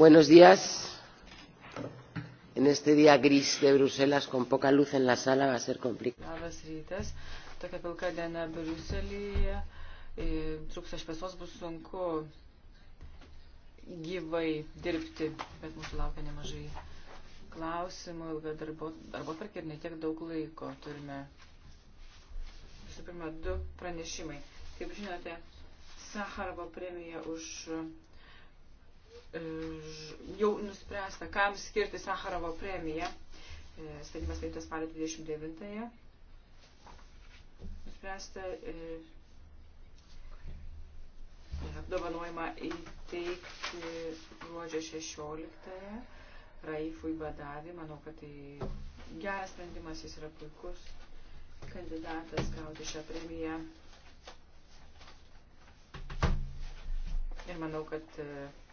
Buenos días. En este día gris de Bruselas, con poca luz en la sala, va a ser complicado. Labas rytas. Tokia pilka diena Briuselyje. Trūksta šviesos bus sunku gyvai dirbti, bet mūsų laukia nemažai klausimų, ilga darbo, darbo tarkė ir netiek daug laiko turime. Visų pirma, du pranešimai. Kaip žinote, Saharovo premija už E, jau nuspręsta, kam skirti Sakarovo premiją. E, Statymas paimtas spalio 29-ąją. Nuspręsta e, apdovanojimą įteikti gruodžio 16-ąją Raifui Badavi. Manau, kad tai geras sprendimas, jis yra puikus kandidatas gauti šią premiją. Ir manau, kad uh,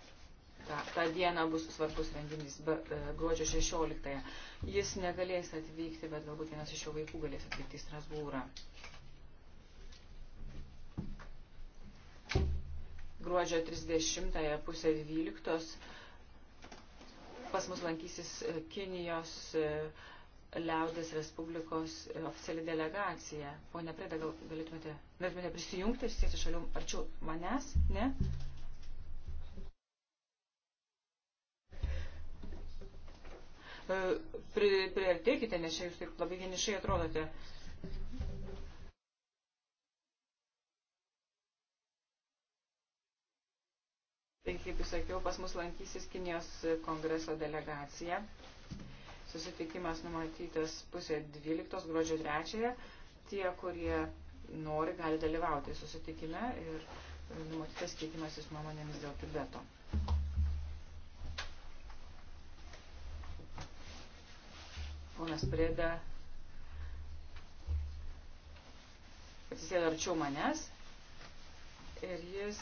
ta, ta diena bus svarbus renginys, e, gruodžio 16-ąją. Jis negalės atvykti, bet galbūt vienas iš jo vaikų galės atvykti į Strasbūrą. Gruodžio 30-ąją pusę 12 pas mus lankysis e, Kinijos e, liaudės Respublikos oficiali delegacija. Pone Preda, gal galėtumėte, galėtumėte prisijungti ir sėsti šalių arčiau manęs, ne? E, pri, priartėkite, nes čia jūs taip labai vienišai atrodote. Tai kaip jūs sakiau, pas mus lankysis Kinijos kongreso delegacija. Susitikimas numatytas pusė 12 gruodžio 3. Tie, kurie nori, gali dalyvauti susitikime ir e, numatytas keitimasis nuomonėmis dėl Tibeto. ponas Prėda atsisėdo arčiau manęs ir jis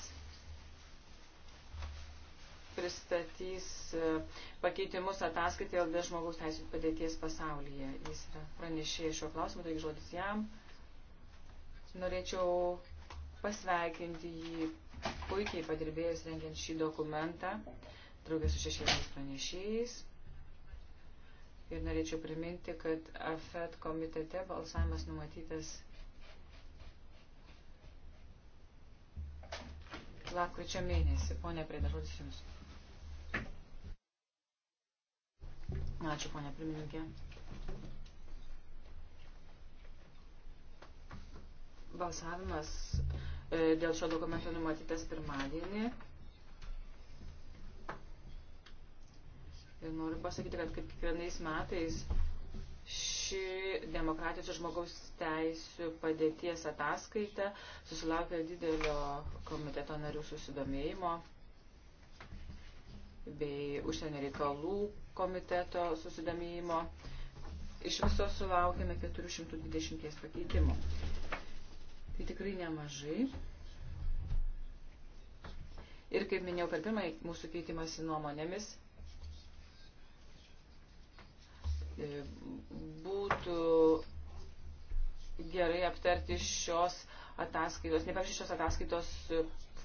pristatys e, pakeitimus ataskaitėje dėl žmogaus teisų padėties pasaulyje. Jis yra pranešėjęs šio klausimo, taigi žodis jam. Norėčiau pasveikinti jį puikiai padirbėjus rengiant šį dokumentą, draugės su šešėliais pranešėjais. Ir norėčiau priminti, kad AFET komitete balsavimas numatytas lapkričio mėnesį. Pone Preda, žodis Jums. Ačiū, ponė pirmininkė. Balsavimas e, dėl šio dokumento numatytas pirmadienį. Noriu pasakyti, kad kiekvienais metais ši demokratijos ir žmogaus teisų padėties ataskaita susilaukė didelio komiteto narių susidomėjimo bei užsienio reikalų komiteto susidomėjimo. Iš viso sulaukėme 420 pakeitimų. Tai tikrai nemažai. Ir kaip minėjau per pirmąjį mūsų keitimąsi nuomonėmis, E, būtų gerai aptarti šios ataskaitos, nepavyzdžiui, šios ataskaitos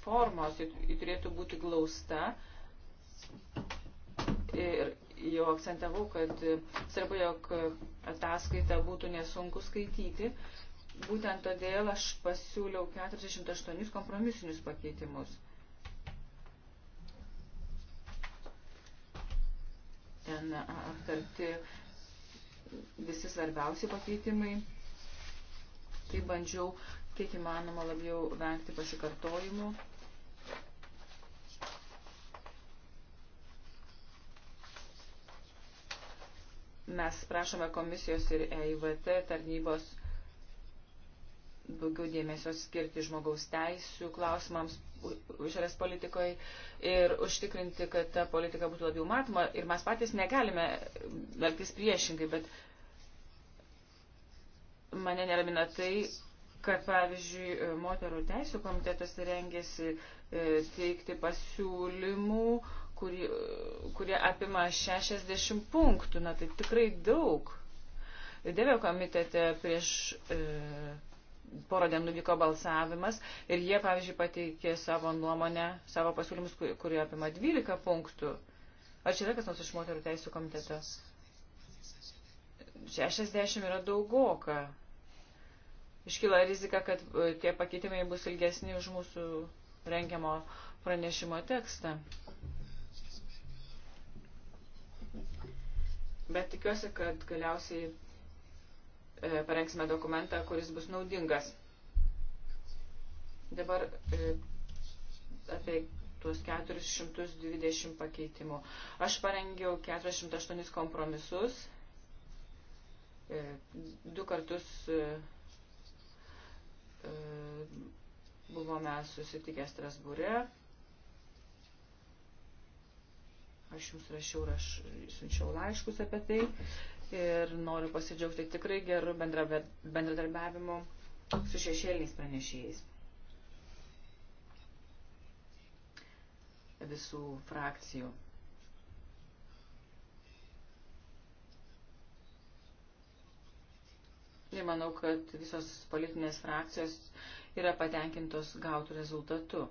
formos, ji turėtų būti glausta. Ir jau akcentavau, kad svarbu, jog ataskaita būtų nesunku skaityti. Būtent todėl aš pasiūliau 48 kompromisinius pakeitimus. Ten aptarti visi svarbiausi pakeitimai. Tai bandžiau kiek įmanoma labiau vengti pasikartojimų. Mes prašome komisijos ir EIVT tarnybos daugiau dėmesio skirti žmogaus teisų klausimams išorės politikoje ir užtikrinti, kad ta politika būtų labiau matoma. Ir mes patys negalime elgtis priešingai, bet mane neramina tai, kad, pavyzdžiui, moterų teisų komitetas rengėsi e, teikti pasiūlymų, kurie, kurie apima 60 punktų. Na, tai tikrai daug. Dėvė komitete prieš. E, porą dienų vyko balsavimas ir jie, pavyzdžiui, pateikė savo nuomonę, savo pasiūlymus, kurie apima 12 punktų. Ar čia yra kas nors iš moterų teisų komiteto? 60 yra daugoka. Iškyla rizika, kad e, tie pakeitimai bus ilgesni už mūsų rengiamo pranešimo tekstą. Bet tikiuosi, kad galiausiai E, parengsime dokumentą, kuris bus naudingas. Dabar e, apie tuos 420 pakeitimų. Aš parengiau 408 kompromisus, e, du kartus buvome susitikę Strasbūre. Aš jums rašiau, aš siunčiau laiškus apie tai ir noriu pasidžiaugti tikrai geru bendradarbiavimu su šešėliniais pranešėjais. visų frakcijų. Ir manau, kad visos politinės frakcijos yra patenkintos gautų rezultatų.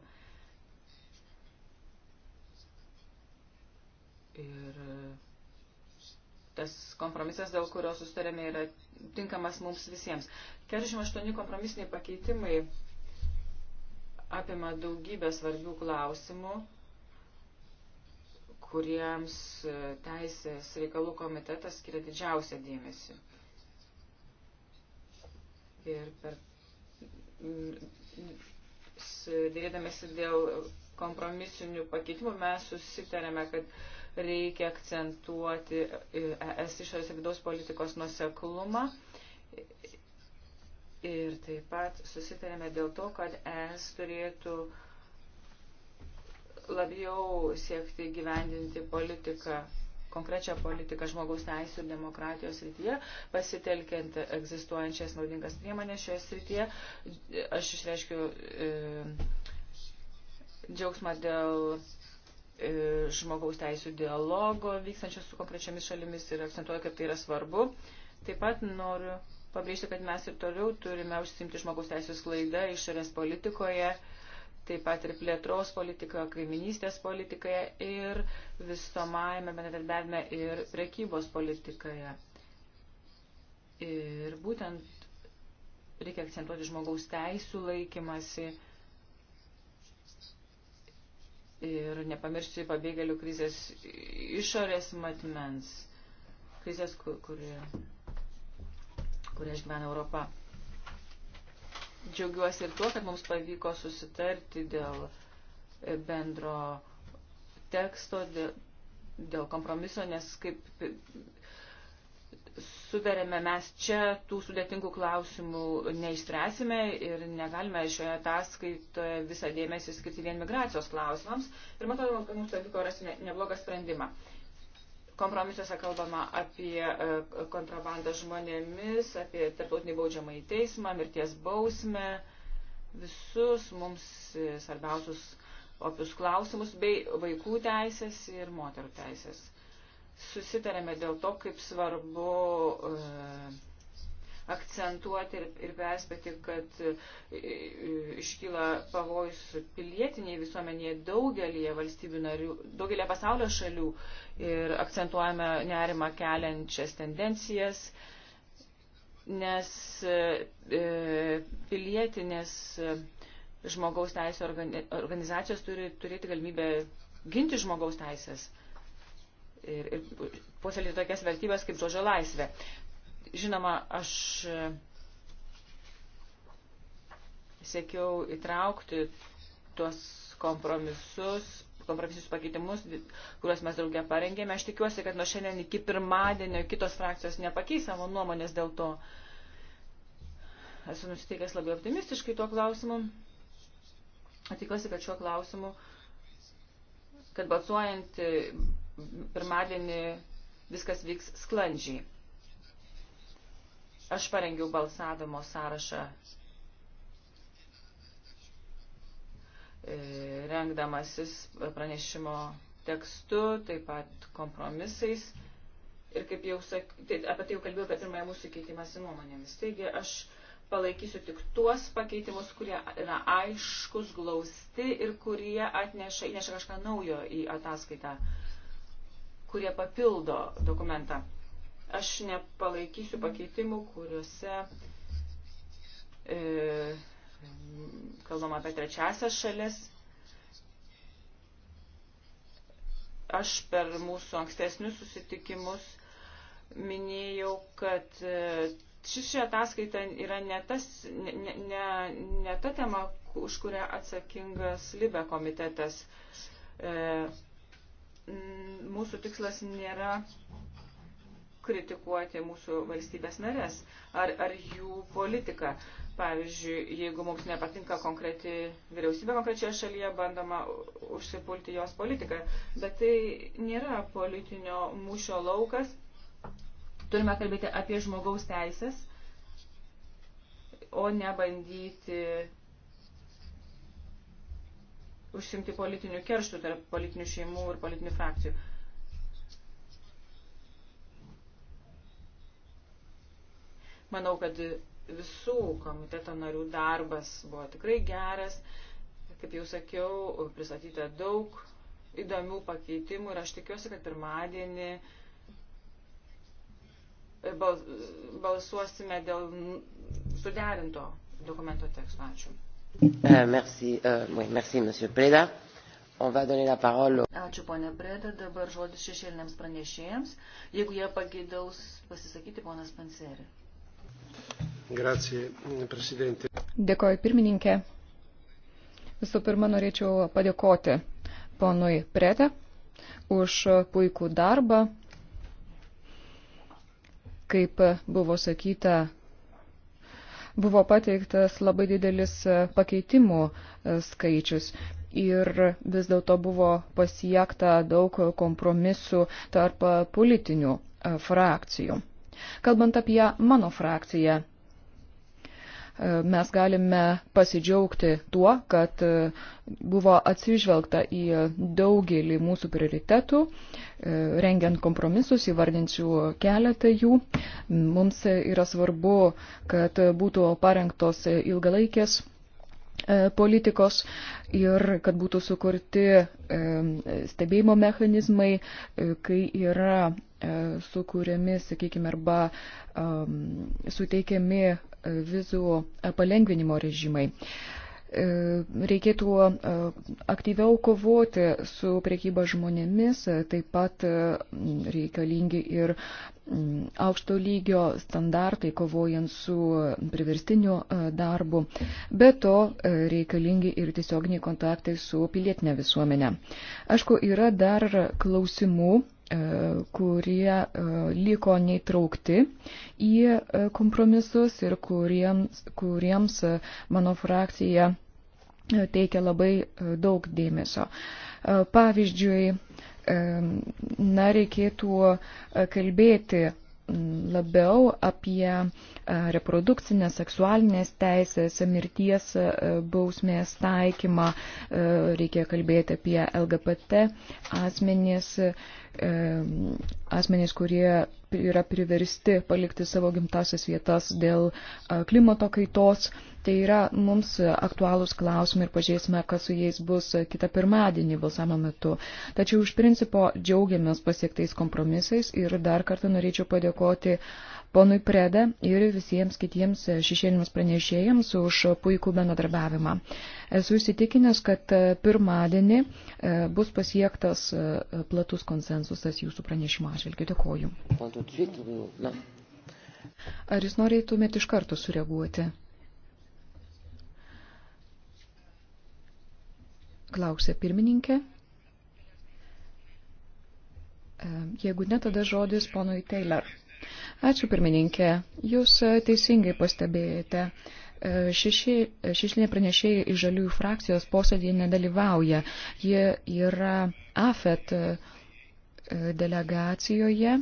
Ir tas kompromisas, dėl kurio sustarėme, yra tinkamas mums visiems. 48 kompromisiniai pakeitimai apima daugybę svarbių klausimų, kuriems Teisės reikalų komitetas skiria didžiausią dėmesį. Ir per dėrėdamėsi dėl kompromisinių pakeitimų mes susitarėme, kad reikia akcentuoti ES e išorės ir vidaus politikos nuseklumą. Ir taip pat susitarėme dėl to, kad ES turėtų labiau siekti gyvendinti politiką, konkrečią politiką žmogaus teisų ir demokratijos srityje, pasitelkiant egzistuojančias naudingas priemonės šioje srityje. Aš išreiškiu e, džiaugsmą dėl E, žmogaus teisų dialogo vykstančio su konkrečiamis šalimis ir akcentuoja, kaip tai yra svarbu. Taip pat noriu pabrėžti, kad mes ir toliau turime užsimti žmogaus teisų sklaidą išorės politikoje, taip pat ir plėtros politikoje, kaiminystės politikoje ir visomajame bendradarbiavime ir prekybos politikoje. Ir būtent reikia akcentuoti žmogaus teisų laikymasi ir nepamiršti pabėgėlių krizės išorės matmens, krizės, kuri, kurią išgyvena Europa. Džiaugiuosi ir tuo, kad mums pavyko susitarti dėl e, bendro teksto, dėl, dėl kompromiso, nes kaip sutarėme, mes čia tų sudėtingų klausimų neišspręsime ir negalime šioje ataskaitoje visą dėmesį skirti vien migracijos klausimams. Ir matau, kad mums pavyko rasti neblogą sprendimą. Kompromisuose kalbama apie e, kontrabandą žmonėmis, apie tarptautinį baudžiamą į teismą, mirties bausmę, visus mums svarbiausius opius klausimus bei vaikų teisės ir moterų teisės susitarėme dėl to, kaip svarbu e, akcentuoti ir, ir perspėti, kad e, iškyla pavojus pilietiniai visuomenėje daugelįje valstybių narių, daugelįje pasaulio šalių ir akcentuojame nerimą keliančias tendencijas, nes e, pilietinės žmogaus teisų organizacijos turi turėti galimybę ginti žmogaus teisės ir, ir puoselėti tokias vertybės kaip žodžio laisvė. Žinoma, aš e, siekiau įtraukti tuos kompromisus, kompromisus pakeitimus, kuriuos mes draugė parengėme. Aš tikiuosi, kad nuo šiandien iki pirmadienio kitos frakcijos nepakeis savo nuomonės dėl to. Esu nusiteikęs labai optimistiškai tuo klausimu. Tikiuosi, kad šiuo klausimu, kad balsuojant pirmadienį viskas vyks sklandžiai. Aš parengiau balsavimo sąrašą e, rengdamasis pranešimo tekstu, taip pat kompromisais. Ir kaip jau sak, tai apie tai jau kalbėjau per pirmąją mūsų keitimąsi nuomonėmis. Taigi aš palaikysiu tik tuos pakeitimus, kurie yra aiškus, glausti ir kurie atneša, įneša kažką naujo į ataskaitą. Uh, kurie papildo dokumentą. Aš nepalaikysiu pakeitimų, kuriuose e, kalbam apie trečiasias šalis. Aš per mūsų ankstesnius susitikimus minėjau, kad e, ši, ši ataskaita yra ne, tas, ne, ne, ne ta tema, už kurią atsakingas Libe komitetas. E, Mm, mūsų tikslas nėra kritikuoti mūsų valstybės narės ar, ar jų politiką. Pavyzdžiui, jeigu mums nepatinka konkreti vyriausybė konkrečioje šalyje, bandoma užsipulti jos politiką. Bet tai nėra politinio mūšio laukas. Turime kalbėti apie žmogaus teisės, o ne bandyti užsimti politinių kerštų tarp politinių šeimų ir politinių frakcijų. Manau, kad visų komiteto narių darbas buvo tikrai geras. Kaip jau sakiau, pristatyta daug įdomių pakeitimų ir aš tikiuosi, kad pirmadienį balsuosime dėl suderinto dokumento teksto. Ačiū. Euh, merci, euh, merci, monsieur Preda. Ačiū, ponė Breda. Dabar žodis šešėliniams pranešėjams. Jeigu jie pageidaus pasisakyti, ponas Panseri. Grazie, prezidentė. Dėkoju, pirmininkė. Visų pirma, norėčiau padėkoti ponui Preda už puikų darbą. Kaip buvo sakyta, buvo pateiktas labai didelis e, pakeitimų e, skaičius. Ir vis dėlto buvo pasiekta daug kompromisų tarp politinių e, frakcijų. Kalbant apie mano frakciją, mes galime pasidžiaugti tuo, kad e, buvo atsižvelgta į daugelį mūsų prioritetų, e, rengiant kompromisus, įvardinčių keletą jų. Mums yra svarbu, kad būtų parengtos ilgalaikės e, politikos ir kad būtų sukurti stebėjimo mechanizmai, kai yra sukūriami, sakykime, arba um, suteikiami vizų e, palengvinimo režimai. E, reikėtų e, aktyviau kovoti su priekyba žmonėmis, taip pat reikalingi ir aukšto lygio standartai kovojant su priverstiniu darbu, be to reikalingi ir tiesioginiai kontaktai su pilietinė visuomenė. Aišku, yra dar klausimų kurie e, liko neįtraukti į e, kompromisus ir kuriems, kuriems e, mano frakcija teikia labai daug dėmesio. Pavyzdžiui, na, reikėtų kalbėti labiau apie reprodukcinės, seksualinės teisės, mirties bausmės taikymą, reikia kalbėti apie LGBT asmenys, asmenys, kurie yra priversti palikti savo gimtasias vietas dėl klimato kaitos. Tai yra mums aktualūs klausimai ir pažiūrėsime, kas su jais bus kitą pirmadienį balsamo metu. Tačiau iš principo džiaugiamės pasiektais kompromisais ir dar kartą norėčiau padėkoti uh, ponui Preda ir visiems kitiems šešėlims pranešėjams už puikų bendradarbiavimą. Esu įsitikinęs, kad pirmadienį e, bus pasiektas e, platus konsensusas jūsų pranešimo atžvilgiu. Dėkoju. Ar jūs norėtumėte iš karto sureaguoti? Klausė pirmininkė. E, jeigu ne, tada žodis ponui Taylor. Ačiū pirmininkė, jūs e, teisingai pastebėjote. E, šeši, e, šešinė pranešėjai iš žaliųjų frakcijos posėdėje nedalyvauja. Jie yra AFET delegacijoje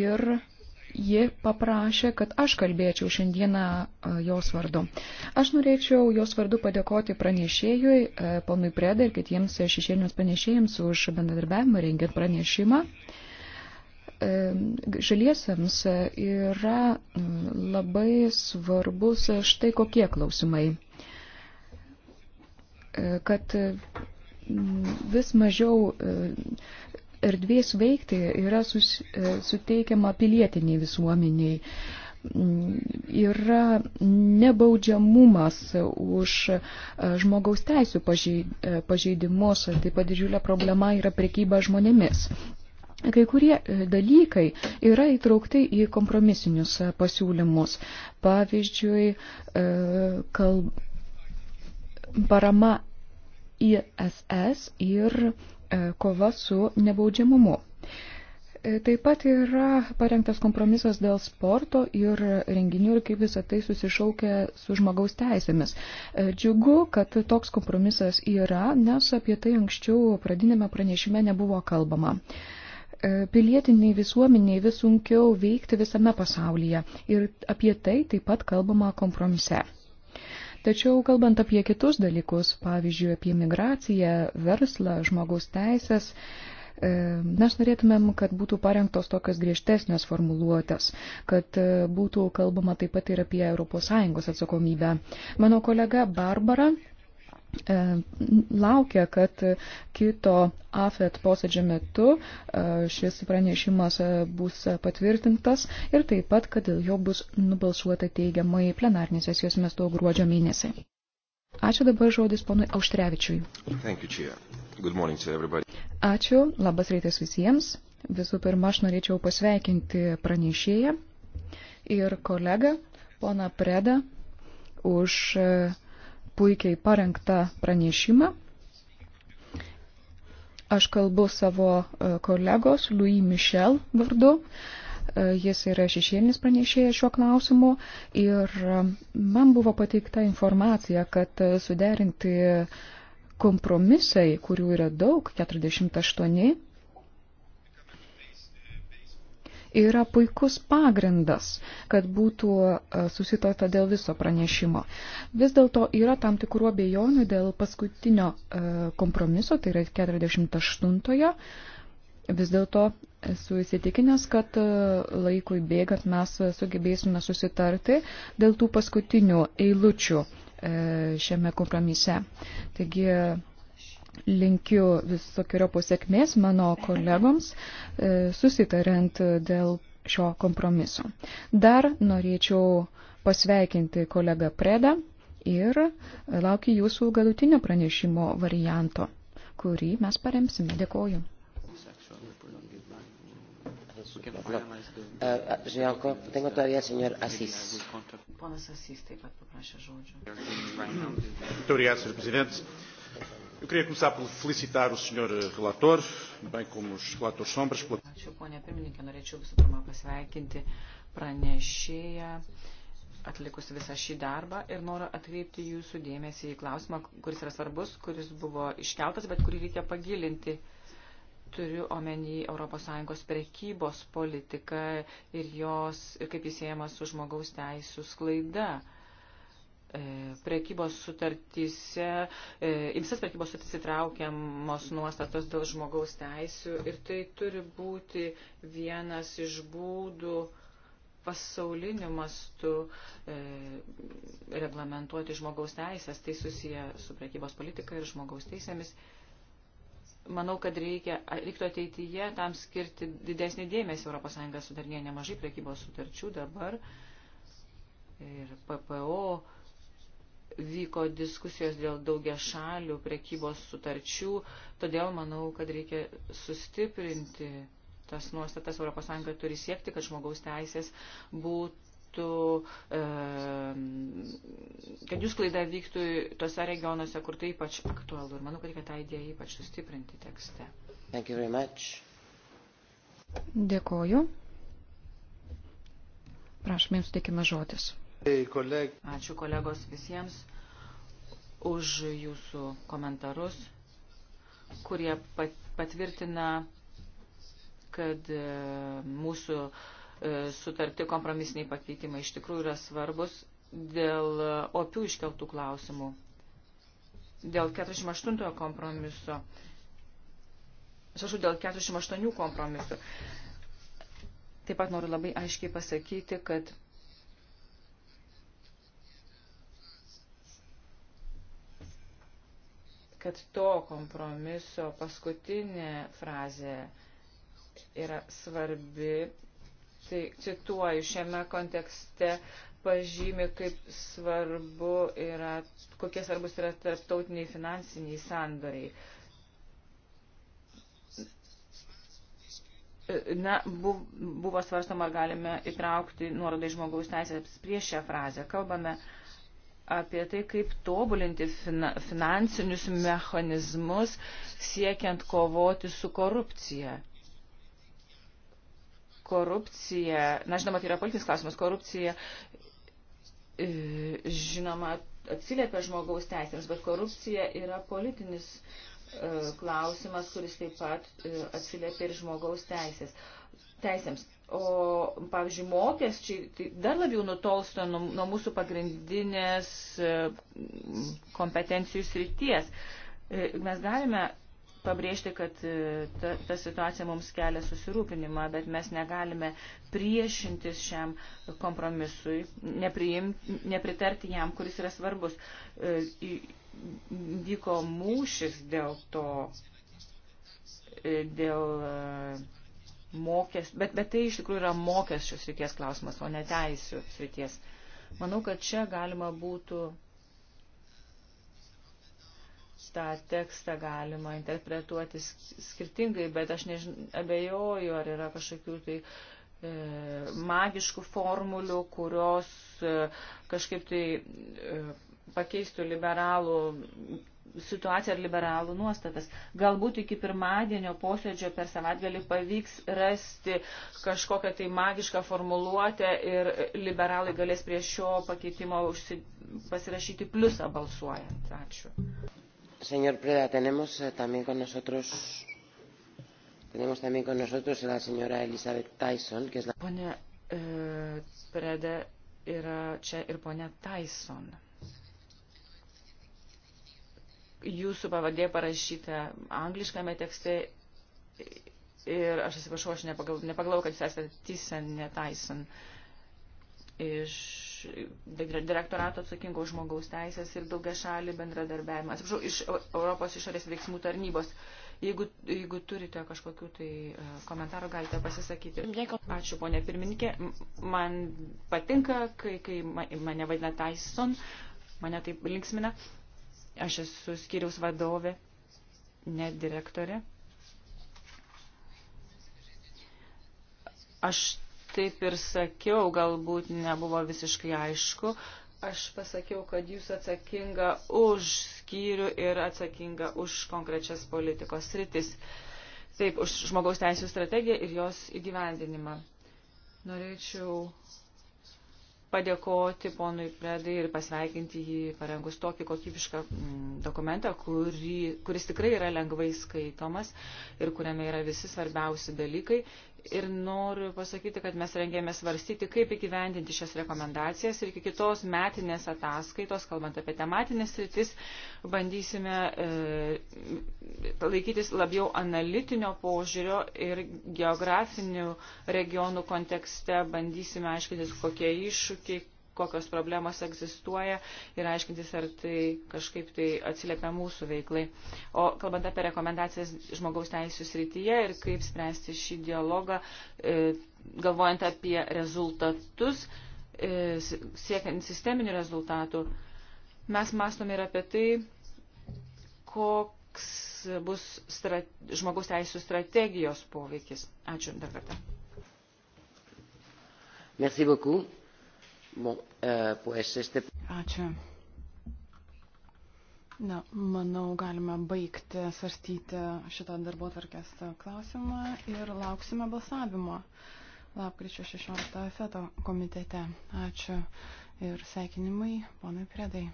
ir ji paprašė, kad aš kalbėčiau šiandieną jos vardu. Aš norėčiau jos vardu padėkoti pranešėjui, ponui Preda ir kitiems šešėlinius pranešėjams už bendradarbiavimą rengiant pranešimą. Žaliesiams yra labai svarbus štai kokie klausimai. Kad vis mažiau erdvės veikti yra sus, e, suteikiama pilietiniai visuomeniai. Mm, yra nebaudžiamumas už e, žmogaus teisų e, pažeidimus, taip pat didžiulė problema yra prekyba žmonėmis. Kai kurie dalykai yra įtraukti į kompromisinius pasiūlymus. Pavyzdžiui, kalb... parama ISS ir E, kova su nebaudžiamumu. E, taip pat yra parengtas kompromisas dėl sporto ir renginių ir kaip visą tai susišaukia su žmogaus teisėmis. E, džiugu, kad toks kompromisas yra, nes apie tai anksčiau pradinėme pranešime nebuvo kalbama. Pilietiniai visuomeniai vis sunkiau veikti visame pasaulyje ir apie tai taip pat kalbama kompromise. Tačiau kalbant apie kitus dalykus, pavyzdžiui, apie migraciją, verslą, žmogaus teisės, e, mes norėtumėm, kad būtų parengtos tokios griežtesnės formuluotės, kad e, būtų kalbama taip pat ir apie ES atsakomybę. Mano kolega Barbara E, laukia, kad kito AFET posėdžio metu e, šis pranešimas bus patvirtintas ir taip pat, kad dėl jo bus nubalsuota teigiamai plenarnės sesijos metu gruodžio mėnesį. Ačiū dabar žodis ponui Auštrevičiui. Ačiū, labas rytas visiems. Visų pirma, aš norėčiau pasveikinti pranešėją ir kolegą, poną Predą, už uh, puikiai parengtą pranešimą. Aš kalbu savo e, kolegos Louis Michel vardu. E, jis yra šešėlinis pranešėjas šiuo klausimu ir e, man buvo pateikta informacija, kad suderinti kompromisai, kurių yra daug, 48, yra puikus pagrindas, kad būtų e, susitota dėl viso pranešimo. Vis dėlto yra tam tikrų abejonių dėl paskutinio e, kompromiso, tai yra 48-ojo. Vis dėlto esu įsitikinęs, kad e, laikui bėgant mes sugebėsime susitarti dėl tų paskutinių eilučių šiame kompromise. Taigi linkiu visokiojo pasiekmės mano kolegoms e, susitarent dėl šio kompromiso. Dar norėčiau pasveikinti kolegą Predą ir laukiu jūsų galutinio pranešimo varianto, kurį mes paremsime. Dėkoju. Eh, eh, Ponas Asys taip pat paprašė žodžio. Eu queria começar por felicitar o Sr. Eh, relator, bem como os relatores sombras. Pela... Ačiū, ponė pirmininkė, norėčiau visų pirma pasveikinti pranešėją atlikus visą šį darbą ir noriu atkreipti jūsų dėmesį į klausimą, kuris yra svarbus, kuris buvo iškeltas, bet kurį reikia pagilinti. Turiu omeny ES prekybos politiką ir jos, ir kaip jis siejamas su žmogaus teisų sklaida. Uh, E, prekybos sutartyse, e, visas prekybos sutartys įtraukiamos nuostatos dėl žmogaus teisių ir tai turi būti vienas iš būdų pasauliniu mastu e, reglamentuoti žmogaus teisės, tai susiję su prekybos politika ir žmogaus teisėmis. Manau, kad reikia, reiktų ateityje tam skirti didesnį dėmesį. ES sudarinėja nemažai prekybos sutarčių dabar ir PPO vyko diskusijos dėl daugia šalių prekybos sutarčių, todėl manau, kad reikia sustiprinti tas nuostatas. ES turi siekti, kad žmogaus teisės būtų, kad jų sklaida vyktų tose regionuose, kur tai ypač aktualu. Ir manau, kad reikia tą idėją ypač sustiprinti tekste. Dėkoju. Prašom, jums teikime žodis. Ačiū kolegos visiems už jūsų komentarus, kurie patvirtina, kad e, mūsų e, sutarti kompromisiniai pakeitimai iš tikrųjų yra svarbus dėl opių iškeltų klausimų. Dėl 48 kompromiso. Sašu, dėl 48 kompromiso. Taip pat noriu labai aiškiai pasakyti, kad kad to kompromiso paskutinė frazė yra svarbi. Tai cituoju, šiame kontekste pažymi, kaip svarbu yra, kokie svarbus yra tarptautiniai finansiniai sandoriai. Na, buvo svarstama, galime įtraukti nuorodai žmogaus teisės prieš šią frazę. Kalbame uh, apie tai, kaip tobulinti fina, finansinius mechanizmus siekiant kovoti su korupcija. Korupcija, na žinoma, tai yra politinis klausimas, korupcija e, žinoma atsiliepia žmogaus teisėms, bet korupcija yra politinis e, klausimas, kuris taip pat e, atsiliepia ir žmogaus teisės. teisėms. O, pavyzdžiui, mokesčiai tai dar labiau nutolsta nuo, nuo mūsų pagrindinės e, kompetencijų srities. E, mes galime pabrėžti, kad e, ta, ta situacija mums kelia susirūpinimą, bet mes negalime priešintis šiam kompromisui, nepriim, nepritarti jam, kuris yra svarbus. Vyko mūšis dėl to, dėl mokės, bet, bet tai iš tikrųjų yra mokesčių srities klausimas, o ne teisų srities. Manau, kad čia galima būtų tą tekstą galima interpretuoti skirtingai, bet aš nežin, abejoju, ar yra kažkokių tai e, magiškų formulių, kurios e, kažkaip tai e, pakeistų liberalų situaciją ir liberalų nuostatas. Galbūt iki pirmadienio posėdžio per savaitgalį pavyks rasti kažkokią tai magišką formuluotę ir liberalai galės prie šio pakeitimo užsi... pasirašyti pliusą balsuojant. Ačiū. Señor Preda, tenemos eh, también con nosotros. Tenemos también con nosotros a la señora Elizabeth Tyson, que es la. Ponia, eh, Preda yra čia ir ponia Tyson jūsų pavadė parašyta angliškame tekste ir aš atsiprašau, aš nepagalau, kad jūs esate Tyson, ne Tyson iš direktorato atsakingo žmogaus teisės ir daugia šalį bendradarbiavimą. Atsiprašau, iš Europos išorės veiksmų tarnybos. Jeigu, jeigu turite kažkokių tai e, komentarų, galite pasisakyti. Ačiū, ponė pirmininkė. Man patinka, kai, kai mane vadina Tyson, mane taip linksmina. Uh, Aš esu skiriaus vadovė, ne direktorė. Aš taip ir sakiau, galbūt nebuvo visiškai aišku. Aš pasakiau, kad jūs atsakinga už skyrių ir atsakinga už konkrečias politikos rytis. Taip, už žmogaus teisų strategiją ir jos įgyvendinimą. Norėčiau padėkoti ponui Predai ir pasveikinti jį parengus tokį kokybišką mm, dokumentą, kurį, kuris tikrai yra lengvai skaitomas ir kuriame yra visi svarbiausi dalykai ir noriu pasakyti, kad mes rengėme svarstyti, kaip įgyvendinti šias rekomendacijas ir iki kitos metinės ataskaitos, kalbant apie tematinės sritis, bandysime e, laikytis labiau analitinio požiūrio ir geografinių regionų kontekste bandysime aiškintis, kokie iššūkiai, kokios problemos egzistuoja ir aiškintis, ar tai kažkaip tai atsiliepia mūsų veiklai. O kalbant apie rekomendacijas žmogaus teisų srityje ir kaip spręsti šį dialogą, e, galvojant apie rezultatus, e, siekiant sisteminių rezultatų, mes mastome ir apie tai, koks bus strat... žmogaus teisų strategijos poveikis. Ačiū dar kartą. Merci beaucoup. Bon, eh, pues este... Ačiū. Na, manau, galime baigti svarstyti šitą darbo tvarkės klausimą ir lauksime balsavimo lapkričio 16 feto komitete. Ačiū ir sveikinimai, ponai Predai.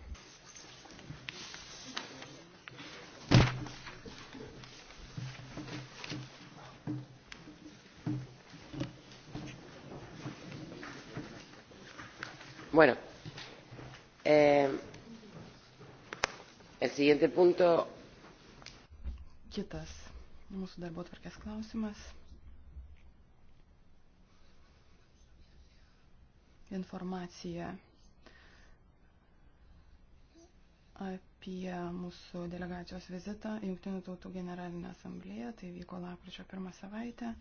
Bueno, eh, el siguiente punto. Kitas mūsų darbo tvarkės klausimas. Informacija apie mūsų delegacijos vizitą Junktinių tautų generalinę asamblėją. Tai vyko lapkričio pirmą savaitę.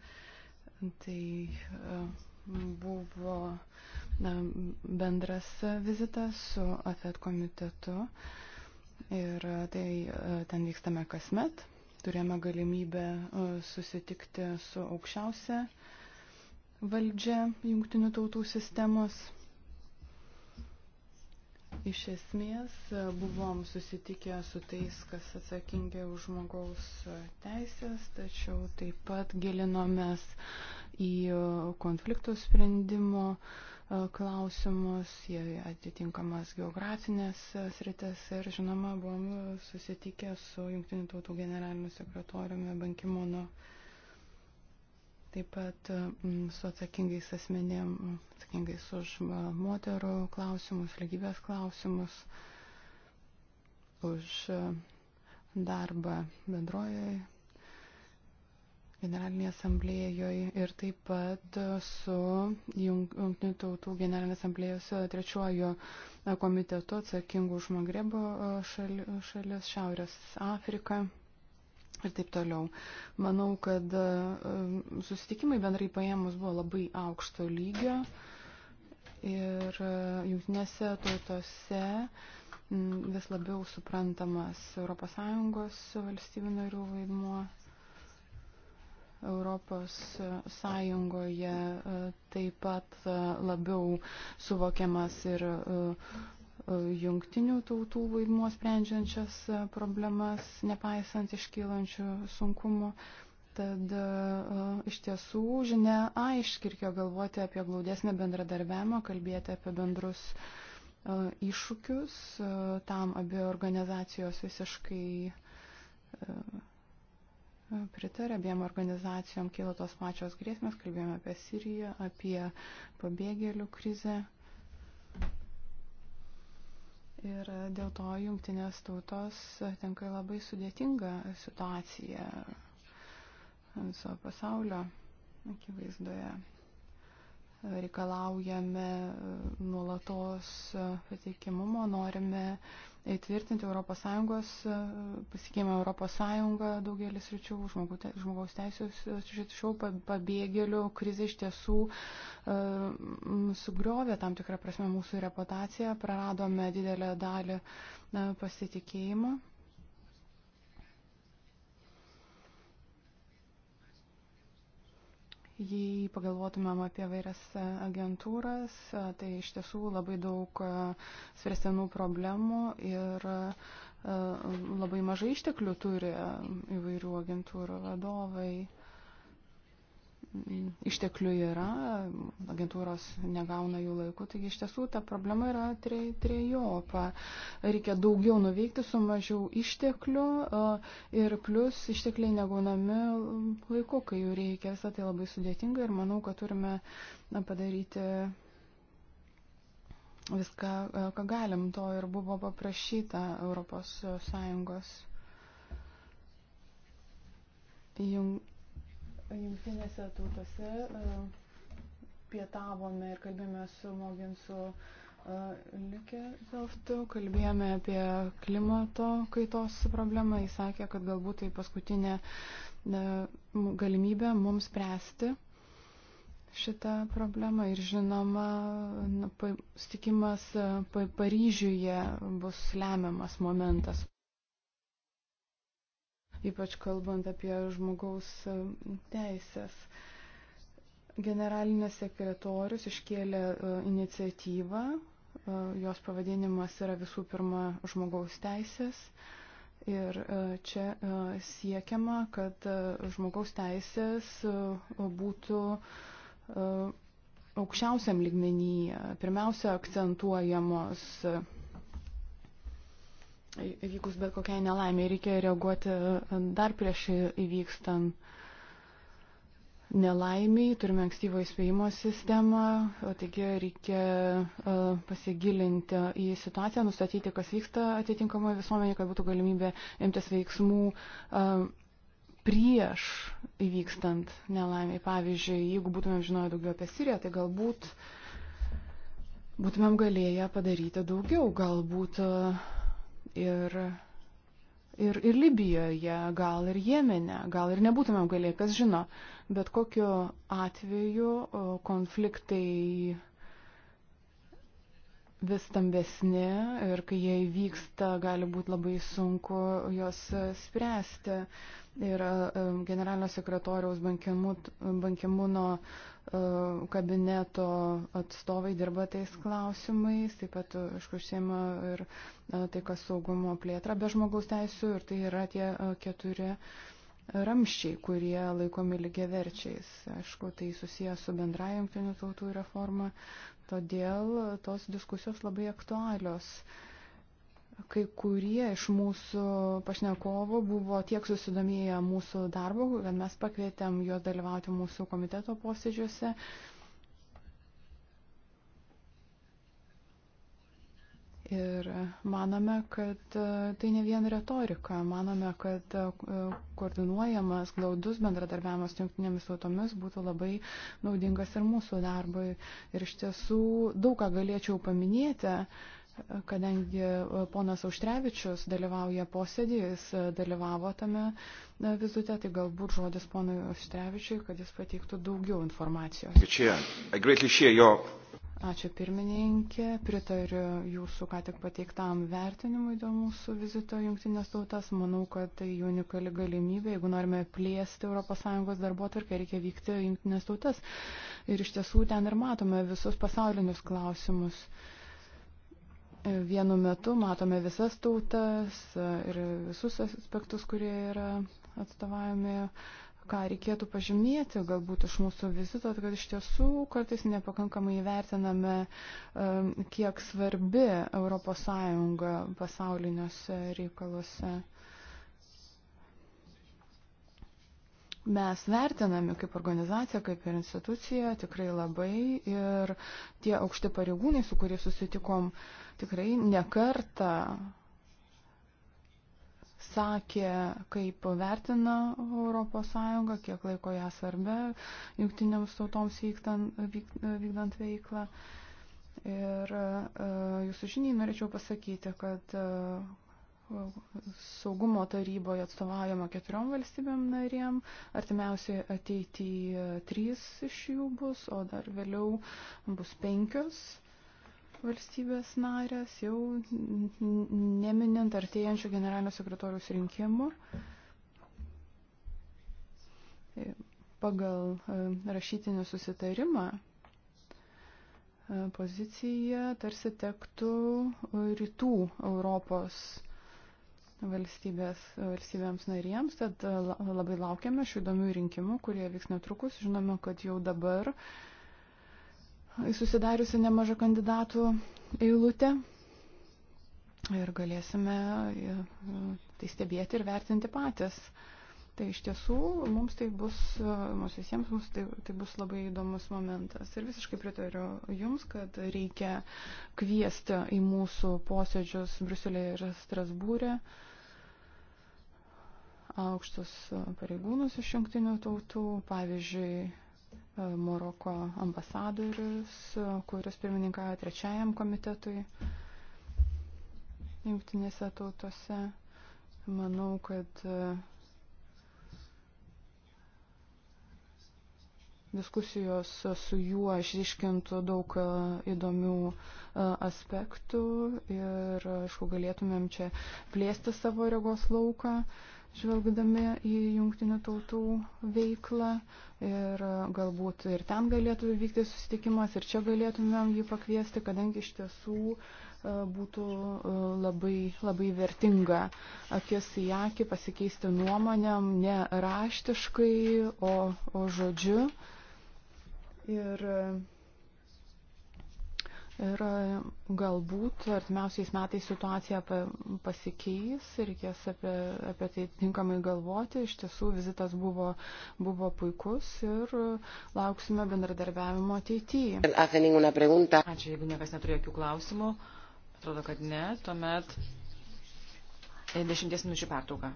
Tai e, buvo bendras vizitas su AFET komitetu ir e, tai e, ten vykstame kasmet. Turėjome galimybę e, susitikti su aukščiausia valdžia jungtinių tautų sistemos. Iš esmės buvom susitikę su tais, kas atsakingi už žmogaus teisės, tačiau taip pat gilinomės į konfliktų sprendimo uh, E, klausimus, jie atitinkamas geografinės e, sritis ir, žinoma, buvom susitikę su Junktinių tautų generaliniu sekretoriumi Bankimono, taip pat e, su atsakingais asmenėm, atsakingais už moterų klausimus, lygybės klausimus, už darbą bendrojoje Generalinėje asamblėjoje ir taip pat su Junktinių tautų Generalinės asamblėjos e, trečiuoju e, komitetu atsakingu už Magrebo e, šali, šalis, Šiaurės Afriką ir taip toliau. Manau, kad susitikimai bendrai paėmus buvo labai aukšto lygio ir Junktinėse tautose vis labiau suprantamas ES valstybių narių vaidmuo Europos Sąjungoje e, taip pat e, labiau suvokiamas ir e, jungtinių tautų vaidmuo sprendžiančias problemas, nepaisant iškylančių sunkumų. Tad iš tiesų žinia aiški, reikėjo galvoti apie glaudesnę bendradarbiavimą, kalbėti apie bendrus iššūkius. Tam abi organizacijos visiškai pritarė abiem organizacijom, kilo tos pačios grėsmės, kalbėjome apie Siriją, apie pabėgėlių krizę. Ir dėl to jungtinės tautos tenka labai sudėtinga situacija viso pasaulio akivaizdoje. Reikalaujame nuolatos patikimumo, norime uh, įtvirtinti ES, pasikėmė ES daugelis ryčių, žmogaus teisės ryčių, pabėgėlių krizė iš tiesų e, sugriovė tam tikrą prasme mūsų reputaciją, praradome didelę dalį e, pasitikėjimo. Jei pagalvotumėm apie vairias agentūras, tai iš tiesų labai daug e, svarstenų problemų ir e, labai mažai išteklių turi e, įvairių agentūrų vadovai išteklių yra, agentūros negauna jų laiku, taigi iš tiesų ta problema yra trejopa. Reikia daugiau nuveikti su mažiau išteklių ir plus ištekliai negaunami laiku, kai jų reikia. Visą tai labai sudėtinga ir manau, kad turime padaryti viską, e, ką galim. To ir buvo paprašyta Europos Sąjungos. Jung jungtinėse tautose e, pietavome ir kalbėjome su Moginsu e, Likelftu, kalbėjome apie klimato kaitos problemą. Jis sakė, kad galbūt tai paskutinė e, galimybė mums spręsti šitą problemą ir žinoma, stikimas Paryžiuje bus lemiamas momentas ypač kalbant apie žmogaus e, teisės. Generalinės sekretorius iškėlė e, iniciatyvą, e, jos pavadinimas yra visų pirma žmogaus teisės. Ir čia siekiama, kad žmogaus teisės būtų aukščiausiam lygmenyje, pirmiausia, akcentuojamos Įvykus bet kokiai nelaimiai reikia reaguoti e, dar prieš įvykstant nelaimiai, turime ankstyvo įspėjimo sistemą, e, taigi reikia e, pasigilinti į situaciją, nustatyti, kas vyksta atitinkamoje visuomenėje, kad būtų galimybė imtis veiksmų prieš įvykstant nelaimiai. Pavyzdžiui, jeigu būtumėm žinoję daugiau apie Siriją, tai galbūt būtumėm galėję padaryti daugiau, galbūt uh, ir, ir, ir Libijoje, gal ir Jemene, gal ir nebūtumėm galėję, kas žino, bet kokiu atveju konfliktai vis stambesni ir kai jie įvyksta, gali būti labai sunku juos spręsti. Ir e, generalinio sekretoriaus bankimuno E, kabineto atstovai dirba tais klausimais, taip pat, e, aišku, užsiema ir e, tai, kas saugumo plėtra be žmogaus teisų ir tai yra tie keturi ramščiai, kurie laikomi lygiaverčiais. Aišku, tai susijęs su bendraja jungtinių tautų reforma, todėl tos diskusijos labai aktualios. Uh, kai kurie iš mūsų pašnekovų buvo tiek susidomėję mūsų darbu, kad mes pakvietėm juos dalyvauti mūsų komiteto posėdžiuose. Ir manome, kad e, tai ne vien retorika, manome, kad e, koordinuojamas, glaudus bendradarbiavimas su jungtinėmis tautomis būtų labai naudingas ir mūsų darbui. Ir iš tiesų daug ką galėčiau paminėti, uh, kadangi e, ponas Auštrevičius dalyvauja posėdį, jis e, dalyvavo tame e, vizute, tai galbūt žodis ponui Auštrevičiui, kad jis pateiktų daugiau informacijos. Ačiū pirmininkė, pritariu jūsų ką tik pateiktam vertinimui dėl mūsų vizito jungtinės tautas. Manau, kad tai unikali galimybė, jeigu norime plėsti ES darbo tvarkę, reikia vykti jungtinės tautas. Ir iš tiesų ten ir matome visus pasaulinius klausimus. Uh, vienu metu matome visas tautas e, ir visus aspektus, kurie yra atstovavimi ką reikėtų pažymėti galbūt iš mūsų vizito, kad iš tiesų kartais nepakankamai įvertiname, e, kiek svarbi ES pasauliniuose reikaluose. mes vertinami kaip organizacija, kaip ir institucija tikrai labai ir tie aukšti pareigūnai, su kuriais susitikom, tikrai nekarta sakė, kaip vertina ES, kiek laiko ją svarbia jungtinėms tautoms vykdant, vykdant veiklą. Ir e, jūsų žiniai norėčiau pasakyti, kad e, saugumo taryboje atstovaujama keturiom valstybėm narėm, artimiausiai ateityje trys iš jų bus, o dar vėliau bus penkios valstybės narės, jau neminint artėjančių generalinio sekretorius rinkimų. Pagal e, rašytinį susitarimą e, pozicija tarsi tektų rytų Europos valstybės, valstybėms narėms, tad e, labai laukiame šių įdomių rinkimų, kurie vyks netrukus. Žinome, kad jau dabar susidariusi nemaža kandidatų eilutė ir galėsime e, tai stebėti ir vertinti patys. Tai iš tiesų mums tai bus, e, mums visiems mums tai, tai bus labai įdomus momentas. Ir visiškai pritariu Jums, kad reikia kviesti į mūsų posėdžius Bruselėje ir Strasbūrė. E aukštus e, pareigūnus iš jungtinių tautų, pavyzdžiui, e, Maroko ambasadorius, e, kuris pirmininkavo trečiajam komitetui jungtinėse tautose. Manau, kad diskusijos su juo išryškintų daug įdomių aspektų ir, aišku, galėtumėm čia plėsti savo regos lauką. Uh, žvelgdami į jungtinių tautų veiklą ir galbūt ir ten galėtų vykti susitikimas ir čia galėtumėm jį pakviesti, kadangi iš tiesų e, būtų e, labai, labai vertinga akis į akį pasikeisti nuomonėm ne raštiškai, o, o žodžiu. Ir uh... Ir e, galbūt artimiausiais metais situacija pasikeis, reikės apie, apie tai tinkamai galvoti. Iš tiesų vizitas buvo, buvo puikus ir lauksime bendradarbiavimo ateityje. Ačiū, jeigu niekas neturi jokių klausimų. Atrodo, kad ne. Tuomet 10 e, minučių pertrauka.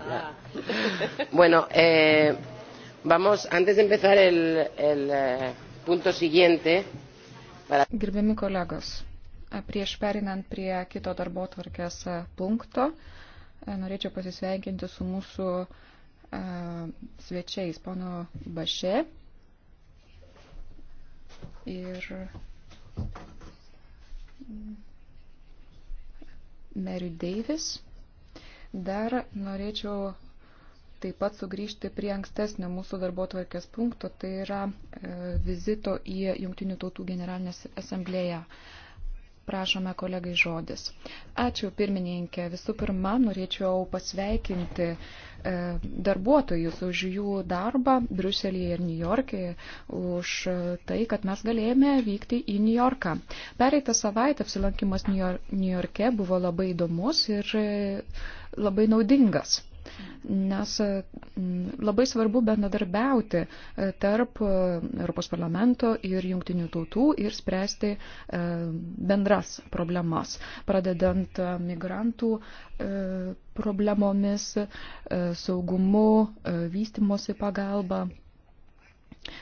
Ah. bueno, eh, vamos, antes de empezar el, el eh, punto siguiente. Para... Gerbiami kolegos, prieš perinant prie kito darbo tvarkės punkto, norėčiau pasisveikinti su mūsų svečiais, pono Baše ir Airiui Deivis. Dar norėčiau taip pat sugrįžti prie ankstesnio mūsų darbo tvarkės punkto, tai yra e, vizito į Junktinių tautų generalinę asamblėją Prašome kolegai žodis. Ačiū pirmininkė. Visų pirma, norėčiau pasveikinti e, darbuotojus už jų darbą Briuselėje ir Niujorke, už tai, kad mes galėjome vykti į Niujorką. Pereitą savaitę apsilankimas Niujorke buvo labai įdomus ir e, labai naudingas nes mm, labai svarbu bendradarbiauti e, tarp e, Europos parlamento ir jungtinių tautų ir spręsti e, bendras problemas, pradedant migrantų problemomis, saugumu, vystimosi pagalba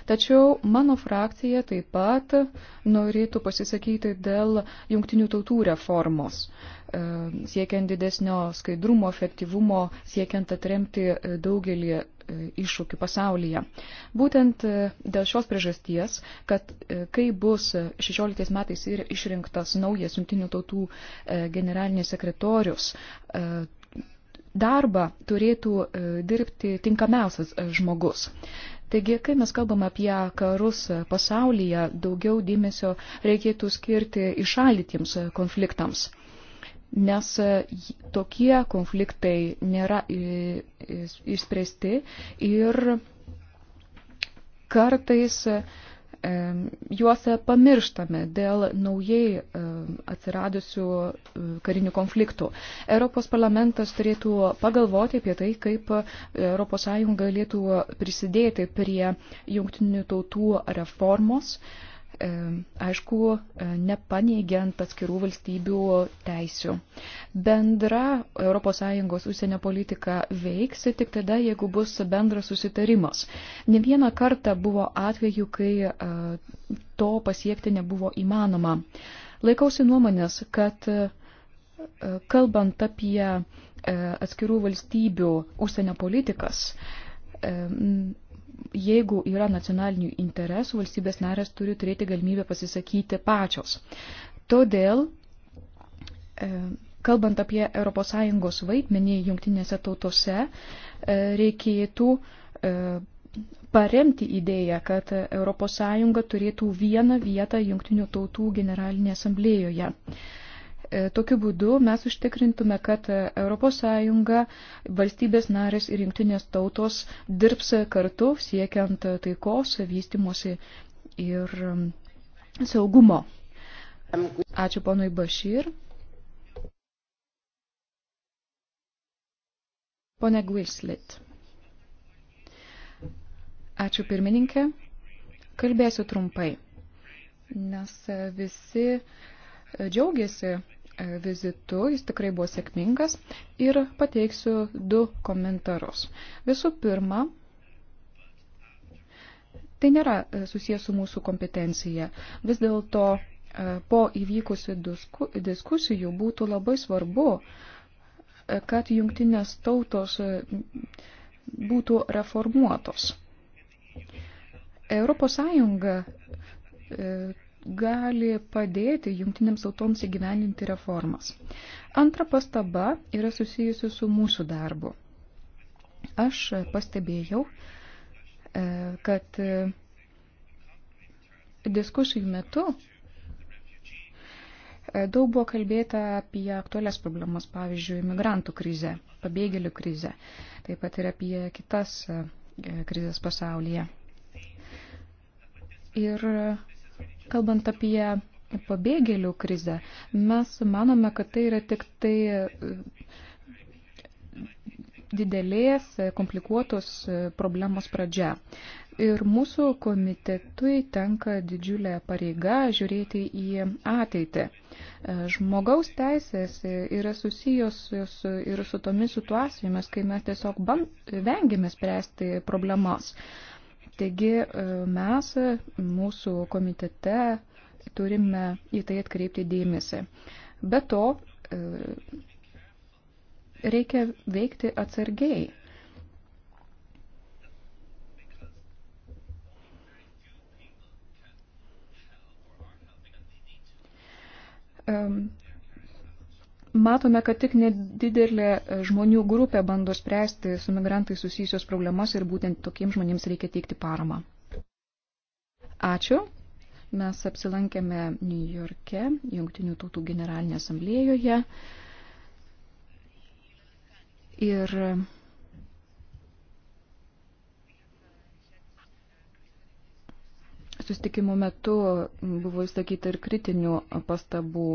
Tačiau mano frakcija taip pat norėtų pasisakyti dėl jungtinių tautų reformos, e, siekiant didesnio skaidrumo, efektyvumo, siekiant atremti e, daugelį e, iššūkių pasaulyje. Būtent dėl šios priežasties, kad kai bus 16 metais ir išrinktas naujas jungtinių tautų generalinis sekretorius, darbą turėtų dirbti tinkamiausias žmogus. Taigi, kai mes kalbam apie karus pasaulyje, daugiau dėmesio reikėtų skirti išalytiems konfliktams. Nes tokie konfliktai nėra išspręsti ir kartais juos pamirštame dėl naujai atsiradusių karinių konfliktų. Europos parlamentas turėtų pagalvoti apie tai, kaip ES galėtų prisidėti prie jungtinių tautų reformos, E, aišku, e, nepaneigiant atskirų valstybių teisių. Bendra ES užsienio politika veiks tik tada, jeigu bus bendras susitarimas. Ne vieną kartą buvo atveju, kai e, to pasiekti nebuvo įmanoma. Laikausi nuomonės, kad kalbant apie atskirų valstybių užsienio politikas, jeigu yra nacionalinių interesų, valstybės narės turi turėti galimybę pasisakyti pačios. Todėl, e, kalbant apie ES vaidmenį jungtinėse tautose, e, reikėtų e, paremti idėją, kad ES turėtų vieną vietą jungtinių tautų generalinėje asamblėjoje. E, tokiu būdu mes užtikrintume, kad ES, valstybės narės ir jungtinės tautos dirbs kartu siekiant taikos, vystimosi ir saugumo. Ačiū ponui Bašir. Pone Gwislit. Ačiū pirmininkė. Kalbėsiu trumpai, nes visi džiaugiasi vizitu, jis tikrai buvo sėkmingas ir pateiksiu du komentarus. Visų pirma, tai nėra e, susijęs su mūsų kompetencija. Vis dėlto e, po įvykusių disku, diskusijų būtų labai svarbu, e, kad jungtinės tautos būtų reformuotos. Europos Sąjunga gali padėti jungtinėms tautoms įgyvendinti reformas. Antra pastaba yra susijusi su mūsų darbu. Aš pastebėjau, e, kad e, diskusijų metu e, daug buvo kalbėta apie aktualias problemas, pavyzdžiui, migrantų krizę, pabėgėlių krizę, taip pat ir apie kitas krizės pasaulyje. Ir Kalbant apie pabėgėlių krizę, mes manome, kad tai yra tik tai e, didelės, e, komplikuotos e, problemos pradžia. Ir mūsų komitetui tenka didžiulė pareiga žiūrėti į ateitį. Žmogaus teisės yra susijęs su, ir su tomis situacijomis, kai mes tiesiog band, vengiame spręsti problemas. Taigi e, mes mūsų komitete turime į tai atkreipti dėmesį. Be to, e, reikia veikti atsargiai. Um, matome, kad tik nedidelė e, žmonių grupė bando spręsti su migrantai susijusios problemas ir būtent tokiems žmonėms reikia teikti paramą. Ačiū. Mes apsilankėme New Yorke, Jungtinių tautų generalinė asamblėjoje. Ir sustikimo metu buvo išsakyta ir kritinių pastabų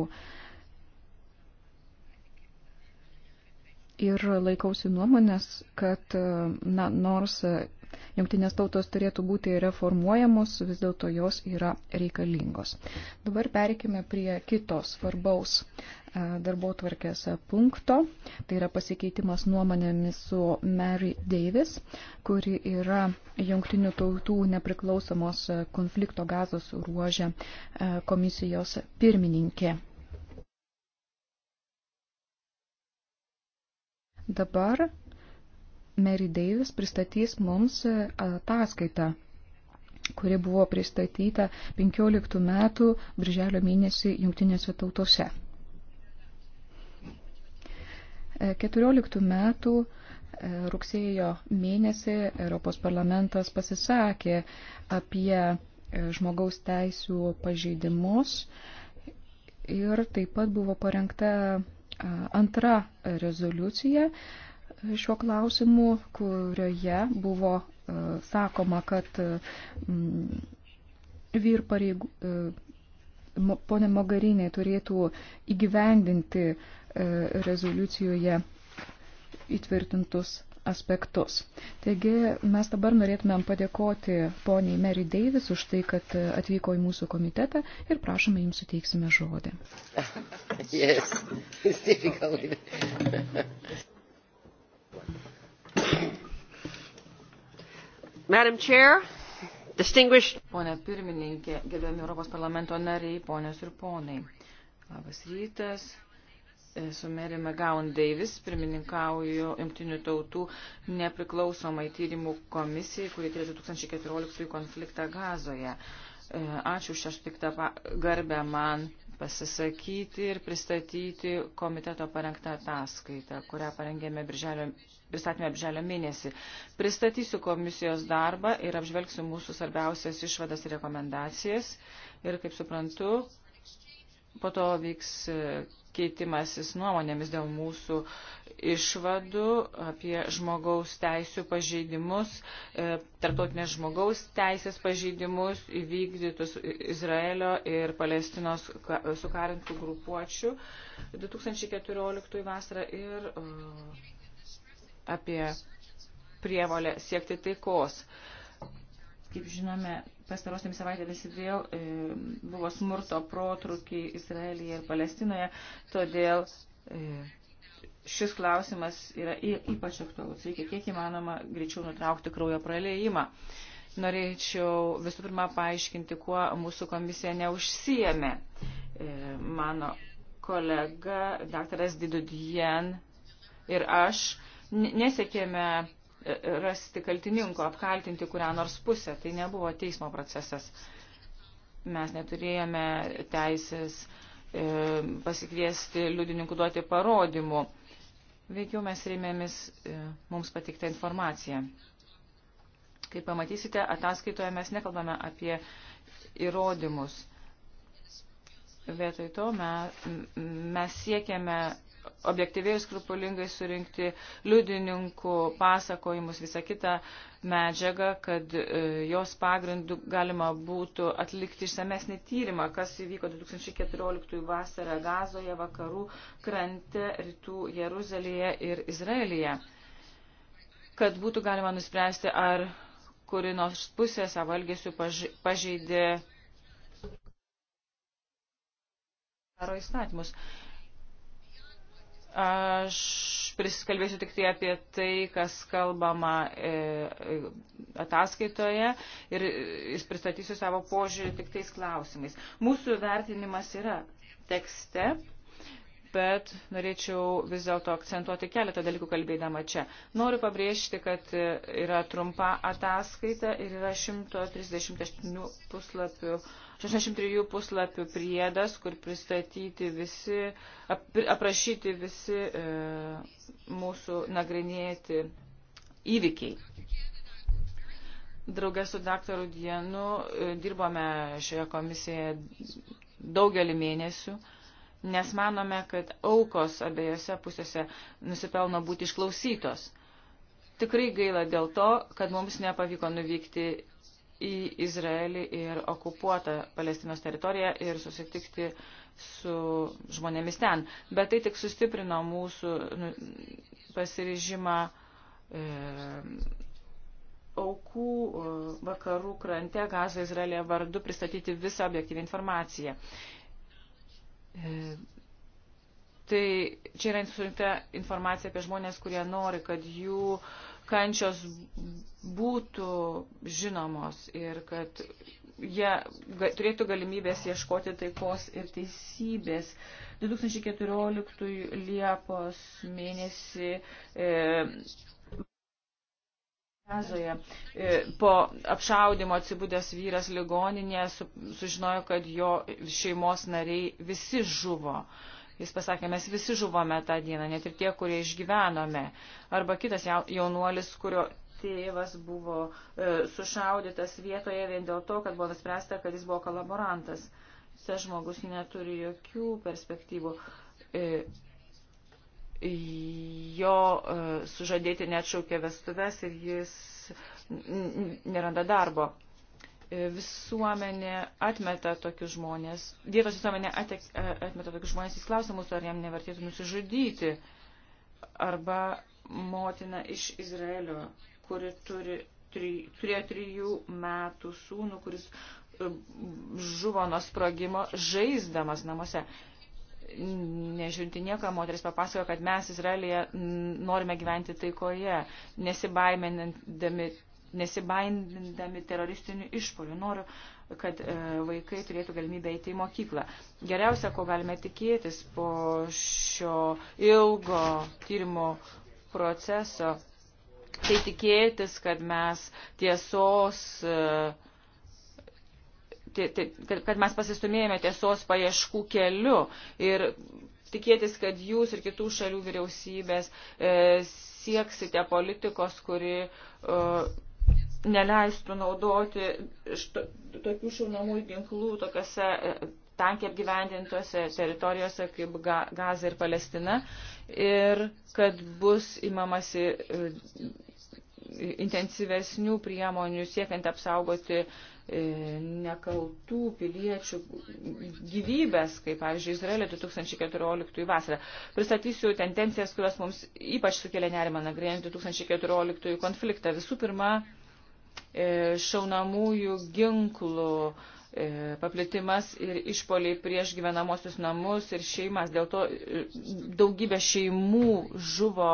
ir laikausi nuomonės, kad e, na, nors e, jungtinės tautos turėtų būti reformuojamos, vis dėlto jos yra reikalingos. Dabar perikime prie kitos svarbaus e, darbo tvarkės punkto. Tai yra pasikeitimas nuomonėmis su Mary Davis, kuri yra jungtinių tautų nepriklausomos konflikto gazos ruožė komisijos pirmininkė. Dabar Mary Davis pristatys mums e, ataskaitą, kuri buvo pristatyta 15 metų birželio mėnesį jungtinėse tautose. 14 e, metų e, rugsėjo mėnesį Europos parlamentas pasisakė apie žmogaus teisų pažeidimus ir taip pat buvo parengta antra rezoliucija šiuo klausimu, kurioje buvo e, sakoma, kad mm, vyr pareigų, e, ponė Mogarinė turėtų įgyvendinti e, rezoliucijoje įtvirtintus aspektus. Taigi mes dabar norėtumėm padėkoti poniai Mary Davis už tai, kad atvyko į mūsų komitetą ir prašome jums suteiksime žodį. Yes, it's difficult. Madam Chair, distinguished... Pone pirmininkė, gerbiami Europos parlamento nariai, ponios ir ponai. Labas rytas. Esu Mary McGowan Davis, pirmininkauju Imtinių tautų nepriklausomai tyrimų komisijai, kuri tyrė 2014 konfliktą Gazoje. E, ačiū šią sutiktą garbę man pasisakyti ir pristatyti komiteto parengtą ataskaitą, kurią parengėme birželio, pristatėme birželio mėnesį. Pristatysiu komisijos darbą ir apžvelgsiu mūsų svarbiausias išvadas ir rekomendacijas. Ir kaip suprantu, po to vyks keitimasis nuomonėmis dėl mūsų išvadų apie žmogaus teisų pažeidimus, e, tarptautinės žmogaus teisės pažeidimus įvykdytus Izraelio ir Palestinos sukarintų grupuočių 2014 vasarą ir e, apie prievolę siekti taikos. Uh, Kaip žinome, pastarosiamis savaitėmis vėl e, buvo smurto protrukiai Izraelyje ir Palestinoje, todėl e, šis klausimas yra ypač aktualus. Reikia kiek įmanoma greičiau nutraukti kraujo praleimą. Norėčiau visų pirma paaiškinti, kuo mūsų komisija neužsijėmė. E, mano kolega, daktaras Didudijen ir aš nesekėme rasti kaltininko, apkaltinti kurią nors pusę. Tai nebuvo teismo procesas. Mes neturėjome teisės e, pasikviesti liudininkų duoti parodymų. Veikiau mes rėmėmis e, mums patiktą informaciją. Kaip pamatysite, ataskaitoje mes nekalbame apie įrodymus. Vietoj to mes, mes siekiame objektyviai ir skrupulingai surinkti liudininkų pasakojimus, visą kitą medžiagą, kad e, jos pagrindų galima būtų atlikti išsamesnį tyrimą, kas įvyko 2014 vasarą Gazoje, vakarų krante, rytų Jeruzalėje ir Izraelyje. Kad būtų galima nuspręsti, ar kuri nors pusė savo elgesių pažeidė karo įstatymus. Aš prisikalbėsiu tik tai apie tai, kas kalbama e, ataskaitoje ir e, jis pristatysiu savo požiūrį tik tais klausimais. Mūsų vertinimas yra tekste, bet norėčiau vis dėlto akcentuoti keletą dalykų kalbėdama čia. Noriu pabrėžti, kad e, yra trumpa ataskaita ir yra 138 puslapių 63 puslapių priedas, kur pristatyti visi, ap, aprašyti visi e, mūsų nagrinėti įvykiai. Draugė su daktaru Dienu e, dirbome šioje komisijoje daugelį mėnesių, nes manome, kad aukos abiejose pusėse nusipelno būti išklausytos. Tikrai gaila dėl to, kad mums nepavyko nuvykti į Izraelį ir okupuotą Palestinos teritoriją ir susitikti su žmonėmis ten. Bet tai tik sustiprino mūsų nu, pasiryžimą e, aukų e, vakarų krante Gazo Izraelėje vardu pristatyti visą objektyvę informaciją. E, tai čia yra surinkta informacija apie žmonės, kurie nori, kad jų e, kančios būtų žinomos ir kad jie turėtų galimybės ieškoti taikos ir teisybės. 2014 Liepos mėnesį e, Gazoje e, po apšaudimo atsibūdęs vyras ligoninėje sužinojo, kad jo šeimos nariai visi žuvo. E, Jis pasakė, mes visi žuvome tą dieną, net ir tie, kurie išgyvenome. Arba kitas jaunuolis, kurio tėvas buvo e, sušaudytas vietoje vien dėl to, kad buvo nuspręsta, kad jis buvo kolaborantas. Tas žmogus neturi jokių perspektyvų. E, jo e, sužadėti neatšaukė vestuves ir jis neranda darbo. E, visuomenė atmeta tokius žmonės, vietos visuomenė atek, e, atmeta tokius žmonės, jis klausia mūsų, ar jam nevertėtų nusižudyti, arba motina iš Izraelio, kuri turi, tri, turėjo trijų metų sūnų, kuris e, žuvo nuo sprogimo žaisdamas namuose. Nežiūrinti nieko, moteris papasakojo, kad mes Izraelėje norime gyventi taikoje, nesibaiminami nesibaindindami teroristinių išpolių. Noriu, kad e, vaikai turėtų galimybę eiti į mokyklą. Geriausia, ko galime tikėtis po šio ilgo tyrimo proceso, tai tikėtis, kad mes tiesos e, kad mes pasistumėjome tiesos paieškų keliu ir tikėtis, kad jūs ir kitų šalių vyriausybės e, sieksite politikos, kuri e, neleistų naudoti što, tokių šaunamųjų ginklų tokiuose e, tankiai apgyvendintose teritorijose kaip Gaza ir Palestina ir kad bus imamasi e, intensyvesnių priemonių siekiant apsaugoti e, nekaltų piliečių gyvybės, kaip pavyzdžiui Izraelio 2014 vasarą. Pristatysiu tendencijas, kurios mums ypač sukelia nerimą nagrinėjant 2014 konfliktą. Visų pirma, E, šaunamųjų ginklų e, paplitimas ir išpoliai prieš gyvenamosius namus ir šeimas. Dėl to e, daugybė šeimų žuvo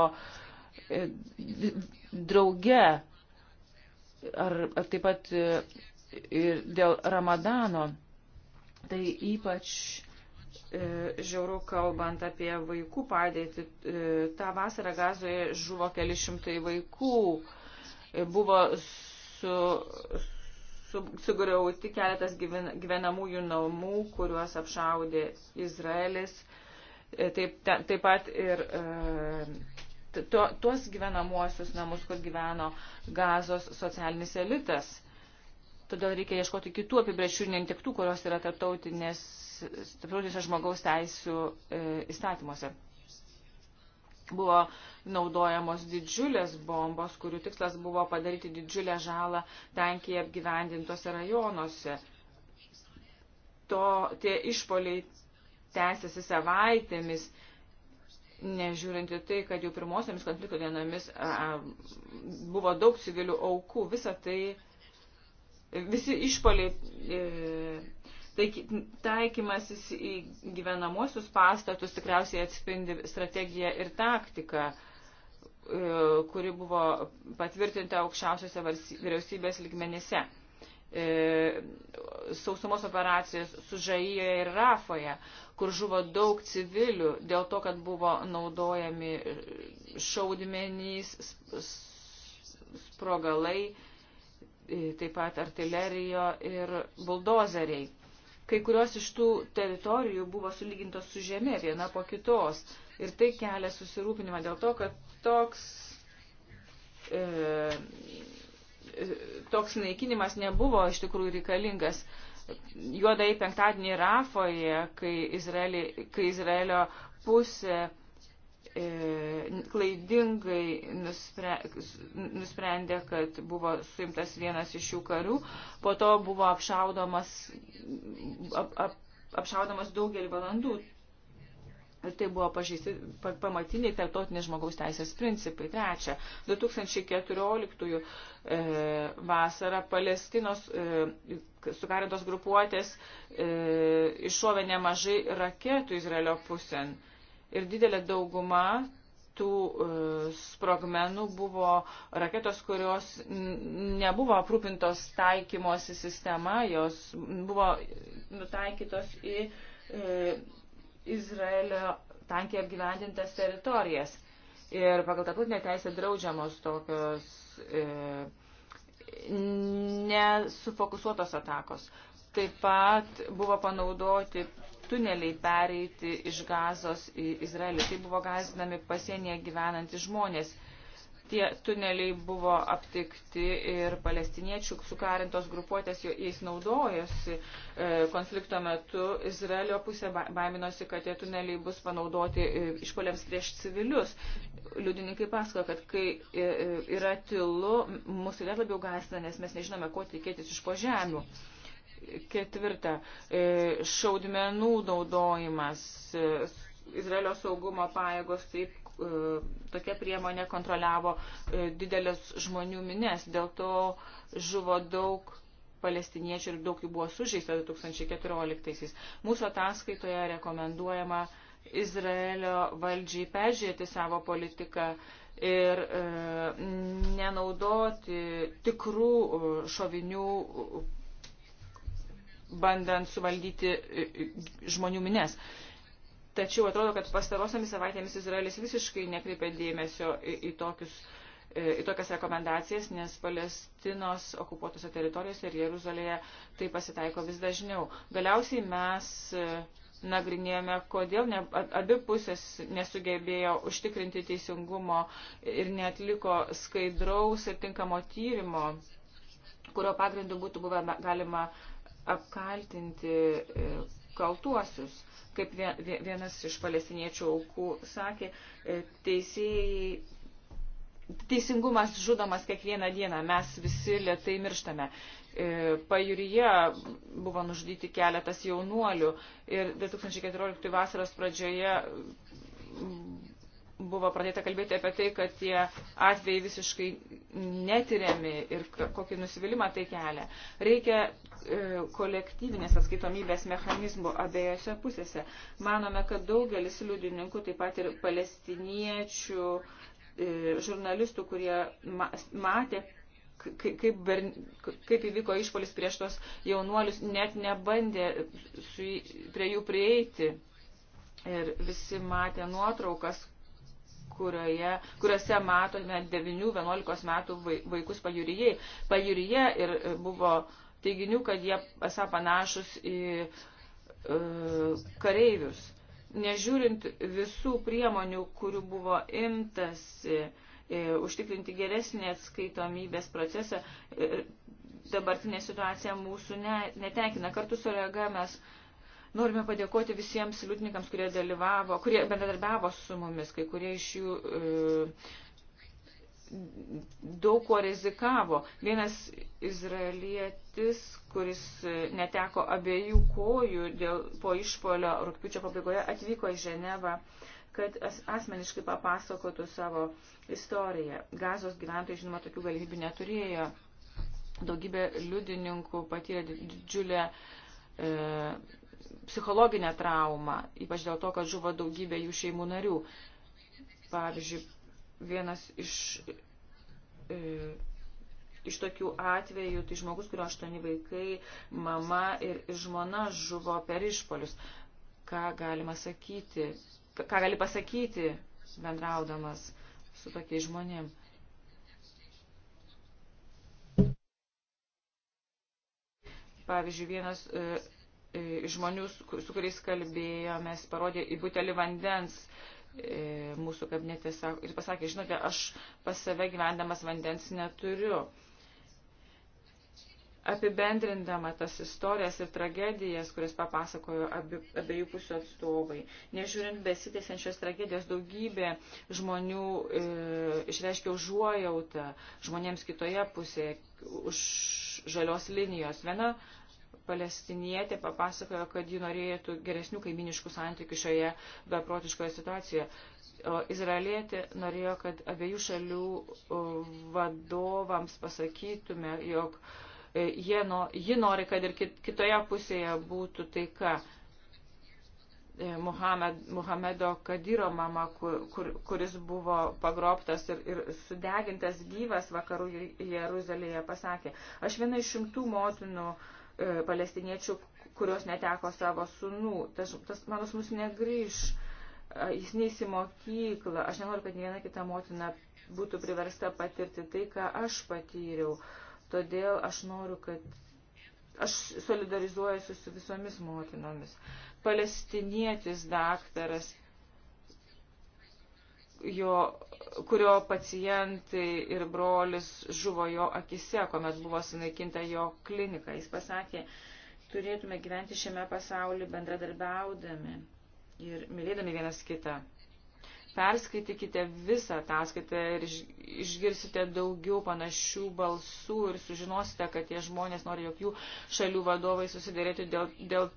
drauge ar, ar taip pat ir dėl ramadano. Tai ypač žiauru kalbant apie vaikų padėtį. Ta vasara gazoje žuvo keli šimtai vaikų. Buvo su, su, sugriauti keletas gyven, gyvenamųjų namų, kuriuos apšaudė Izraelis. E, taip, taip pat ir e, to, tuos gyvenamuosius namus, kur gyveno gazos socialinis elitas. Todėl reikia ieškoti kitų apibrėžčių, ne tik tų, kurios yra tarptautinės, tarptautinės žmogaus teisų e, įstatymuose. Buvo naudojamos didžiulės bombos, kurių tikslas buvo padaryti didžiulę žalą tankiai apgyvendintose rajonuose. To, tie išpoliai tęsiasi savaitėmis, nežiūrint į tai, kad jau pirmosiamis konflikto dienomis a, buvo daug civilių aukų, visa tai, visi išpoliai e, taikymasis į gyvenamosius pastatus tikriausiai atspindi strategiją ir taktiką e, kuri buvo patvirtinta aukščiausiose vyriausybės lygmenyse. E, sausumos operacijas Sužaijoje ir Rafoje, kur žuvo daug civilių dėl to, kad buvo naudojami šaudmenys, sprogalai, taip pat artilerijo ir buldozeriai. Kai kurios iš tų teritorijų buvo sulygintos su žemė viena po kitos. Ir tai kelia susirūpinimą dėl to, kad toks, e, e, toks naikinimas nebuvo iš tikrųjų reikalingas. Juodai penktadienį Rafoje, kai, Izraeli, kai Izraelio pusė E, klaidingai nuspre, nusprendė, kad buvo suimtas vienas iš jų karių, po to buvo apšaudomas, ap, ap, apšaudomas daugelį valandų. Ir tai buvo pažįsti pamatiniai tarptautinės žmogaus teisės principai. Trečia, 2014 e, vasarą Palestinos e, sukarintos grupuotės e, iššovė nemažai raketų Izraelio pusėn ir didelė dauguma tų e, sprogmenų buvo raketos, kurios nebuvo aprūpintos taikymosi sistema, jos buvo nutaikytos į e, Izraelio tankiai apgyvendintas teritorijas. Ir pagal tarptautinę teisę draudžiamos tokios e, nesufokusuotos atakos. Taip pat buvo panaudoti tuneliai pereiti iš gazos į Izraelį. Tai buvo gazinami pasienyje gyvenantys žmonės. Tie tuneliai buvo aptikti ir palestiniečių sukarintos grupuotės jais naudojosi. E, konflikto metu Izraelio pusė baiminosi, kad tie tuneliai bus panaudoti e, išpoliams prieš civilius. Liudininkai pasako, kad kai e, yra tylu, mūsų tai dar labiau gasina, nes mes nežinome, ko tikėtis iš po žemių. Ketvirta, e, šaudmenų naudojimas. E, Izraelio saugumo pajėgos taip e, tokia priemonė kontroliavo didelės žmonių mines, dėl to žuvo daug palestiniečių ir daug jų buvo sužeista 2014-aisiais. Mūsų ataskaitoje rekomenduojama Izraelio valdžiai peržiūrėti savo politiką ir e, nenaudoti tikrų šovinių bandant suvaldyti e, e, žmonių mines. Tačiau atrodo, kad pastarosiamis savaitėmis Izraelis visiškai nekreipia dėmesio į, į, tokius, e, į tokias rekomendacijas, nes Palestinos okupuotose teritorijose ir Jeruzalėje tai pasitaiko vis dažniau. Galiausiai mes nagrinėjome, kodėl ne, abi pusės nesugebėjo užtikrinti teisingumo ir netliko skaidraus ir tinkamo tyrimo kurio pagrindu būtų buvę galima uh, apkaltinti e, kaltuosius. Kaip vienas iš palestiniečių aukų sakė, e, teisėjai. Teisingumas žudomas kiekvieną dieną, mes visi lietai mirštame. E, pajūryje buvo nužudyti keletas jaunuolių ir 2014 vasaros pradžioje buvo pradėta kalbėti apie tai, kad tie atvejai visiškai netiriami ir kokį nusivylimą tai kelia. Reikia e, kolektyvinės atskaitomybės mechanizmų abiejose pusėse. Manome, kad daugelis liudininkų, taip pat ir palestiniečių e, žurnalistų, kurie ma matė, kaip, bern, kaip įvyko išpolis prieš tos jaunuolius, net nebandė su, prie jų prieiti. Ir visi matė nuotraukas, kurioje, kuriuose matome 9-11 metų vaikus pajūryje. Pajūryje ir e, buvo teiginių, kad jie esą panašus į e, kareivius. Nežiūrint visų priemonių, kurių buvo imtasi e, užtikrinti geresnį atskaitomybės procesą, e, dabartinė situacija mūsų ne, netenkina. Kartu su reaga mes e, Norime padėkoti visiems liutininkams, kurie dalyvavo, kurie bendradarbiavo su mumis, kai kurie iš jų e, daug kuo rizikavo. Vienas izraelietis, kuris e, neteko abiejų kojų dėl, po išpolio rūpiučio pabaigoje, atvyko į Ženevą kad asmeniškai papasakotų savo istoriją. Gazos gyventojai, žinoma, tokių galimybių neturėjo. Daugybė liudininkų patyrė didžiulę e, psichologinę traumą, ypač dėl to, kad žuvo daugybė jų šeimų narių. Pavyzdžiui, vienas iš, e, iš tokių atvejų, tai žmogus, kurio aštuoni vaikai, mama ir žmona žuvo per išpolius. Ką galima sakyti, ką gali pasakyti bendraudamas su tokiais žmonėmis? Pavyzdžiui, vienas e, E, žmonių, su kuriais kalbėjomės, parodė į butelį vandens e, mūsų kabinete ir pasakė, žinote, aš pas save gyvendamas vandens neturiu. Apibendrindama tas istorijas ir tragedijas, kurias papasakojo abi, abiejų pusių atstovai, nežiūrint besitėsiančios tragedijos, daugybė žmonių e, išreiškia užuojautą žmonėms kitoje pusėje už žalios linijos. Viena e, palestinietė papasakojo, kad ji norėtų geresnių kaiminiškų santykių šioje beprotiškoje situacijoje. O izraelietė norėjo, kad abiejų šalių vadovams pasakytume, jog e, jie, ji nori, kad ir kitoje pusėje būtų taika. E, Muhamed, Muhamedo Kadyro mama, kur, kur, kuris buvo pagrobtas ir, ir sudegintas gyvas vakarų Jeruzalėje, pasakė, aš viena iš šimtų motinų uh, E, palestiniečių, kurios neteko savo sunų. Tas, tas mano sunus negryž, e, jis neįs į mokyklą. Aš nenoriu, kad viena kita motina būtų priversta patirti tai, ką aš patyriau. Todėl aš noriu, kad aš solidarizuojuosi su visomis motinomis. Palestinietis daktaras jo, kurio pacientai ir brolis žuvo jo akise, kuomet buvo sunaikinta jo klinika. Jis pasakė, turėtume gyventi šiame pasaulyje bendradarbiaudami ir mylėdami vienas kitą. Perskaitykite visą ataskaitą ir išgirsite daugiau panašių balsų ir sužinosite, kad tie žmonės nori, jog jų šalių vadovai susidėrėtų dėl, dėl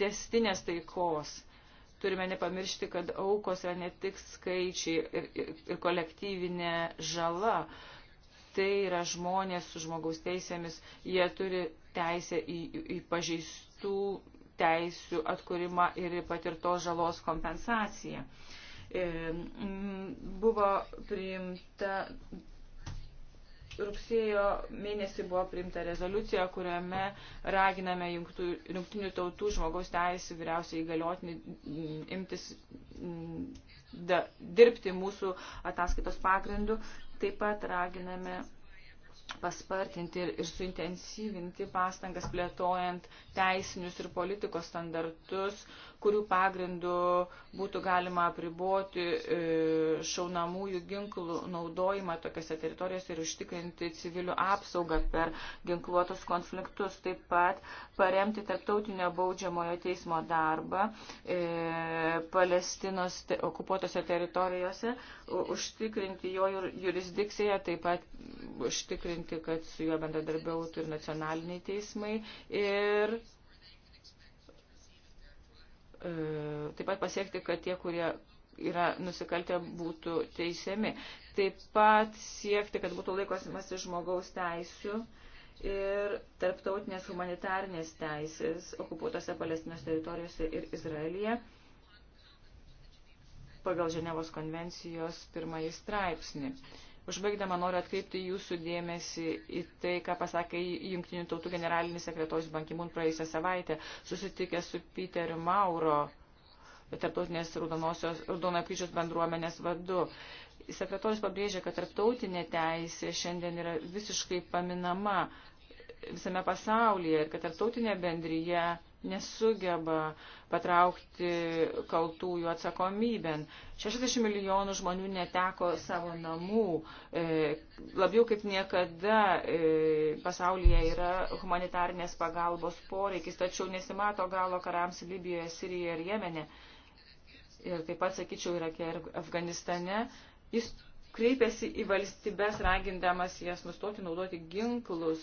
testinės taikos turime nepamiršti, kad aukos yra ne tik skaičiai ir, ir, ir kolektyvinė žala. Tai yra žmonės su žmogaus teisėmis, jie turi teisę į, į pažeistų teisių atkūrimą ir patirtos žalos kompensaciją. E, buvo priimta rugsėjo mėnesį buvo priimta rezoliucija, kuriame raginame jungtinių tautų žmogaus teisų vyriausiai įgaliotinį mm, imtis mm, da, dirbti mūsų ataskaitos pagrindu. Taip pat raginame paspartinti ir, ir suintensyvinti pastangas plėtojant teisinius ir politikos standartus, kurių pagrindų būtų galima apriboti e, šaunamųjų ginklų naudojimą tokiose teritorijose ir užtikrinti civilių apsaugą per ginkluotus konfliktus. Taip pat paremti tarptautinio baudžiamojo teismo darbą e, Palestinos okupuotose teritorijose, užtikrinti jo jurisdikciją, taip pat užtikrinti, kad su juo bendradarbiautų ir nacionaliniai teismai. Ir E, taip pat pasiekti, kad tie, kurie yra nusikaltę, būtų teisiami. Taip pat siekti, kad būtų laikosimasi žmogaus teisių ir tarptautinės humanitarnės teisės okupuotose Palestinos teritorijose ir Izraelyje pagal Ženevos konvencijos pirmąjį straipsnį. Užbaigdama noriu atkreipti jūsų dėmesį į tai, ką pasakė Junktinių tautų generalinis sekretorius Bankimun praėjusią savaitę, susitikęs su Peteriu Mauro, tarptautinės raudono kryžiaus bendruomenės vadu. Sekretorius pabrėžė, kad tarptautinė teisė šiandien yra visiškai paminama visame pasaulyje ir kad tarptautinė bendryje nesugeba patraukti kaltųjų atsakomybėn. 60 milijonų žmonių neteko savo namų. E, labiau kaip niekada e, pasaulyje yra humanitarnės pagalbos poreikis, tačiau nesimato galo karams Libijoje, Sirijoje ir Jemene. Ir taip pat, sakyčiau, Irake ir Afganistane. Jis kreipėsi į valstybės, ragindamas jas nustoti naudoti ginklus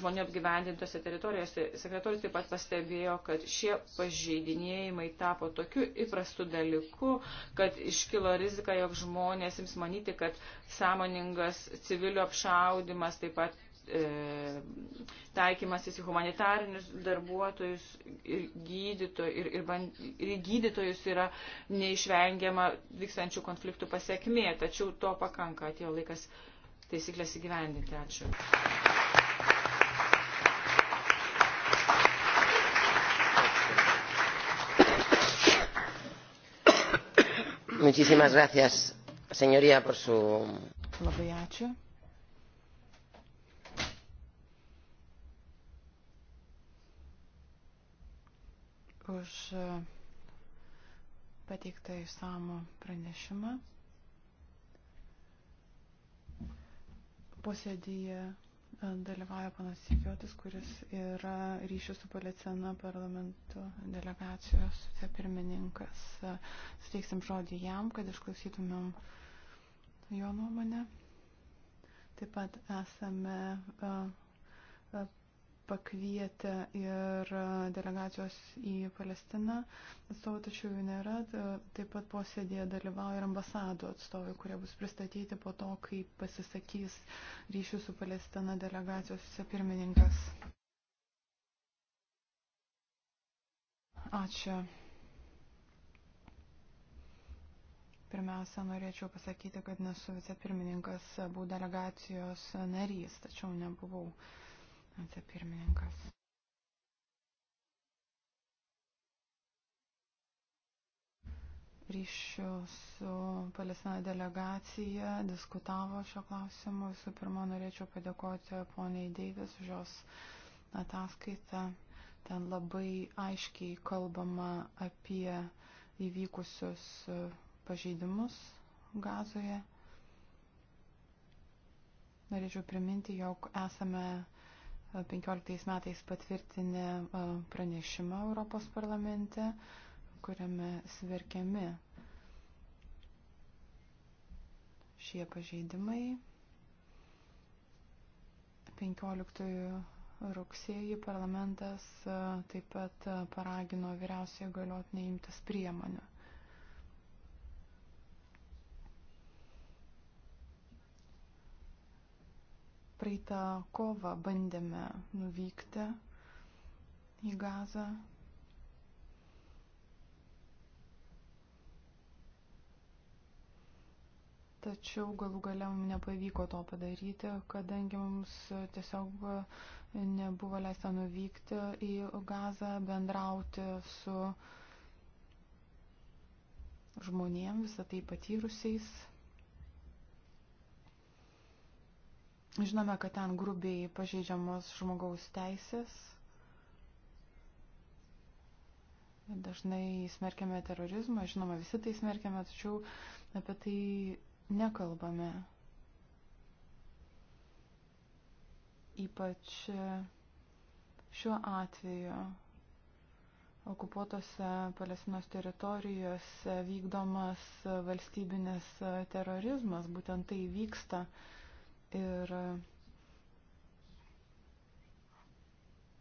žmonių apgyvendintose teritorijose. Sekretorius taip pat pastebėjo, kad šie pažeidinėjimai tapo tokiu įprastu dalyku, kad iškilo rizika, jog žmonės jums manyti, kad sąmoningas civilių apšaudimas, taip pat e, taikymasis į humanitarinius darbuotojus ir, gydyto, ir, ir, ban, ir gydytojus yra neišvengiama vykstančių konfliktų pasiekmė, tačiau to pakanka, atėjo laikas taisyklės įgyvendinti. Ačiū. Muchísimas gracias, señoría, por su. Labai ačiū. už e, pateiktą įsamų pranešimą. Posėdėje e, dalyvauja panas Sikiotis, kuris yra ryšių su Policena parlamento delegacijos pirmininkas. E, suteiksim žodį jam, kad išklausytumėm jo nuomonę. Taip pat esame pakvietę ir e, delegacijos į Palestiną atstovų, tačiau jų nėra. Taip pat posėdėje dalyvauja ir ambasadų atstovai, kurie bus pristatyti po to, kai pasisakys ryšių su Palestina delegacijos pirmininkas. Ačiū. Pirmiausia, norėčiau pasakyti, kad nesu vicepirmininkas, buvau delegacijos narys, tačiau nebuvau uh, vicepirmininkas. Ryšių su Palestino delegacija diskutavo šio klausimu. Visų pirma, norėčiau padėkoti poniai Deivis už jos ataskaitą. Ten labai aiškiai kalbama apie įvykusius pažeidimus gazoje. Norėčiau priminti, jog esame 15 metais patvirtinę e, pranešimą Europos parlamente, kuriame sverkiami šie pažeidimai. 15 rugsėjį parlamentas e, taip pat e, paragino vyriausiai galiotinį imtis priemonių. Praeitą kovą bandėme nuvykti į Gazą. Tačiau galų galiam nepavyko to padaryti, kadangi mums tiesiog nebuvo leista nuvykti į Gazą, bendrauti su žmonėms, visą tai patyrusiais Žinome, kad ten grubiai pažeidžiamos žmogaus teisės. Dažnai smerkiame terorizmą, žinoma, visi tai smerkiame, tačiau apie tai nekalbame. Ypač šiuo atveju okupuotose Palestinos teritorijose vykdomas valstybinis terorizmas, būtent tai vyksta. Uh, Ir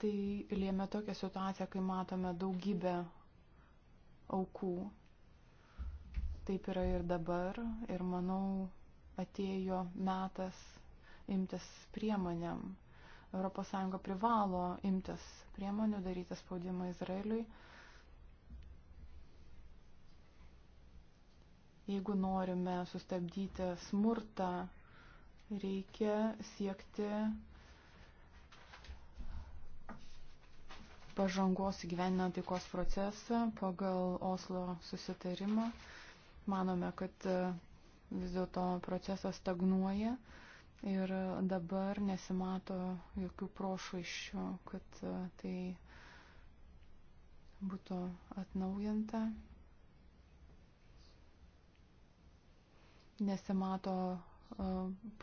tai lėmė tokią situaciją, kai matome daugybę aukų. Taip yra ir dabar. Ir manau, atėjo metas imtis priemonėm. ES privalo imtis priemonių, daryti spaudimą Izraeliui. Jeigu norime sustabdyti smurtą reikia siekti pažangos įgyveninant taikos procesą pagal Oslo susitarimą. Manome, kad e, vis dėlto procesas stagnuoja ir dabar nesimato jokių prošaiščių, kad e, tai būtų atnaujinta. Nesimato E,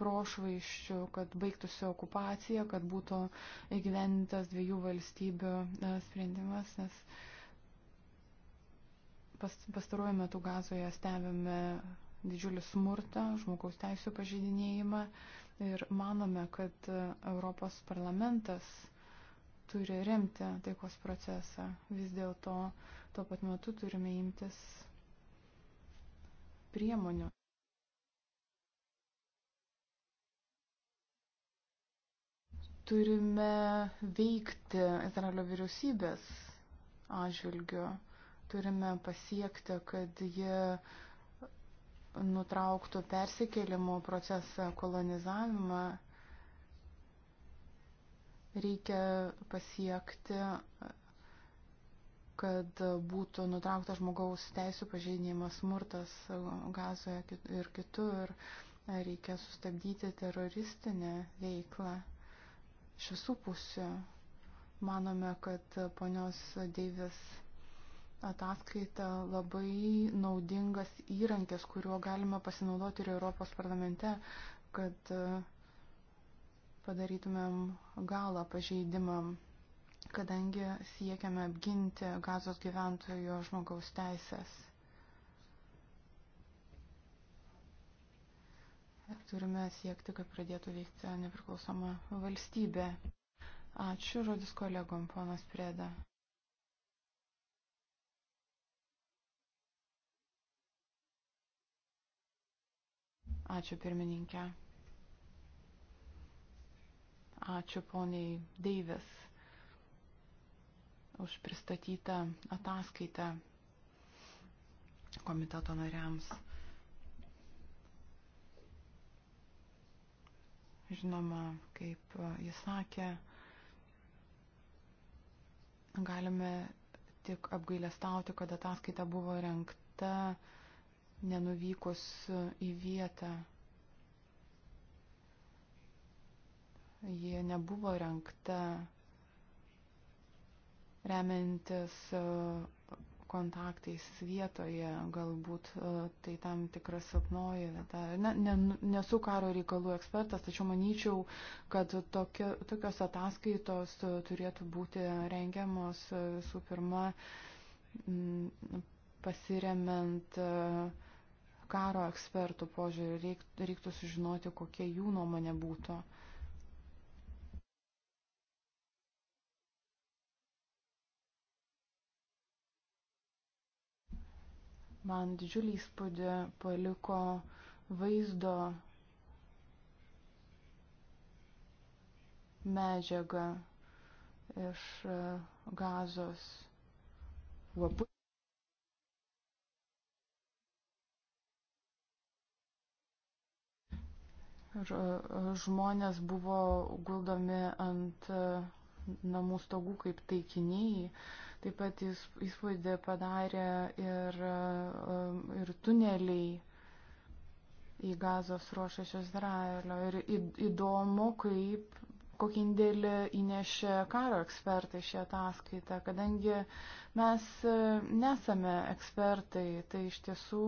prošvaiščių, kad baigtųsi okupacija, kad būtų įgyvendintas dviejų valstybių e, sprendimas, nes pas, pastaruoju metu gazoje stebime didžiulį smurtą, žmogaus teisų pažydinėjimą ir manome, kad e, Europos parlamentas turi remti taikos procesą. Vis dėlto tuo pat metu turime imtis priemonių. Turime veikti Izraelio vyriausybės atžvilgiu, turime pasiekti, kad jie nutrauktų persikėlimo procesą, kolonizavimą. Reikia pasiekti kad būtų nutrauktas žmogaus teisų pažeidimas, smurtas gazoje ir kitur, reikia sustabdyti teroristinę veiklą iš visų pusių. Manome, kad ponios Deivis ataskaita labai naudingas įrankis, kuriuo galima pasinaudoti ir Europos parlamente, kad e, padarytumėm galą pažeidimam, kadangi siekiame apginti gazos gyventojų žmogaus teisės. turime siekti, kad pradėtų veikti nepriklausoma valstybė. Ačiū, žodis kolegom, ponas Prėda. Ačiū pirmininkė. Ačiū poniai Deivis už pristatytą ataskaitą komiteto nariams. Žinoma, kaip e, jis sakė, galime tik apgailestauti, kad ataskaita buvo renkta nenuvykus į vietą. Ji nebuvo renkta remiantis e, kontaktais vietoje, galbūt e, tai tam tikras sapnoji vieta. Ne, ne, nesu karo reikalų ekspertas, tačiau manyčiau, kad tokio, tokios ataskaitos e, turėtų būti rengiamos e, visų pirma pasiremiant karo ekspertų požiūrį. Reiktų, reiktų sužinoti, kokia jų nuomonė būtų. Uh, Man didžiulį įspūdį paliko vaizdo medžiaga iš e, gazos lapų. E, žmonės buvo guldomi ant e, namų stogų kaip taikiniai Taip pat įspūdį padarė ir, um, ir tuneliai į gazos ruošą iš Izraelio. Ir įdomu, kaip kokį indėlį įnešė karo ekspertai šią ataskaitą, kadangi mes e, nesame ekspertai, tai iš tiesų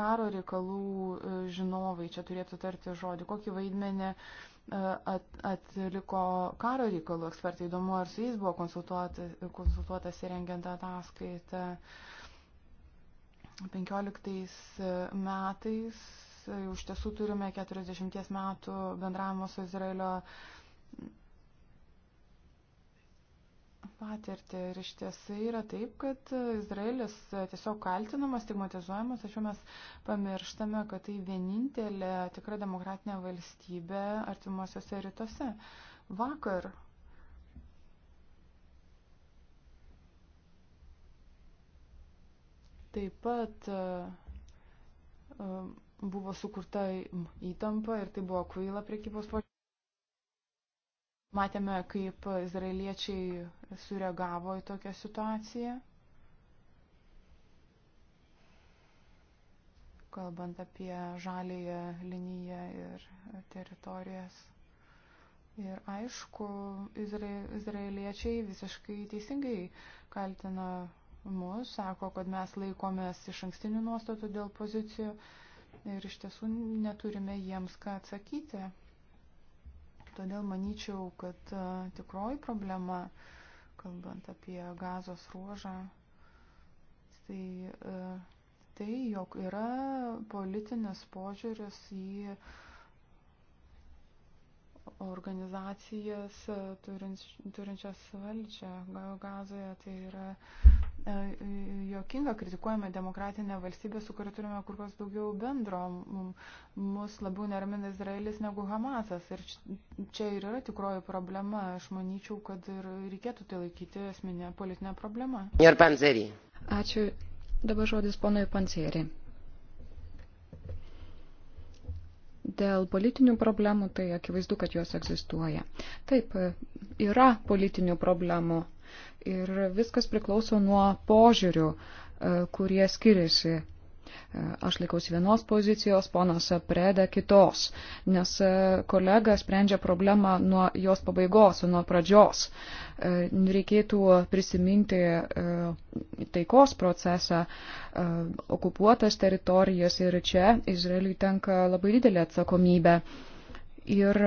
karo reikalų e, žinovai čia turėtų tarti žodį, kokį vaidmenį E, atliko karo reikalų ekspertai. Įdomu, ar su jais buvo konsultuotas, konsultuotas įrengiant ataskaitą. 15 e, metais e, iš tiesų turime 40 metų bendravimo su Izraelio patirtį. Ir iš tiesų yra taip, kad Izraelis tiesiog kaltinamas, stigmatizuojamas, tačiau mes pamirštame, kad tai vienintelė tikra demokratinė valstybė artimuosiuose rytuose. Vakar taip pat e, e, buvo sukurta įtampa ir tai buvo kvaila priekybos požiūrė. Matėme, kaip izraeliečiai sureagavo į tokią situaciją. Kalbant apie žalėją liniją ir teritorijas. Ir aišku, izraeliečiai visiškai teisingai kaltina mus, sako, kad mes laikomės iš ankstinių nuostatų dėl pozicijų ir iš tiesų neturime jiems ką atsakyti. Todėl manyčiau, kad e, tikroji problema, kalbant apie gazos ruožą, tai e, tai, jog yra politinis požiūris į organizacijas e, turinčias valdžią gazoje, tai yra E, jokinga, kritikuojame demokratinę valstybę, su kuria turime kur kas daugiau bendro. Mus labiau neramina Izraelis negu Hamasas. Ir čia ir yra tikroji problema. Aš manyčiau, kad ir reikėtų tai laikyti esminė politinė problema. Ačiū. Dabar žodis ponui Pansėri. Dėl politinių problemų, tai akivaizdu, kad jos egzistuoja. Taip, e, yra politinių problemų Ir viskas priklauso nuo požiūrių, e, kurie skiriasi. E, aš laikausi vienos pozicijos, ponas Preda kitos, nes e, kolega sprendžia problemą nuo jos pabaigos, nuo pradžios. Reikėtų prisiminti taikos procesą, okupuotas teritorijas ir čia Izraeliui tenka labai didelė atsakomybė. Ir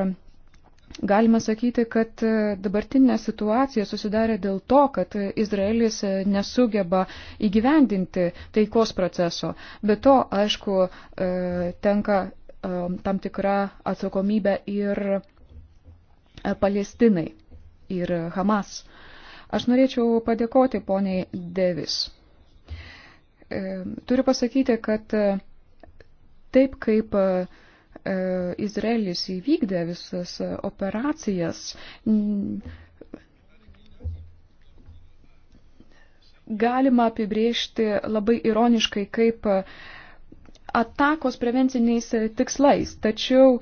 Galima sakyti, kad e, dabartinė situacija susidarė dėl to, kad e, Izraelis e, nesugeba įgyvendinti taikos proceso. Be to, aišku, tenka tam tikra atsakomybė ir Palestinai, ir Hamas. Aš norėčiau padėkoti poniai Devis. Turiu pasakyti, kad taip kaip E, Izraelis įvykdė visas operacijas, galima apibriežti labai ironiškai kaip atakos prevenciniais e, tikslais, tačiau e,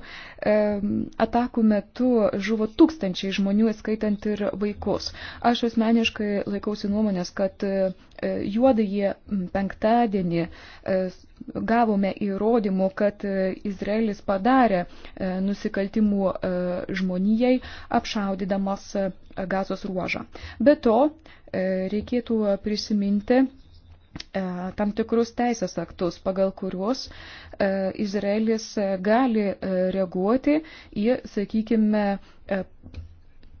atakų metu žuvo tūkstančiai žmonių, skaitant ir vaikus. Aš asmeniškai laikausi nuomonės, kad e, e juodąjį penktadienį e, gavome įrodymų, kad e, Izraelis padarė e, nusikaltimų e, žmonijai, apšaudydamas e, gazos ruožą. Be to, e, reikėtų e, prisiminti, E, tam tikrus teisės aktus, pagal kuriuos e, Izraelis e, gali reaguoti į, sakykime,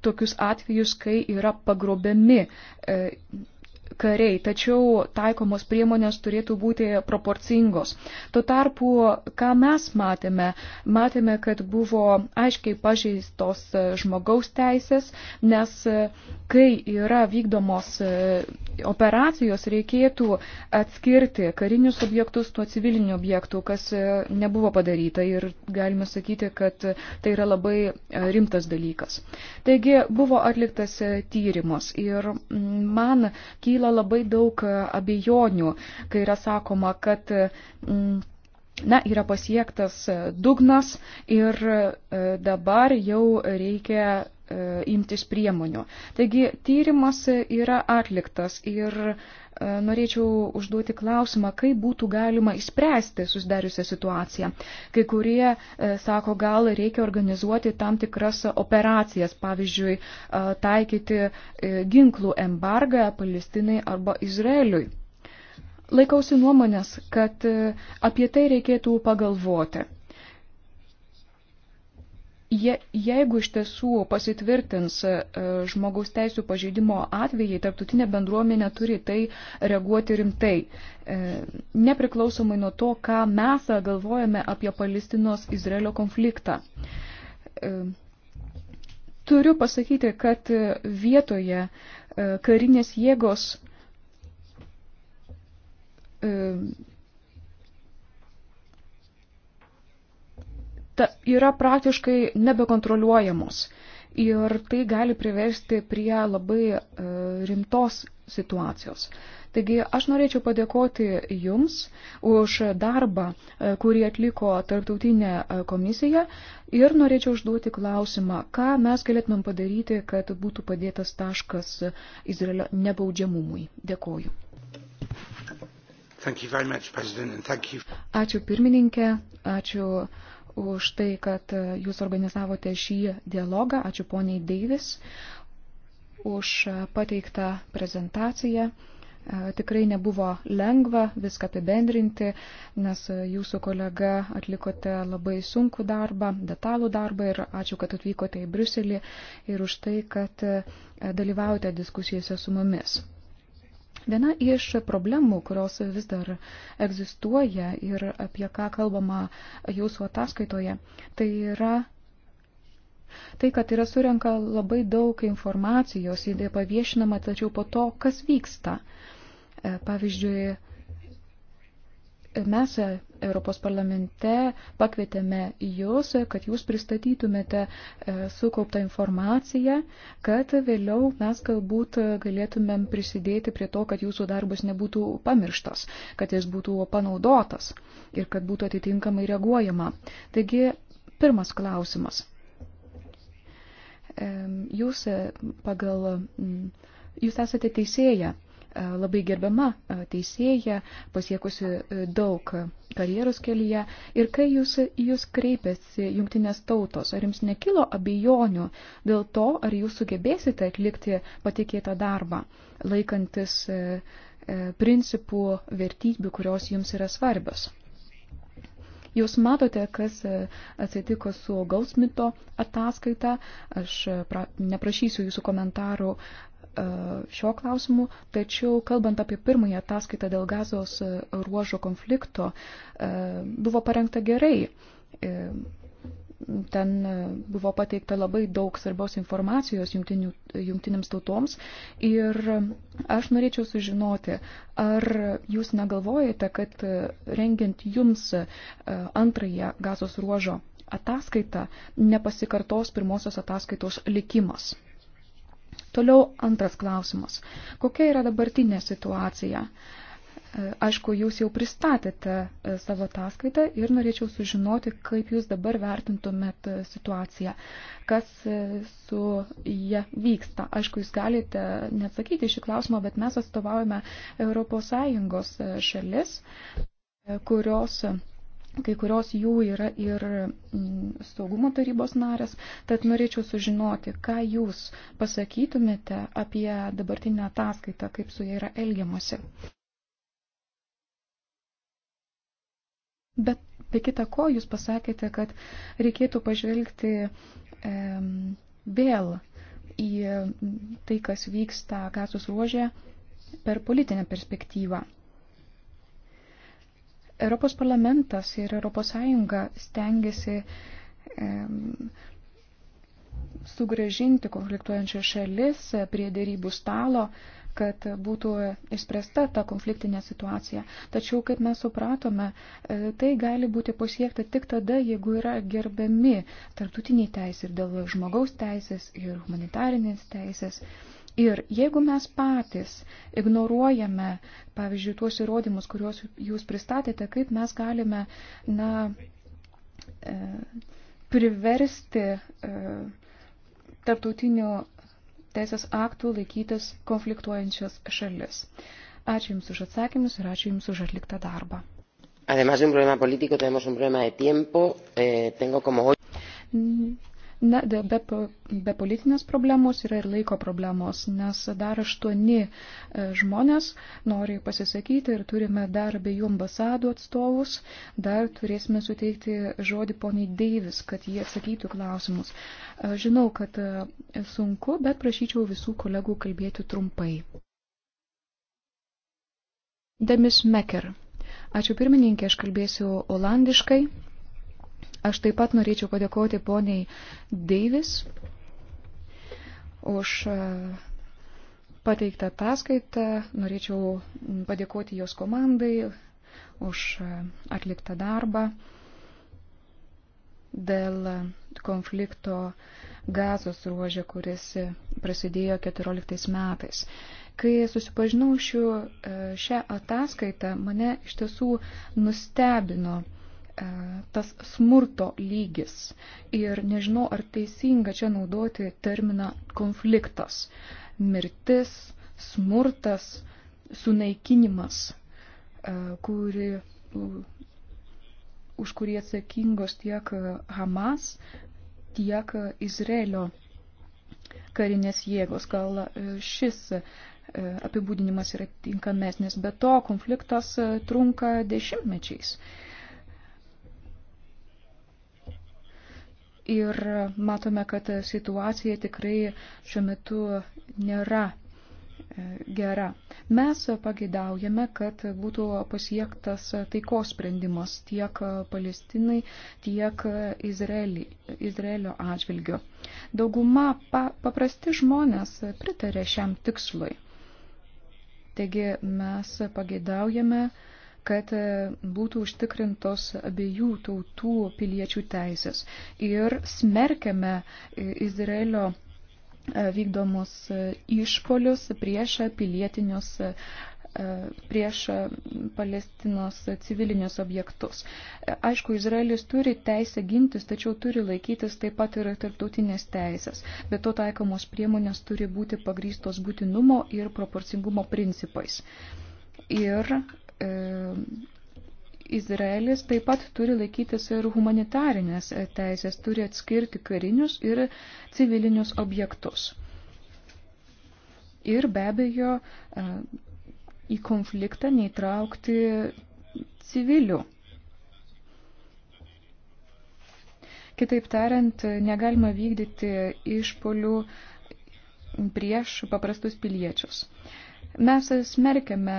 tokius atvejus, kai yra pagrobiami kariai, tačiau taikomos priemonės turėtų būti proporcingos. Tuo tarpu, ką mes matėme, matėme, kad buvo aiškiai pažeistos žmogaus teisės, nes e, kai yra vykdomos e, operacijos, reikėtų atskirti karinius objektus nuo civilinių objektų, kas e, nebuvo padaryta ir galime sakyti, kad tai yra labai rimtas dalykas. Taigi buvo atliktas tyrimas ir man kyla kyla labai daug e, abejonių, kai yra sakoma, kad. Mm, Na, yra pasiektas e, dugnas ir e, dabar jau reikia imtis priemonių. Taigi tyrimas yra atliktas ir E, norėčiau užduoti klausimą, kaip būtų galima įspręsti susidariusią situaciją. Kai kurie e, sako, gal reikia organizuoti tam tikras operacijas, pavyzdžiui, e, taikyti ginklų embargą Palestinai arba Izraeliui. Laikausi nuomonės, kad apie tai reikėtų pagalvoti. Je, jeigu iš tiesų pasitvirtins e, žmogaus teisų pažeidimo atvejai, tarptautinė bendruomenė turi tai reaguoti rimtai. E, nepriklausomai nuo to, ką mes galvojame apie Palestinos-Izraelio konfliktą. E, turiu pasakyti, kad vietoje karinės jėgos ta, yra praktiškai nebekontroliuojamos. Ir tai gali privesti prie labai e, rimtos situacijos. Taigi aš norėčiau padėkoti Jums už darbą, e, kurį atliko tarptautinė e, komisija ir norėčiau užduoti klausimą, ką mes galėtumėm padaryti, kad būtų padėtas taškas Izraelio nebaudžiamumui. Dėkoju. Much, ačiū pirmininkė, ačiū už tai, kad e, jūs organizavote šį dialogą. Ačiū poniai Deivis už e, pateiktą prezentaciją. E, tikrai nebuvo lengva viską apibendrinti, nes jūsų kolega atlikote labai sunku darbą, detalų darbą ir ačiū, kad atvykote į Briuselį ir už tai, kad dalyvaujate diskusijose su mumis. Viena iš problemų, kurios vis dar egzistuoja ir apie ką kalbama jūsų ataskaitoje, tai yra tai, kad yra surenka labai daug informacijos, jį paviešinama, tačiau po to, kas vyksta. E, pavyzdžiui, mes Europos parlamente pakvietėme jūs, kad jūs pristatytumėte e, sukauptą informaciją, kad vėliau mes galbūt galėtumėm prisidėti prie to, kad jūsų darbas nebūtų pamirštas, kad jis būtų panaudotas ir kad būtų atitinkamai reaguojama. Taigi, pirmas klausimas. Jūs e, pagal. Jūs esate teisėja E, labai gerbiama e, teisėja, pasiekusi e, daug karjeros kelyje. Ir kai jūs, jūs kreipėsi jungtinės tautos, ar jums nekilo abejonių dėl to, ar jūs sugebėsite atlikti patikėtą darbą, laikantis principų, vertybių, kurios jums yra svarbios. Jūs matote, kas atsitiko su Gausmito ataskaita. Aš pra, neprašysiu jūsų komentarų E, šio klausimu, tačiau kalbant apie pirmąją ataskaitą dėl gazos e, ruožo konflikto, e, buvo parengta gerai. Ten buvo pateikta labai daug svarbios informacijos jungtinių, jungtinėms tautoms ir aš norėčiau sužinoti, ar jūs negalvojate, kad rengiant jums antrąją gazos ruožo ataskaitą nepasikartos pirmosios ataskaitos likimas. Toliau antras klausimas. Kokia yra dabartinė situacija? E, aišku, jūs jau pristatėte e, savo ataskaitą ir norėčiau sužinoti, kaip jūs dabar vertintumėt e, situaciją, kas su jie vyksta. Aišku, jūs galite neatsakyti šį klausimą, bet mes atstovaujame ES šalis, kurios Kai kurios jų yra ir mm, saugumo tarybos narės, tad norėčiau sužinoti, ką jūs pasakytumėte apie dabartinę ataskaitą, kaip su jie yra elgiamasi. Bet be kita ko jūs pasakėte, kad reikėtų pažvelgti e, vėl į tai, kas vyksta gazos ruožė per politinę perspektyvą. Europos parlamentas ir Europos Sąjunga stengiasi e, sugražinti konfliktuojančias šalis prie dėrybų stalo, kad būtų išspręsta ta konfliktinė situacija. Tačiau, kaip mes supratome, e, tai gali būti pasiekta tik tada, jeigu yra gerbiami tarptautiniai teisės ir dėl žmogaus teisės ir humanitarinės teisės. E, Ir jeigu mes patys ignoruojame, pavyzdžiui, tuos įrodymus, kuriuos jūs pristatėte, kaip mes galime na, e, priversti e, tarptautinių teisės aktų laikytis konfliktuojančias šalis. Ačiū Jums už atsakymus ir ačiū Jums už atliktą darbą. Además de un problema político, tenemos un problema de tiempo. Eh, tengo como hoy. Ne, be, be politinės problemos yra ir laiko problemos, nes dar aštuoni e, žmonės nori pasisakyti ir turime dar abiejų ambasadų atstovus, dar turėsime suteikti žodį poniai Deivis, kad jie atsakytų klausimus. E, žinau, kad e, sunku, bet prašyčiau visų kolegų kalbėti trumpai. Demis Meker. Ačiū pirmininkė, aš kalbėsiu olandiškai. Aš taip pat norėčiau padėkoti poniai Deivis už e, pateiktą ataskaitą. Norėčiau padėkoti jos komandai už e, atliktą darbą dėl konflikto gazos ruožė, kuris prasidėjo 14 metais. Kai susipažinau šiu, e, šią ataskaitą, mane iš tiesų nustebino uh, E, tas smurto lygis. Ir nežinau, ar teisinga čia naudoti terminą konfliktas. Mirtis, smurtas, sunaikinimas, e, kuri, už kurį atsakingos tiek Hamas, tiek Izraelio karinės jėgos. Gal šis e, apibūdinimas yra tinkamesnis, bet to konfliktas trunka dešimtmečiais. Ir matome, kad situacija tikrai šiuo metu nėra e, gera. Mes pagidaujame, kad būtų pasiektas taikos sprendimas tiek Palestinai, tiek Izraeli, Izraelio atžvilgiu. Dauguma pa, paprasti žmonės pritarė šiam tikslui. Taigi mes pagidaujame, uh, kad e, būtų užtikrintos abiejų tautų piliečių teisės. Ir smerkiame e, Izraelio e, vykdomus išpolius prieš pilietinius prieš Palestinos civilinius objektus. Aišku, Izraelis turi teisę gintis, tačiau turi laikytis taip pat ir tarptautinės teisės. Be to taikomos priemonės turi būti pagrystos būtinumo ir proporcingumo principais. Ir E, Izraelis taip pat turi laikytis ir humanitarinės teisės, turi atskirti karinius ir civilinius objektus. Ir be abejo e, į konfliktą neįtraukti civilių. Kitaip tariant, negalima vykdyti išpolių prieš paprastus piliečius. Mes smerkiame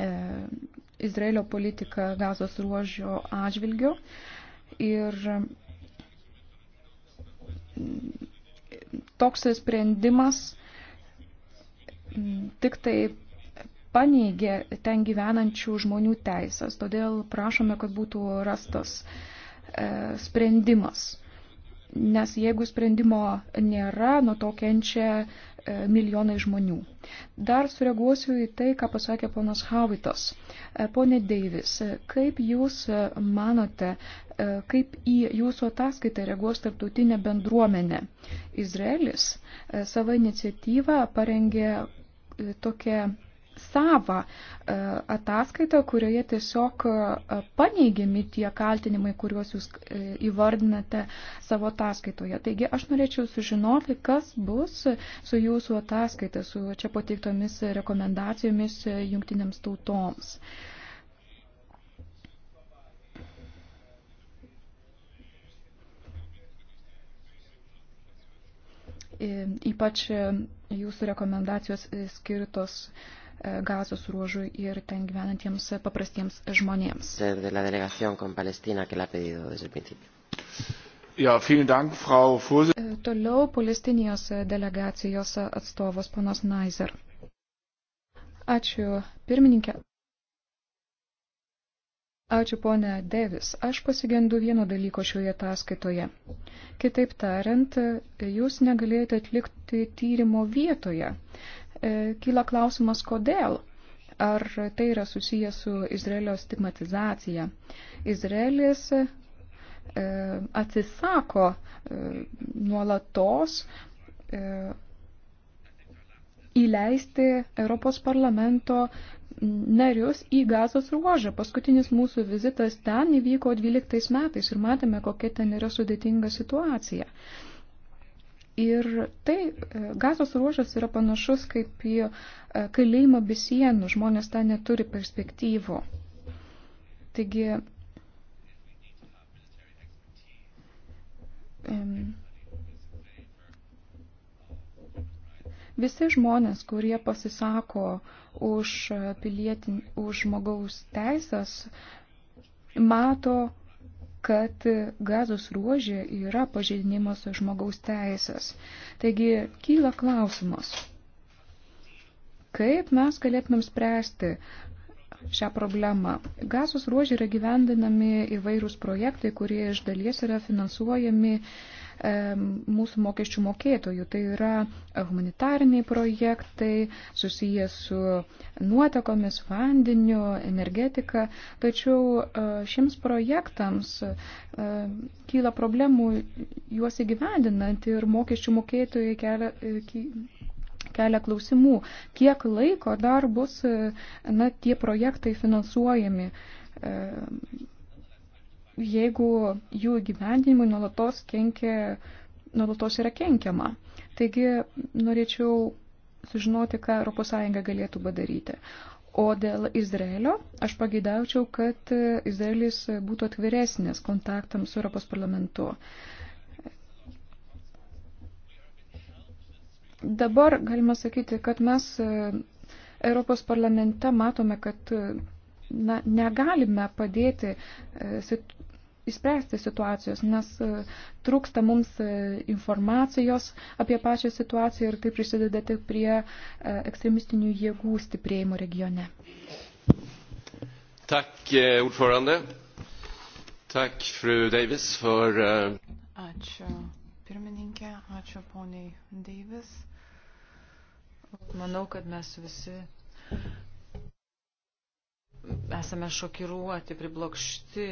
E, Izraelio politiką gazos ruožio atžvilgiu. Ir mm, toks sprendimas mm, tik tai paneigė ten gyvenančių žmonių teisės. Todėl prašome, kad būtų rastas e, sprendimas nes jeigu sprendimo nėra, nuo to kenčia e, milijonai žmonių. Dar sureaguosiu į tai, ką pasakė ponas Havitas. E, pone Deivis, e, kaip jūs manote, kaip į jūsų ataskaitą reaguos tarptautinė bendruomenė? Izraelis savo iniciatyvą parengė tokią savą e, ataskaitą, kurioje tiesiog e, paneigiami tie kaltinimai, kuriuos jūs e, įvardinate savo ataskaitoje. Taigi aš norėčiau sužinoti, kas bus su jūsų ataskaita, su čia pateiktomis rekomendacijomis jungtinėms tautoms. Ypač jūsų rekomendacijos skirtos uh, E, gazos ruožui ir ten gyvenantiems paprastiems žmonėms. Ja, Dank, Frau Furs... E, toliau Palestinijos delegacijos atstovas ponas Naiser. Ačiū pirmininkė. Ačiū ponė Devis. Aš pasigendu vieno dalyko šioje ataskaitoje. Kitaip tariant, jūs negalėjote atlikti tyrimo vietoje. E, kyla klausimas, kodėl. Ar tai yra susijęs su Izraelio stigmatizacija? Izraelis e, atsisako e, nuolatos įleisti Europos parlamento narius į gazos ruožą. Paskutinis mūsų vizitas ten įvyko 12 metais ir matėme, kokia ten yra sudėtinga situacija. E, Ir tai e, gazos ruožas yra panašus kaip į e, kalėjimą be sienų, žmonės ten neturi perspektyvų. Taigi, visi žmonės, kurie pasisako už, pilietin, už žmogaus teisės, mato kad gazos ruožė yra pažeidinimas žmogaus teisės. Taigi kyla klausimas, kaip mes galėtumėm spręsti šią problemą. Gazos ruožė yra gyvendinami įvairūs projektai, kurie iš dalies yra finansuojami uh, mūsų mokesčių mokėtojų. Tai yra humanitariniai projektai susiję su nuotekomis, vandeniu, energetika. Tačiau e, šiems projektams e, kyla problemų juos įgyvendinant ir mokesčių mokėtojai kelia e, kelia klausimų, kiek laiko dar bus na, tie projektai finansuojami jeigu jų gyvendinimui nuolatos, kenkia, nuolatos yra kenkiama. Taigi norėčiau sužinoti, ką ES galėtų padaryti. O dėl Izraelio aš pagaidaučiau, kad Izraelis būtų atviresnis kontaktams su Europos parlamentu. Dabar galima sakyti, kad mes Europos parlamente matome, kad na, negalime padėti e, išspręsti situacijos, nes e, trūksta mums e, informacijos apie pačią situaciją ir tai prisideda tik prie e, ekstremistinių jėgų stiprėjimo regione. Tak, eh, ordförande. Tak, fru Davis, for... Eh, ačiū pirmininkė, ačiū poniai Davis. Manau, kad mes visi esame šokiruoti, priblokšti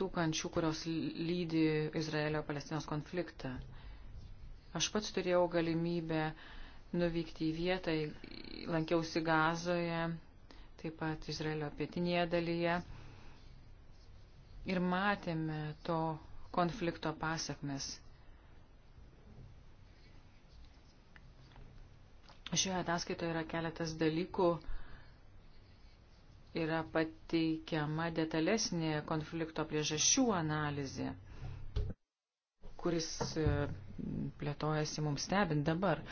tų kančių, kurios lydi Izraelio-Palestinos konfliktą. Aš pats turėjau galimybę nuvykti į vietą, lankiausi Gazoje, taip pat Izraelio pietinėje dalyje ir matėme to konflikto pasiekmes. Šioje ataskaitoje yra keletas dalykų, yra pateikiama detalesnė konflikto priežasčių analizė, kuris e, plėtojasi mums stebint dabar.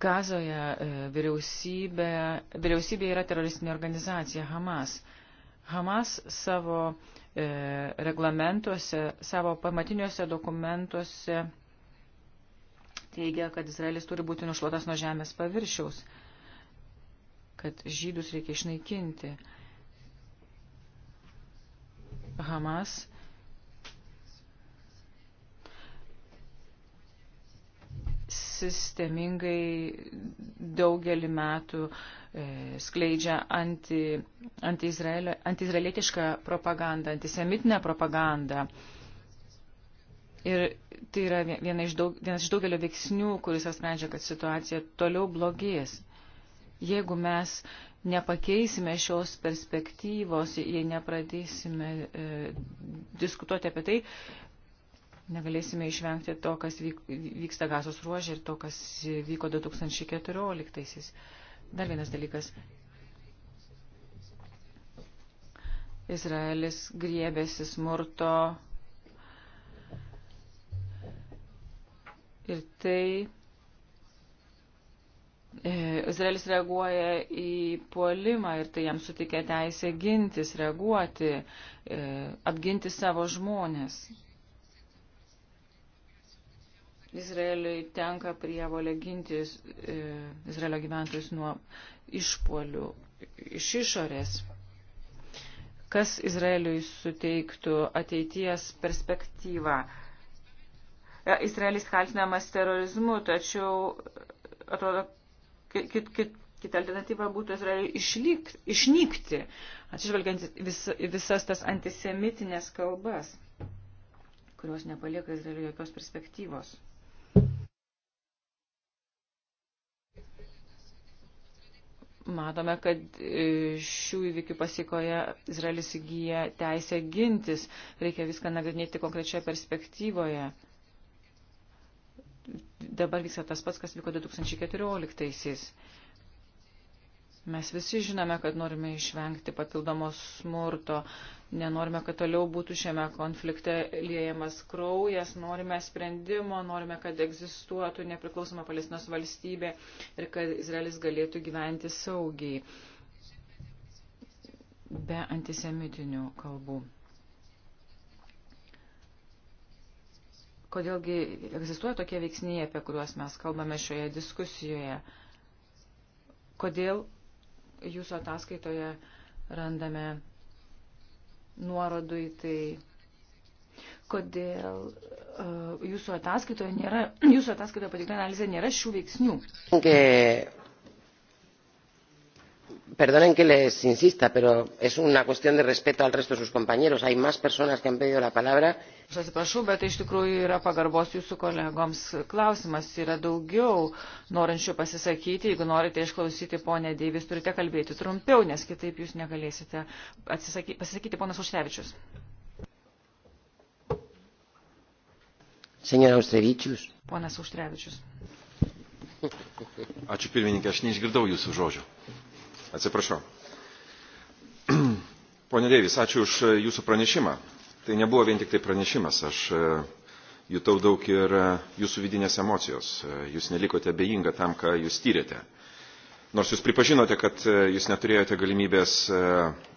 Gazoje e, vyriausybė, vyriausybė yra teroristinė organizacija Hamas. Hamas savo e, reglamentuose, savo pamatiniuose dokumentuose teigia, kad Izraelis turi būti nušluotas nuo žemės paviršiaus, kad žydus reikia išnaikinti. Hamas sistemingai daugelį metų e, skleidžia anti, anti, anti, anti propagandą, antisemitinę propagandą. E, Ir tai yra viena iš daug, vienas iš daugelio veiksnių, kuris sprendžia, kad situacija toliau blogės. Jeigu mes nepakeisime šios perspektyvos, jei nepradėsime e, diskutuoti apie tai, negalėsime išvengti to, kas vyk, vyksta gazos ruožė ir to, kas vyko 2014. -aisiais. Dar vienas dalykas. Izraelis griebėsi smurto Ir tai e, Izraelis reaguoja į puolimą ir tai jam sutikia teisę gintis, reaguoti, e, apginti savo žmonės. Izraeliui tenka prievolė ginti e, Izraelio gyventojus nuo išpolių iš išorės. Kas Izraeliui suteiktų ateities perspektyvą? Izraelis kaltinamas terorizmu, tačiau atrodo, kit, kit, kita alternatyva būtų Izraeliui išlyk, išnykti, atsižvelgiant vis, visas tas antisemitinės kalbas, kurios nepalieka Izraeliui jokios perspektyvos. Matome, kad e, šių įvykių pasikoje Izraelis įgyja teisę gintis. Reikia viską nagrinėti konkrečioje perspektyvoje dabar vyksta tas pats, kas vyko 2014-aisiais. Mes visi žinome, kad norime išvengti papildomos smurto, nenorime, kad toliau būtų šiame konflikte liejamas kraujas, norime sprendimo, norime, kad egzistuotų nepriklausoma Palestinos valstybė ir kad Izraelis galėtų gyventi saugiai be antisemitinių kalbų. kodėlgi egzistuoja tokie veiksniai, apie kuriuos mes kalbame šioje diskusijoje. Kodėl jūsų ataskaitoje randame nuorodų į tai, kodėl uh, jūsų ataskaitoje nėra, jūsų ataskaitoje patikta analizė nėra šių veiksnių. Okay perdonen que les insista pero es una cuestión de respeto al resto de sus compañeros hay más personas que han pedido la palabra. aš atsiprašau bet tai iš tikrųjų yra pagarbos jūsų kolegoms klausimas yra daugiau norinčių pasisakyti jeigu norite išklausyti ponią deivis turite kalbėti trumpiau nes kitaip jūs negalėsite atsisaky, pasisakyti ponas auštrevičius. ponas auštrevičius. ačiū pirmininke aš neišgirdau jūsų žodžių. Atsiprašau. Pone Deivis, ačiū už e, Jūsų pranešimą. Tai nebuvo vien tik tai pranešimas. Aš e, jutau daug ir e, Jūsų vidinės emocijos. Jūs nelikote bejinga tam, ką Jūs tyrėte. Nors Jūs pripažinote, kad Jūs neturėjote galimybės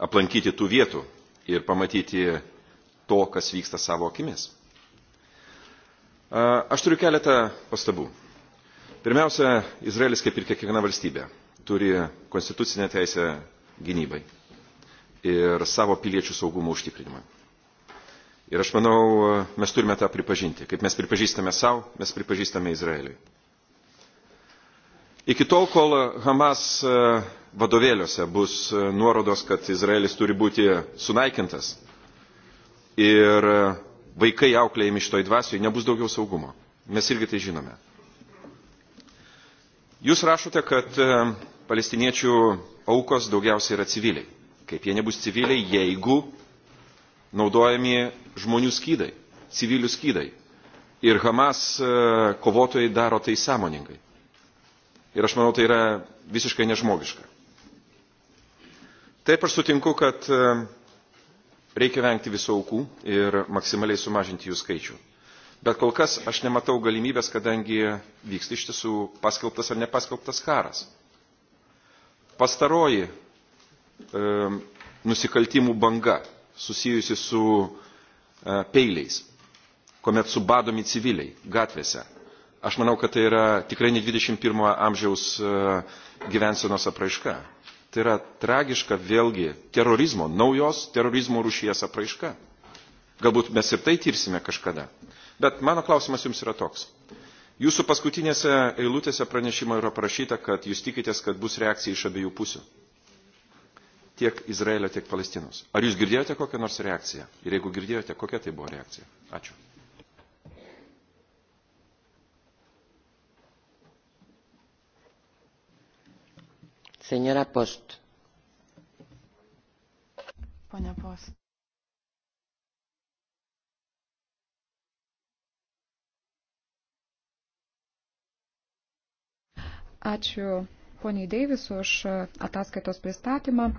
aplankyti tų vietų ir pamatyti to, kas vyksta savo akimis. Aš turiu keletą pastabų. Pirmiausia, Izraelis kaip ir kiekviena valstybė turi konstitucinę teisę gynybai ir savo piliečių saugumo užtikrinimui. Ir aš manau, mes turime tą pripažinti. Kaip mes pripažįstame savo, mes pripažįstame Izraeliui. Iki tol, kol Hamas e, vadovėliuose bus e, nuorodos, kad Izraelis turi būti sunaikintas ir e, vaikai auklėjami šitoj dvasioje, nebus daugiau saugumo. Mes irgi tai žinome. Jūs rašote, kad palestiniečių aukos daugiausiai yra civiliai. Kaip jie nebus civiliai, jeigu naudojami žmonių skydai, civilių skydai. Ir Hamas e, kovotojai daro tai sąmoningai. Ir aš manau, tai yra visiškai nežmogiška. Taip aš sutinku, kad e, reikia vengti visų aukų ir maksimaliai sumažinti jų skaičių. Bet kol kas aš nematau galimybės, kadangi vyksta iš tiesų paskelbtas ar nepaskelbtas karas. Pastaroji e, nusikaltimų banga susijusi su e, peiliais, kuomet subadomi civiliai gatvėse. Aš manau, kad tai yra tikrai ne 21 amžiaus e, gyvensenos apraiška. Tai yra tragiška vėlgi terorizmo, naujos terorizmo rušies apraiška. Galbūt mes ir tai tirsime kažkada. Bet mano klausimas jums yra toks. Jūsų paskutinėse eilutėse pranešimo yra parašyta, kad jūs tikitės, kad bus reakcija iš abiejų pusių. Tiek Izraelio, tiek Palestinos. Ar jūs girdėjote kokią nors reakciją? Ir jeigu girdėjote, kokia tai buvo reakcija? Ačiū. Senora Post. Pane Post. Ačiū poniai Deivis už ataskaitos pristatymą.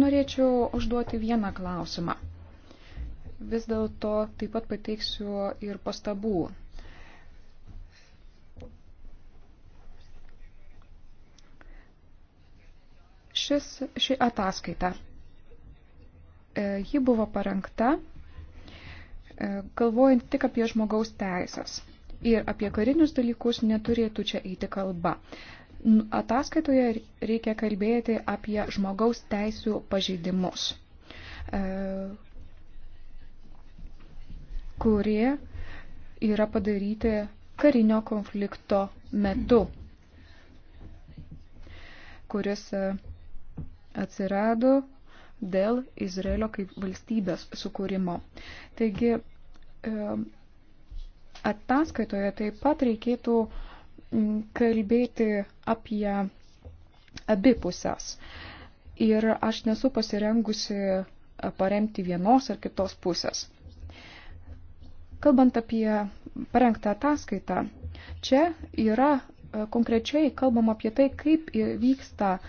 Norėčiau užduoti vieną klausimą. Vis dėlto taip pat pateiksiu ir pastabų. Šis, ši ataskaita. E, ji buvo parengta e, galvojant tik apie žmogaus teisės ir apie karinius dalykus neturėtų čia eiti kalba. Ataskaitoje reikia kalbėti apie žmogaus teisų pažeidimus, e, kurie yra padaryti karinio konflikto metu, kuris e, atsirado dėl Izraelio kaip valstybės sukūrimo. Taigi, e, Ataskaitoje taip pat reikėtų kalbėti apie abipusės. Ir aš nesu pasirengusi e, paremti vienos ar kitos pusės. Kalbant apie parengtą ataskaitą, čia yra e, konkrečiai kalbam apie tai, kaip vyksta e,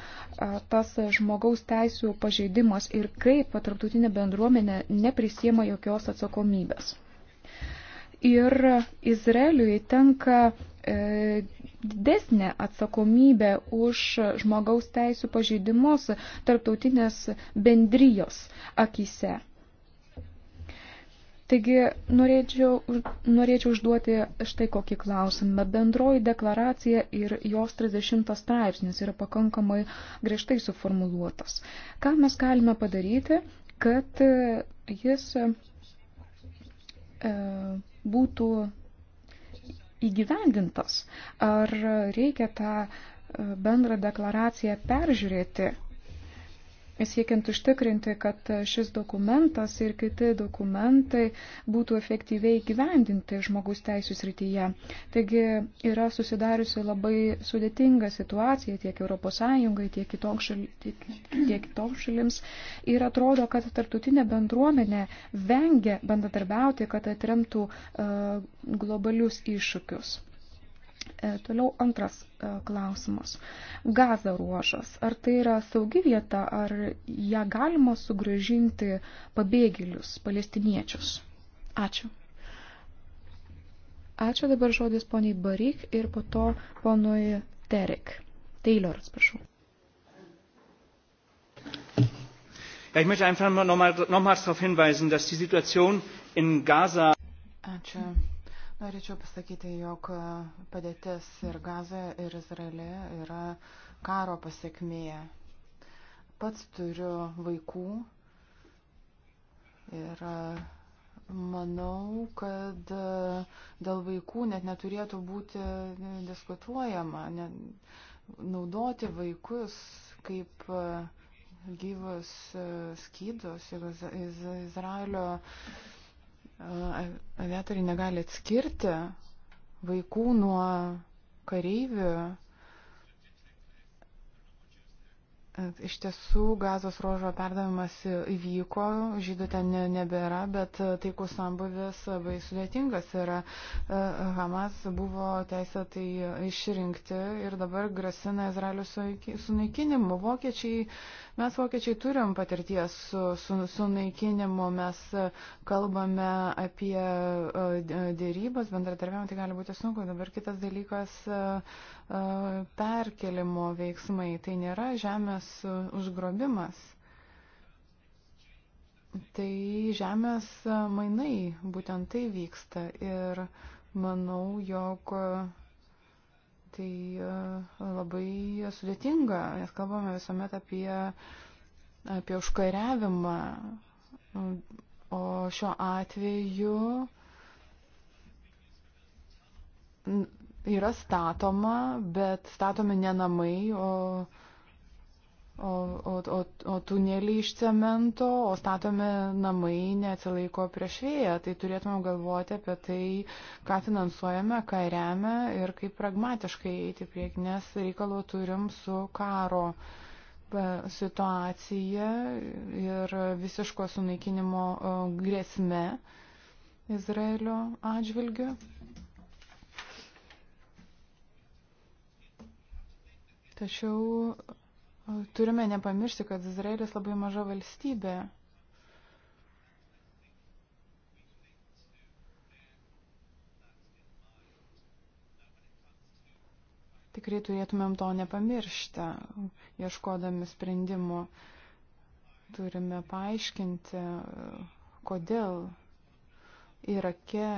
tas žmogaus teisų pažeidimas ir kaip tarptautinė bendruomenė neprisėma jokios atsakomybės ir Izraeliui tenka e, didesnė atsakomybė už žmogaus teisų pažeidimus tarptautinės bendrijos akise. Taigi norėčiau, norėčiau užduoti štai kokį klausimą. Bendroji deklaracija ir jos 30 straipsnis yra pakankamai griežtai suformuluotas. Ką mes galime padaryti, kad jis e, būtų įgyvendintas. Ar reikia tą e, bendrą deklaraciją peržiūrėti siekiant užtikrinti, kad šis dokumentas ir kiti dokumentai būtų efektyviai gyvendinti žmogus teisų srityje. Taigi yra susidariusi labai sudėtinga situacija tiek ES, tiek kitoms šal, tiek, tiek kitom šalims ir atrodo, kad tarptautinė bendruomenė vengia bendradarbiauti, kad atremtų uh, globalius iššūkius. E, toliau antras e, klausimas. Gaza ruožas. Ar tai yra saugi vieta, ar ją galima sugražinti pabėgėlius, palestiniečius? Ačiū. Ačiū dabar žodis poniai Baryk ir po to ponui Terek. Taylor, atsiprašau. Ja, ich möchte einfach nochmals noch darauf hinweisen, dass die Situation in Gaza. Ačiū. Norėčiau pasakyti, jog padėtis ir Gazoje, ir Izraelė yra karo pasiekmėje. Pats turiu vaikų ir e, manau, kad e, dėl vaikų net neturėtų būti e, diskutuojama, net naudoti vaikus kaip gyvus skydus Izraelio. Iz, iz, iz, iz, iz, iz, iz, iz, aviatoriai negali atskirti vaikų nuo kareivių Iš tiesų, gazos rožo perdavimas įvyko, žydų ten nebėra, bet e, taikų sambuvis labai sudėtingas yra. E, Hamas buvo teisėtai išrinkti ir dabar grasina Izraelio sunaikinimu. Vokiečiai, mes vokiečiai turim patirties su, su sunaikinimu, mes kalbame apie e, dėrybas, bendradarbiavimą, tai gali būti sunku. Dabar kitas dalykas perkelimo veiksmai. Tai nėra žemės žemės e, užgrobimas. Tai žemės e, mainai, būtent tai vyksta ir manau, jog e, tai labai sudėtinga, nes kalbame visuomet apie, apie užkariavimą, o šiuo atveju yra statoma, bet statomi ne namai, o O, o, o, o tuneliai iš cemento, o statomi namai neatsilaiko prieš vėją. Tai turėtume galvoti apie tai, ką finansuojame, ką remia ir kaip pragmatiškai eiti priek, nes reikalo turim su karo e, situacija ir visiško sunaikinimo e, grėsme Izraelio atžvilgiu. Tačiau Turime nepamiršti, kad Izraelis labai maža valstybė. Tikrai turėtumėm to nepamiršti, ieškodami sprendimų. Turime paaiškinti, kodėl Irake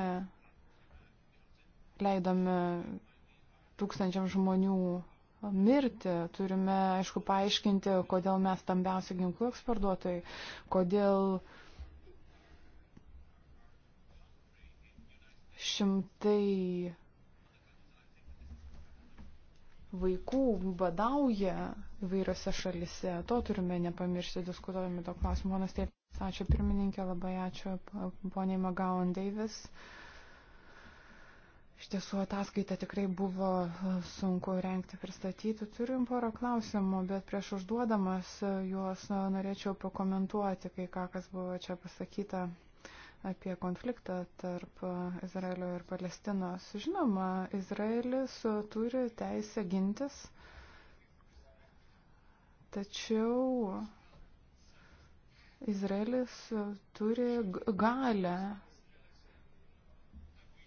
leidome tūkstančiam žmonių mirti. Turime, aišku, paaiškinti, kodėl mes stambiausi ginklų eksportuotojai, kodėl šimtai vaikų badauja įvairiose šalise. To turime nepamiršti, diskutuodami to klausimu. Ponas taip, ačiū pirmininkė, labai ačiū poniai Magaon Davis. Uh, Iš tiesų, ataskaitą tikrai buvo e, sunku renkti, pristatyti. Turim porą klausimų, bet prieš užduodamas e, juos e, norėčiau pakomentuoti kai ką, kas buvo čia pasakyta apie konfliktą tarp Izraelio ir Palestinos. Žinoma, Izraelis turi teisę gintis, tačiau Izraelis turi galę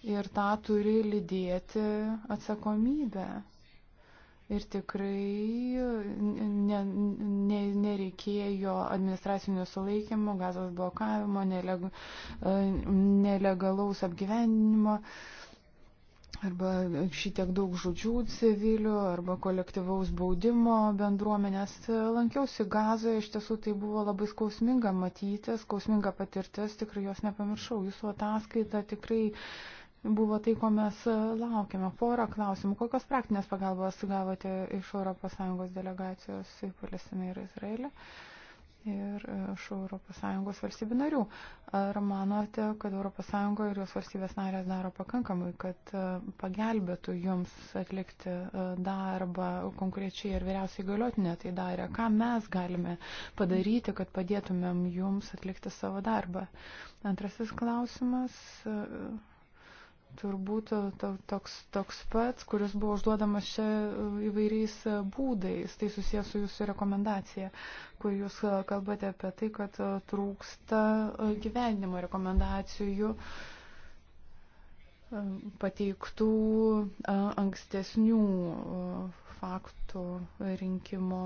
ir tą turi lydėti atsakomybę. Ir tikrai ne, ne, nereikėjo administracinio sulaikymo, gazos blokavimo, neleg, nelegalaus apgyvenimo arba šitiek daug žudžių civilių, arba kolektyvaus baudimo bendruomenės. Lankiausi gazoje, iš tiesų tai buvo labai skausminga matyti, skausminga patirtis, tikrai jos nepamiršau. Jūsų ataskaita tikrai uh, buvo tai, ko mes e, laukiame. Porą klausimų. Kokios praktinės pagalbos gavote iš ES delegacijos į Palestiną ir Izraelį? Ir e, iš ES valstybių narių. Ar manote, kad ES ir jos valstybės narės daro pakankamai, kad e, pagelbėtų jums atlikti darbą konkrečiai ir vyriausiai galiotinė tai darė? Ką mes galime padaryti, kad padėtumėm jums atlikti savo darbą? Antrasis klausimas turbūt e, to, toks, toks pats, kuris buvo užduodamas čia e, įvairiais e, būdais. Tai susijęs su jūsų rekomendacija, kur jūs kalbate apie tai, kad trūksta gyvenimo rekomendacijų pateiktų ankstesnių faktų rinkimo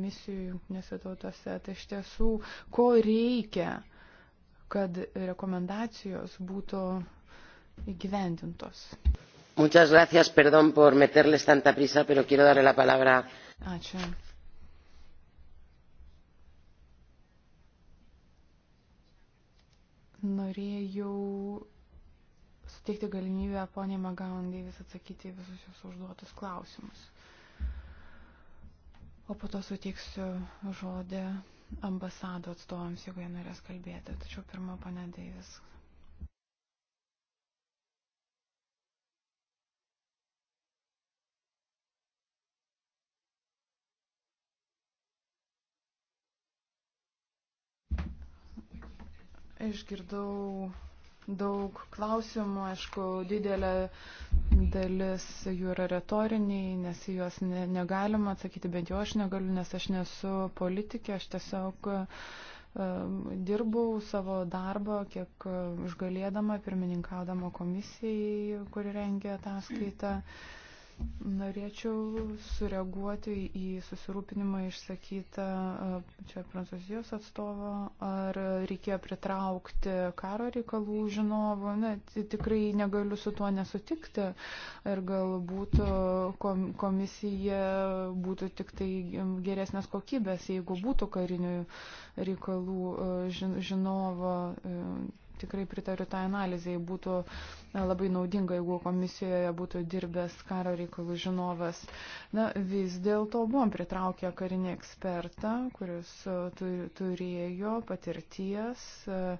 misijų jungtinėse tautose. Tai iš tiesų, ko reikia, kad rekomendacijos būtų įgyvendintos. Muchas gracias, perdón por meterles tanta prisa, pero quiero darle la palabra. Ačiū. Norėjau suteikti galimybę poniai Magaundai vis atsakyti į visus jos užduotus klausimus. O po to suteiksiu žodį ambasado atstovams, jeigu jie norės kalbėti. Tačiau pirmą ponę Deivis Išgirdau daug klausimų, aišku, didelė dalis jų yra retoriniai, nes juos ne, negalima atsakyti, bent jau aš negaliu, nes aš nesu politikė, aš tiesiog um, dirbau savo darbą, kiek išgalėdama, pirmininkaudama komisijai, kuri rengia tą skaitą. Mm. Norėčiau sureaguoti į susirūpinimą išsakytą e, čia Prancūzijos atstovo, ar reikėjo pritraukti karo reikalų žinovų. Na, tikrai negaliu su tuo nesutikti. Ir galbūt e, komisija būtų tik tai geresnės kokybės, jeigu būtų karinių reikalų e, žinovo tikrai pritariu tą tai analizai, būtų labai naudinga, jeigu komisijoje būtų dirbęs karo reikalų žinovas. Na, vis dėlto buvom pritraukę karinį ekspertą, kuris e, turėjo patirties. E,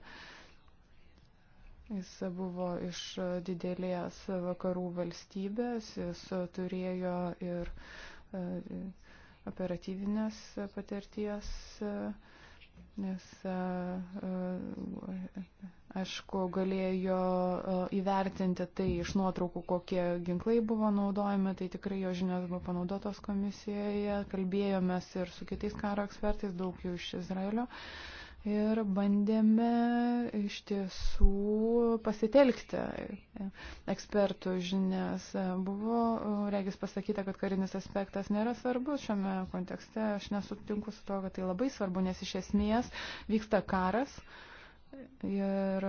jis buvo iš didelės vakarų valstybės, jis turėjo ir e, operatyvinės patirties. Uh, Nes, aišku, galėjo įvertinti tai iš nuotraukų, kokie ginklai buvo naudojami, tai tikrai jo žinios buvo panaudotos komisijoje, kalbėjomės ir su kitais karo ekspertais, daug jų iš Izraelio. Uh, ir bandėme iš tiesų pasitelkti ekspertų žinias. Buvo, regis, pasakyta, kad karinis aspektas nėra svarbus šiame kontekste. Aš nesutinku su to, kad tai labai svarbu, nes iš esmės vyksta karas ir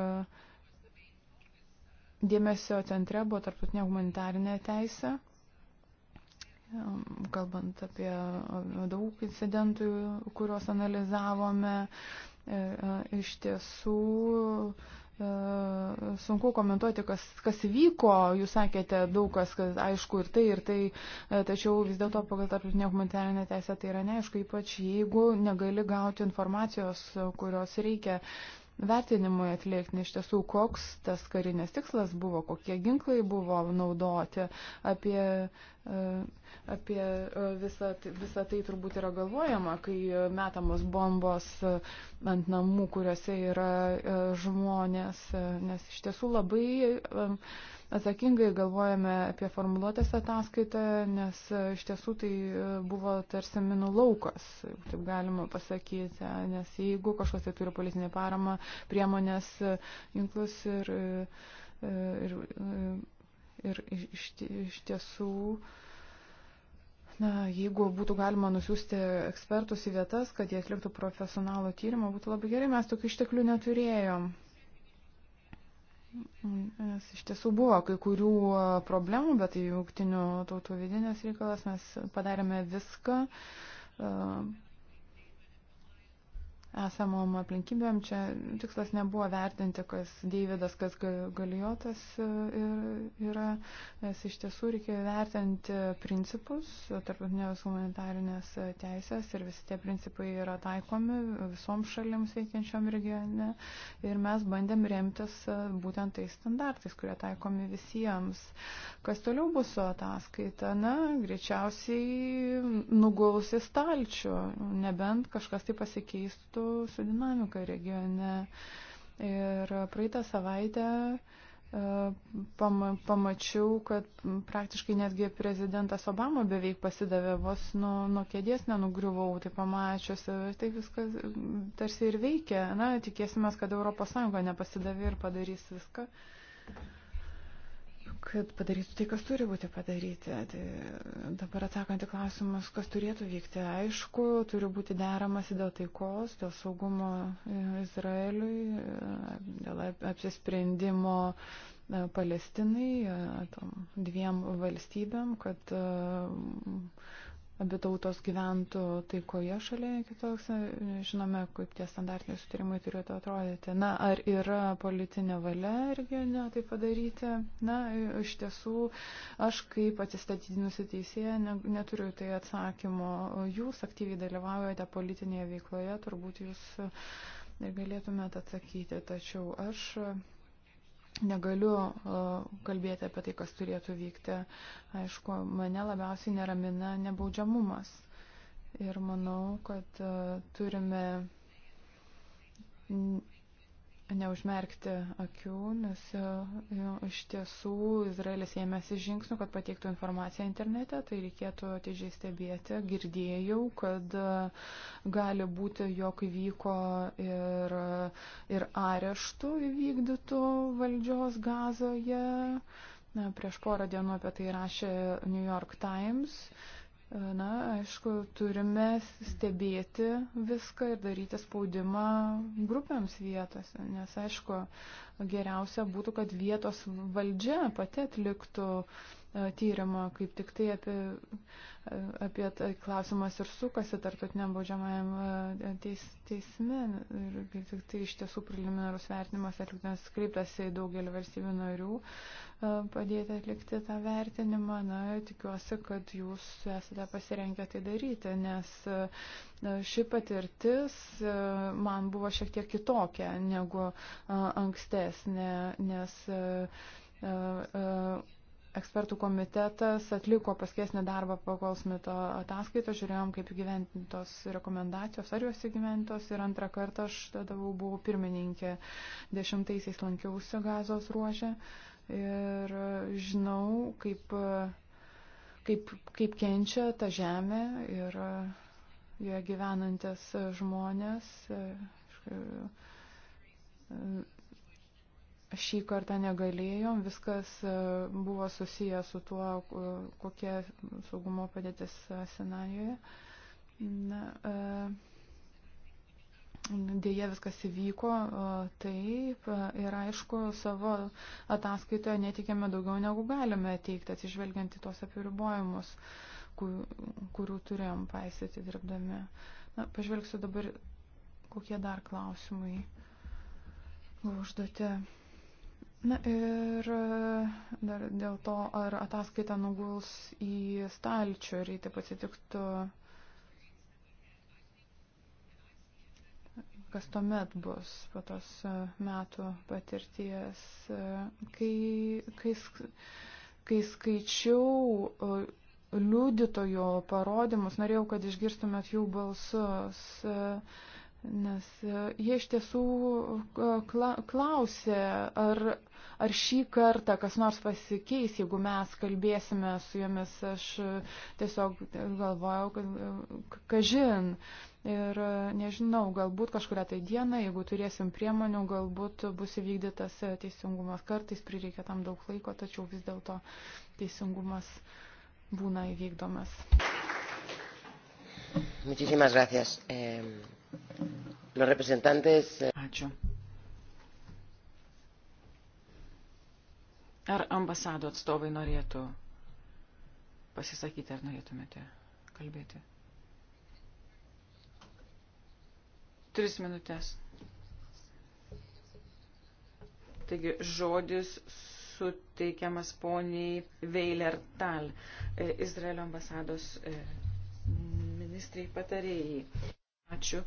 dėmesio centre buvo tarptautinė humanitarinė teisė. Kalbant apie daug incidentų, kuriuos analizavome, E, e, iš tiesų e, sunku komentuoti, kas, kas vyko, jūs sakėte daug kas, kas aišku ir tai, ir tai, tačiau vis dėlto pagal tarptautinę humanitarinę teisę tai yra neaišku, ypač jeigu negali gauti informacijos, kurios reikia vertinimui atlikti iš tiesų, koks tas karinės tikslas buvo, kokie ginklai buvo naudoti, apie, e, apie visą, e, visą tai, tai turbūt yra galvojama, kai metamos bombos ant namų, kuriuose yra e, žmonės, nes iš tiesų labai atsakingai galvojame apie formuluotės ataskaitą, nes e, iš tiesų tai e, buvo tarsi minų laukas, taip galima pasakyti, nes jeigu kažkas tai turi politinį paramą, priemonės, e, ginklus ir, ir, ir, ir iš, iš tiesų. Na, jeigu būtų galima nusiųsti ekspertus į vietas, kad jie atliktų profesionalo tyrimą, būtų labai gerai, mes tokių išteklių neturėjom. Nes iš tiesų buvo kai kurių e, problemų, bet tai jungtinių tautų vidinės reikalas, mes padarėme viską, e, esamom aplinkybėm. Čia tikslas nebuvo vertinti, kas Deividas, kas Galijotas e, yra, nes iš tiesų reikia vertinti principus tarptautinės humanitarinės teisės ir visi tie principai yra taikomi visoms šalims veikiančiom regione. Ir mes bandėm remtis e, būtent tais standartais, kurie taikomi visiems. Kas toliau bus su ataskaita? Na, greičiausiai nuguls į stalčių, nebent kažkas tai pasikeistų su dinamika regione. Ir praeitą savaitę e, pama, pamačiau, kad praktiškai netgi prezidentas Obama beveik pasidavė, vos nuo, nuo kėdės nenugriuvau, tai pamačiusi, e, tai viskas e, tarsi ir veikia. Na, tikėsime, kad ES nepasidavė ir padarys viską kad padarytų tai, kas turi būti padaryti. Tai dabar atsakant į klausimus, kas turėtų vykti, aišku, turi būti deramasi dėl taikos, dėl saugumo Izraeliui, dėl apsisprendimo e, Palestinai, e, tom dviem valstybėm, kad e, abi tautos gyventų taikoje šalia kitoks, žinome, kaip tie standartiniai sutarimai turėtų atrodyti. Na, ar yra politinė valia regione tai padaryti? Na, iš tiesų, aš kaip atsistatydinusi teisėja ne, neturiu tai atsakymo. Jūs aktyviai dalyvaujate politinėje veikloje, turbūt jūs ir galėtumėte atsakyti, tačiau aš negaliu e, kalbėti apie tai, kas turėtų vykti. Aišku, mane labiausiai neramina nebaudžiamumas. Ir manau, kad e, turime neužmerkti akių, nes e, e, iš tiesų Izraelis ėmėsi žingsnių, kad pateiktų informaciją internete, tai reikėtų atidžiai stebėti. Girdėjau, kad e, gali būti, jog vyko ir, ir areštų įvykdytų valdžios gazoje. Na, prieš porą dienų apie tai rašė New York Times. Uh, Na, aišku, turime stebėti viską ir daryti spaudimą grupėms vietose, nes, aišku, geriausia būtų, kad vietos valdžia pati atliktų uh, E, tyrimą, kaip tik tai apie, e, apie tai klausimas ir sukasi tarptautiniam baudžiamajam e, teis, teisme ir kaip tik tai iš tiesų preliminarus vertinimas atliktas kreiptasi į daugelį valstybių narių padėti atlikti tą vertinimą. Na, tikiuosi, kad jūs esate pasirengę tai daryti, nes ši patirtis man buvo šiek tiek kitokia negu ankstesnė, nes ekspertų komitetas atliko paskesnį darbą po Goldsmito ataskaitą, žiūrėjom, kaip gyventintos rekomendacijos, ar jos įgyventos. Ir antrą kartą aš tada buvau pirmininkė, dešimtaisiais lankiausi gazos ruožę. Ir žinau, kaip, kaip, kaip kenčia ta žemė ir joje gyvenantis žmonės. Ir, ir, šį kartą negalėjom, viskas e, buvo susijęs su tuo, kokia saugumo padėtis e, Sinanijoje. Na, e, Dėja viskas įvyko taip ir aišku, savo ataskaitoje netikėme daugiau negu galime teikti, atsižvelgiant į tos apirubojimus, kurių turėjom paisyti dirbdami. Na, pažvelgsiu dabar, kokie dar klausimai buvo užduoti. Na ir e, dar dėl to, ar ataskaita nuguls į stalčių, ar jį taip atsitiktų, kas tuomet bus po tos e, metų patirties. E, kai, kai, kai skaičiau liudytojų parodymus, norėjau, kad išgirstumėt jų balsus. Nes e, jie iš tiesų e, klausė, ar, ar šį kartą kas nors pasikeis, jeigu mes kalbėsime su jomis. Aš e, tiesiog galvojau, kad kažin. Ir nežinau, galbūt kažkuria tai diena, jeigu turėsim priemonių, galbūt bus įvykdytas teisingumas. Kartais prireikia tam daug laiko, tačiau vis dėlto teisingumas būna įvykdomas. Muchísimas gracias. Eh... Eh, Ačiū. Ar ambasado atstovai norėtų pasisakyti, ar norėtumėte kalbėti? Tris minutės. Taigi žodis suteikiamas poniai Veilertal, e, Izraelio ambasados e, ministrai patarėjai. Ačiū.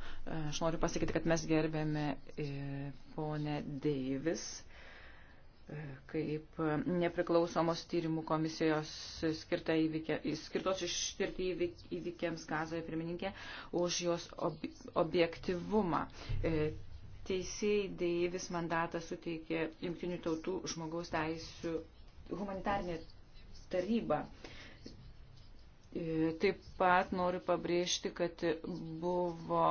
Aš noriu pasakyti, kad mes gerbėme e, ponę Deivis e, kaip e, nepriklausomos tyrimų komisijos įvykė, skirtos ištirti įvyk, įvykiams gazoje pirmininkė už jos ob, objektivumą. Teisėjai Deivis mandatą suteikė Junktinių tautų žmogaus teisų humanitarnė taryba. E, E, taip pat noriu pabrėžti, kad buvo.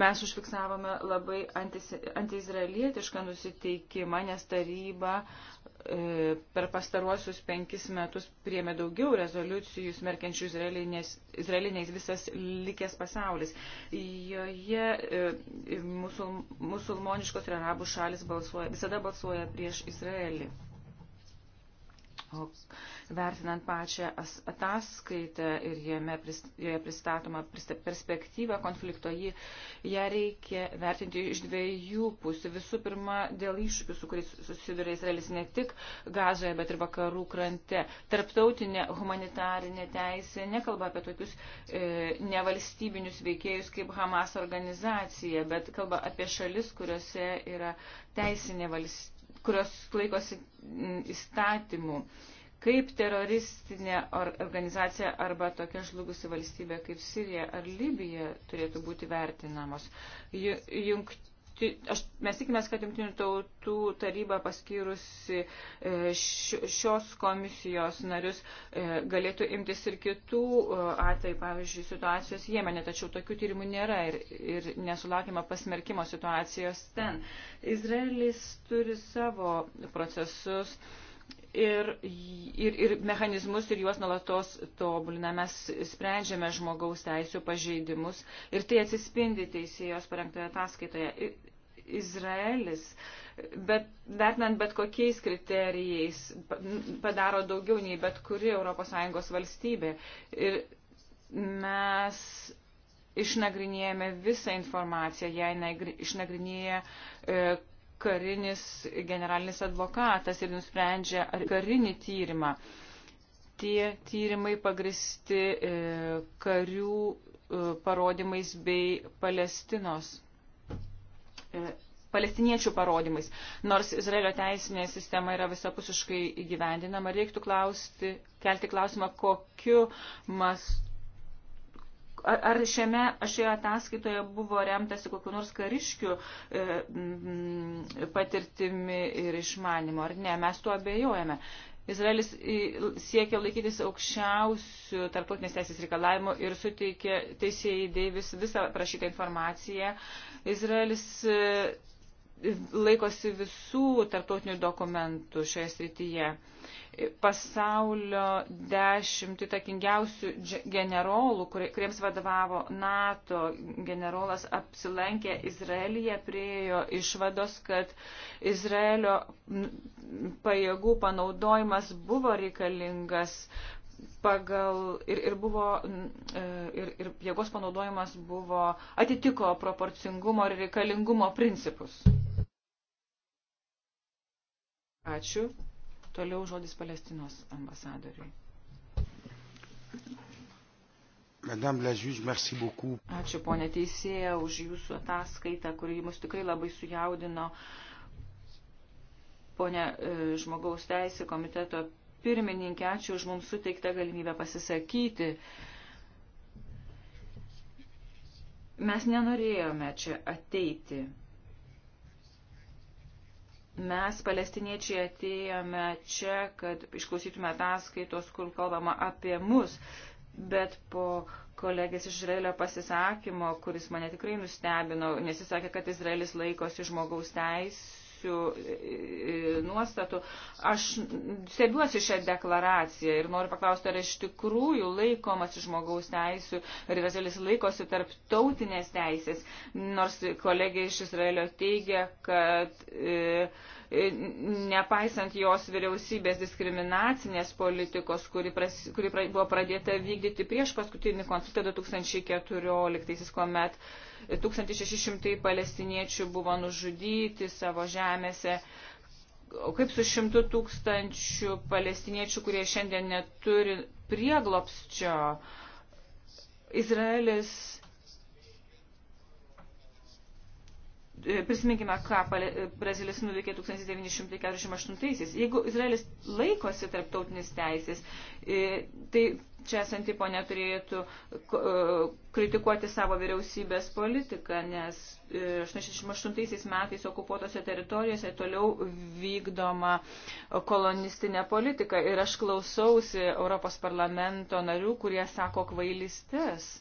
Mes užfiksavome labai antiizraelietišką nusiteikimą, nes taryba e, per pastaruosius penkis metus priemė daugiau rezoliucijų smerkiančių izraeliniais visas likęs pasaulis. Joje e, musul, musulmoniškos ir arabų šalis balsuoja, visada balsuoja prieš Izraelį. O vertinant pačią ataskaitą ir joje pristatoma perspektyva konflikto, jį, ją reikia vertinti iš dviejų pusių. Visų pirma, dėl iššūkių, su kuriais susiduria Izraelis ne tik Gazoje, bet ir vakarų krante. Tarptautinė humanitarinė teisė nekalba apie tokius e, nevalstybinius veikėjus kaip Hamas organizacija, bet kalba apie šalis, kuriuose yra teisinė valstybė kurios laikosi mm, įstatymų. Kaip teroristinė organizacija arba tokia žlugusi valstybė kaip Sirija ar Libija turėtų būti vertinamos? Jungt aš, mes tikimės, kad Junktinių tautų taryba paskyrusi e, šios komisijos narius e, galėtų imtis ir kitų e, atvejų, pavyzdžiui, situacijos Jemenė, tačiau tokių tyrimų nėra ir, ir nesulaukime pasmerkimo situacijos ten. Izraelis turi savo procesus ir, ir, ir mechanizmus ir juos nalatos tobuliname, sprendžiame žmogaus teisų pažeidimus ir tai atsispindi teisėjos parengtoje ataskaitoje. Izraelis, bet vertinant bet kokiais kriterijais, padaro daugiau nei bet kuri ES valstybė. Ir mes išnagrinėjame visą informaciją, jie išnagrinėja, e, karinis generalinis advokatas ir nusprendžia karinį tyrimą. Tie tyrimai pagristi e, karių e, parodymais bei Palestinos. E, palestiniečių parodymais. Nors Izraelio teisinė sistema yra visapusiškai įgyvendinama, reiktų klausti, kelti klausimą, kokiu mastu Ar šiame, šioje ataskaitoje buvo remtasi kokiu nors kariškiu e, patirtimi ir išmanimo, ar ne? Mes tuo abejojame. Izraelis siekia laikytis aukščiausių tarptautinės teisės reikalavimų ir suteikė teisėjai Deivis visą prašytą informaciją. Izraelis e, laikosi visų tarptautinių dokumentų šioje srityje. Pasaulio dešimt įtakingiausių generolų, kuriems vadovavo NATO generolas, apsilankė Izraelyje, priejo išvados, kad Izraelio pajėgų panaudojimas buvo reikalingas pagal ir, ir buvo e, ir, ir jėgos panaudojimas buvo atitiko proporcingumo ir reikalingumo principus. Ačiū. Toliau žodis Palestinos ambasadoriui. Madame la juge, merci beaucoup. Ačiū, ponė teisėja, už jūsų ataskaitą, kuri mus tikrai labai sujaudino. Pone e, žmogaus teisė komiteto pirmininkė, ačiū už mums suteiktą galimybę pasisakyti. Mes nenorėjome čia ateiti Mes, palestiniečiai, atėjome čia, kad išklausytume ataskaitos, kur kalbama apie mus, bet po kolegės iš Izraelio pasisakymo, kuris mane tikrai nustebino, nes jis sakė, kad Izraelis laikosi žmogaus teisų teisių e, e, nuostatų. Aš stebiuosi šią deklaraciją ir noriu paklausti, ar iš tikrųjų laikomasi žmogaus teisių ir Izraelis laikosi tarptautinės teisės, nors kolegė iš Izraelio teigia, kad e, E, nepaisant jos vyriausybės diskriminacinės politikos, kuri, pras, kuri pra, buvo pradėta vykdyti prieš paskutinį konfliktą 2014, kuomet 1600 palestiniečių buvo nužudyti savo žemėse. O kaip su šimtu tūkstančių palestiniečių, kurie šiandien neturi prieglopsčio, Izraelis E, prisiminkime, ką e, Brazilis nuveikė 1948-aisiais. Jeigu Izraelis laikosi tarptautinis teisės, e, tai čia esanti ponė turėtų kritikuoti savo vyriausybės politiką, nes 1968 metais okupuotose teritorijose toliau vykdoma kolonistinė politika. Ir aš klausausi Europos parlamento narių, kurie sako kvailistės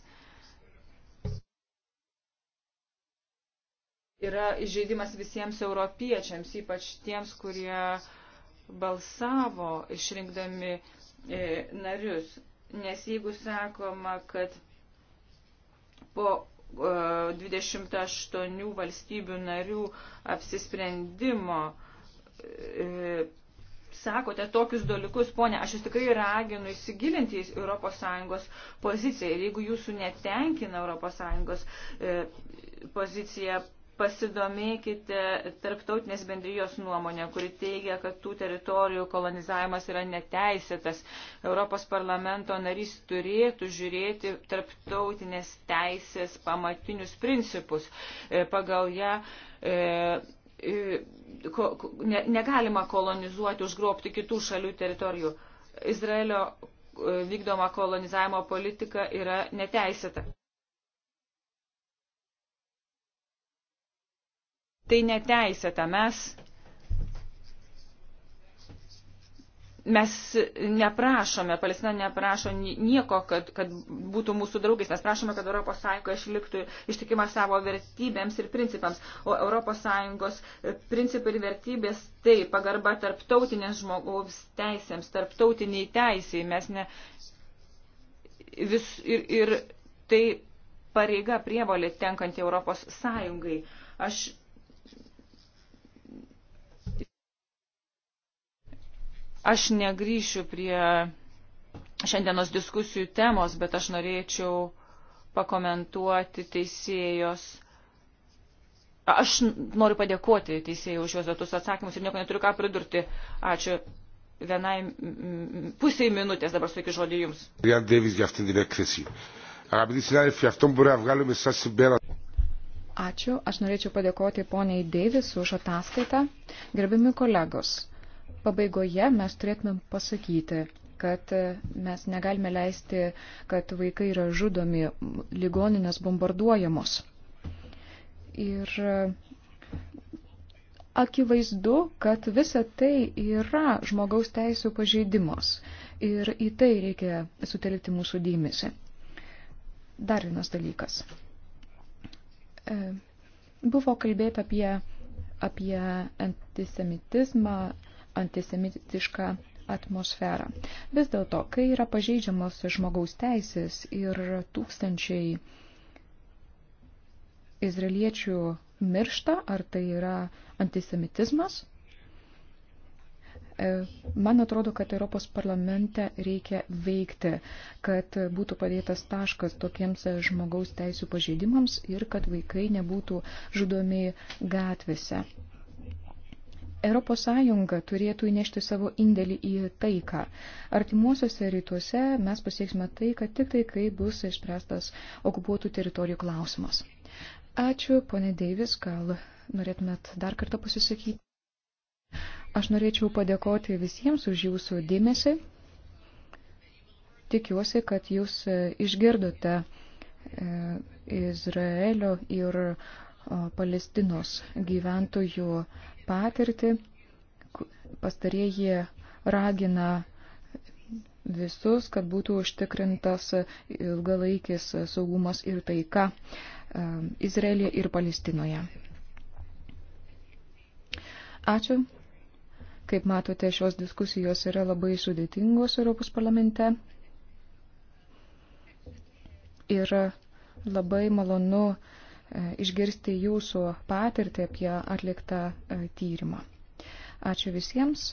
yra įžeidimas visiems europiečiams, ypač tiems, kurie balsavo išrinkdami e, narius. Nes jeigu sakoma, kad po e, 28 valstybių narių apsisprendimo e, sakote tokius dalykus, ponė, aš jūs tikrai raginu įsigilinti į ES poziciją ir jeigu jūsų netenkina ES e, pozicija, pasidomėkite tarptautinės bendrijos nuomonę, kuri teigia, kad tų teritorijų kolonizavimas yra neteisėtas. Europos parlamento narys turėtų žiūrėti tarptautinės teisės pamatinius principus. E, pagal ją e, e ko, ne, negalima kolonizuoti, užgrobti kitų šalių teritorijų. Izraelio e, vykdoma kolonizavimo politika yra neteisėta. tai neteisėta. Mes, mes neprašome, Palestina neprašo nieko, kad, kad būtų mūsų draugais. Mes prašome, kad ES išliktų ištikima savo vertybėms ir principams. O ES principai ir vertybės tai pagarba tarptautinės žmogaus teisėms, tarptautiniai teisiai. Mes ne, vis, ir, ir tai pareiga prievolė tenkanti Europos Sąjungai. Aš Aš negryšiu prie šiandienos diskusijų temos, bet aš norėčiau pakomentuoti teisėjos. Aš noriu padėkoti teisėjai už juos duotus atsakymus ir nieko neturiu ką pridurti. Ačiū vienai pusiai minutės dabar sakyk žodį jums. Ačiū, aš norėčiau padėkoti poniai Deivis už ataskaitą. Gerbiami kolegos, pabaigoje mes turėtumėm pasakyti, kad e, mes negalime leisti, kad vaikai yra žudomi, ligoninės bombarduojamos. Ir e, akivaizdu, kad visa tai yra žmogaus teisų pažeidimas. Ir į tai reikia sutelkti mūsų dėmesį. Dar vienas dalykas. E, buvo kalbėta apie, apie antisemitizmą, antisemitišką atmosferą. Vis dėlto, kai yra pažeidžiamos žmogaus teisės ir tūkstančiai izraeliečių miršta, ar tai yra antisemitizmas? E, man atrodo, kad Europos parlamente reikia veikti, kad būtų padėtas taškas tokiems žmogaus teisų pažeidimams ir kad vaikai nebūtų žudomi gatvėse. ES turėtų įnešti savo indėlį į taiką. Artimuosiuose rytuose mes pasieksime taiką tik tai, kai bus išspręstas okupuotų teritorijų klausimas. Ačiū, ponė Deivis, gal norėtumėt dar kartą pasisakyti. Aš norėčiau padėkoti visiems už jūsų dėmesį. Tikiuosi, kad jūs e, išgirdote e, Izraelio ir Palestinos gyventojų patirtį. Pastarieji ragina visus, kad būtų užtikrintas ilgalaikis saugumas ir taika um, Izraelija ir Palestinoje. Ačiū. Kaip matote, šios diskusijos yra labai sudėtingos Europos parlamente. Ir labai malonu E, išgirsti jūsų patirtį apie atliktą e, tyrimą. Ačiū visiems.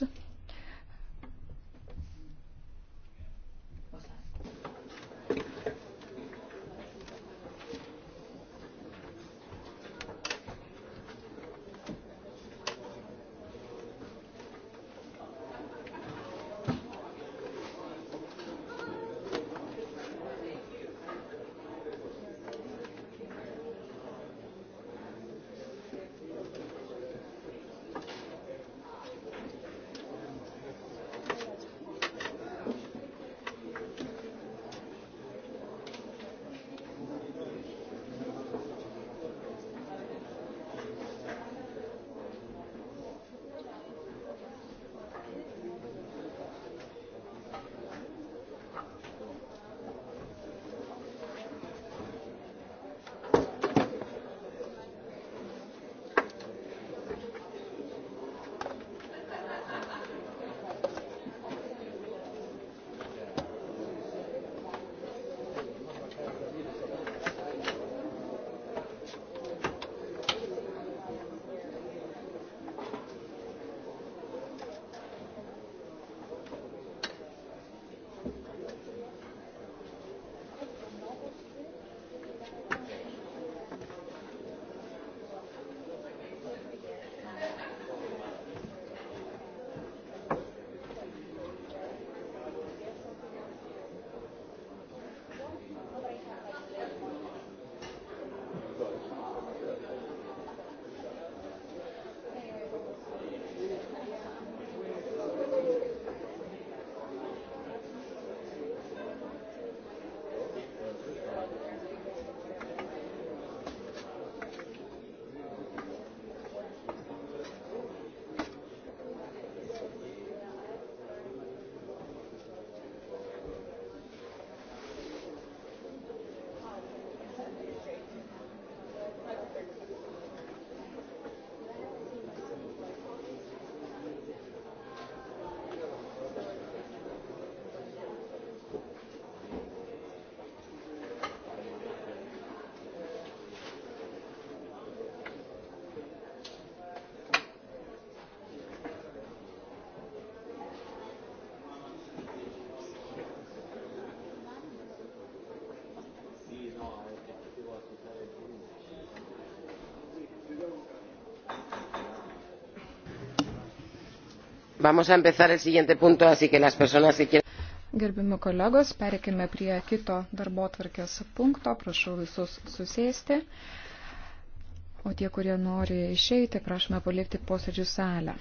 Vamos a empezar el siguiente punto, así que las personas que quieran. Gerbimi kolegos, perikime prie kito darbo tvarkės punkto. Prašau visus susėsti. O tie, kurie nori išeiti, prašome palikti posėdžių salę.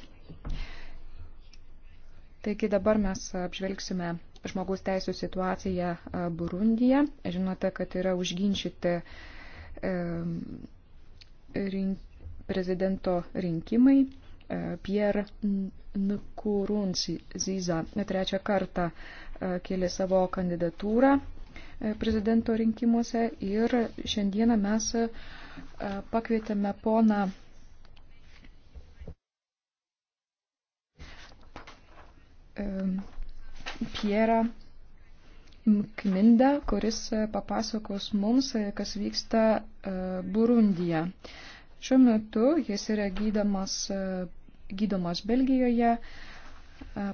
Taigi dabar mes apžvelgsime žmogaus teisų situaciją e, Burundija. Žinote, kad yra užginčyti e, rink, prezidento rinkimai. E, Pierre Nkurunziza trečią kartą e, kėlė savo kandidatūrą e, prezidento rinkimuose ir šiandieną mes e, pakvietėme poną Pierą Kmindą, kuris papasakos mums, kas vyksta Burundija. Šiuo metu jis yra gydamas gydomas Belgijoje e,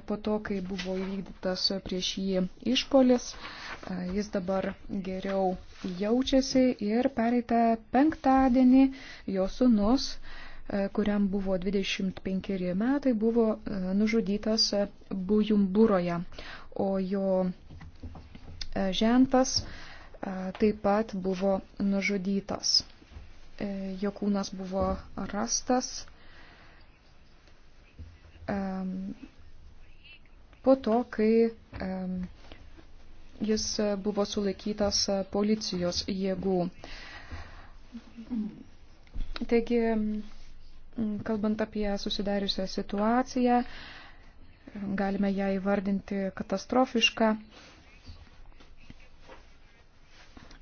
po to, kai buvo įvykdytas prieš jį išpolis. E, jis dabar geriau jaučiasi ir pereitą penktadienį jo sunus, e, kuriam buvo 25 metai, buvo nužudytas Bujumburoje, o jo žentas taip pat buvo nužudytas. Jo kūnas buvo rastas Ehm, po to, kai ehm, jis buvo sulaikytas policijos jėgų. Taigi, kalbant apie susidariusią situaciją, galime ją įvardinti katastrofišką.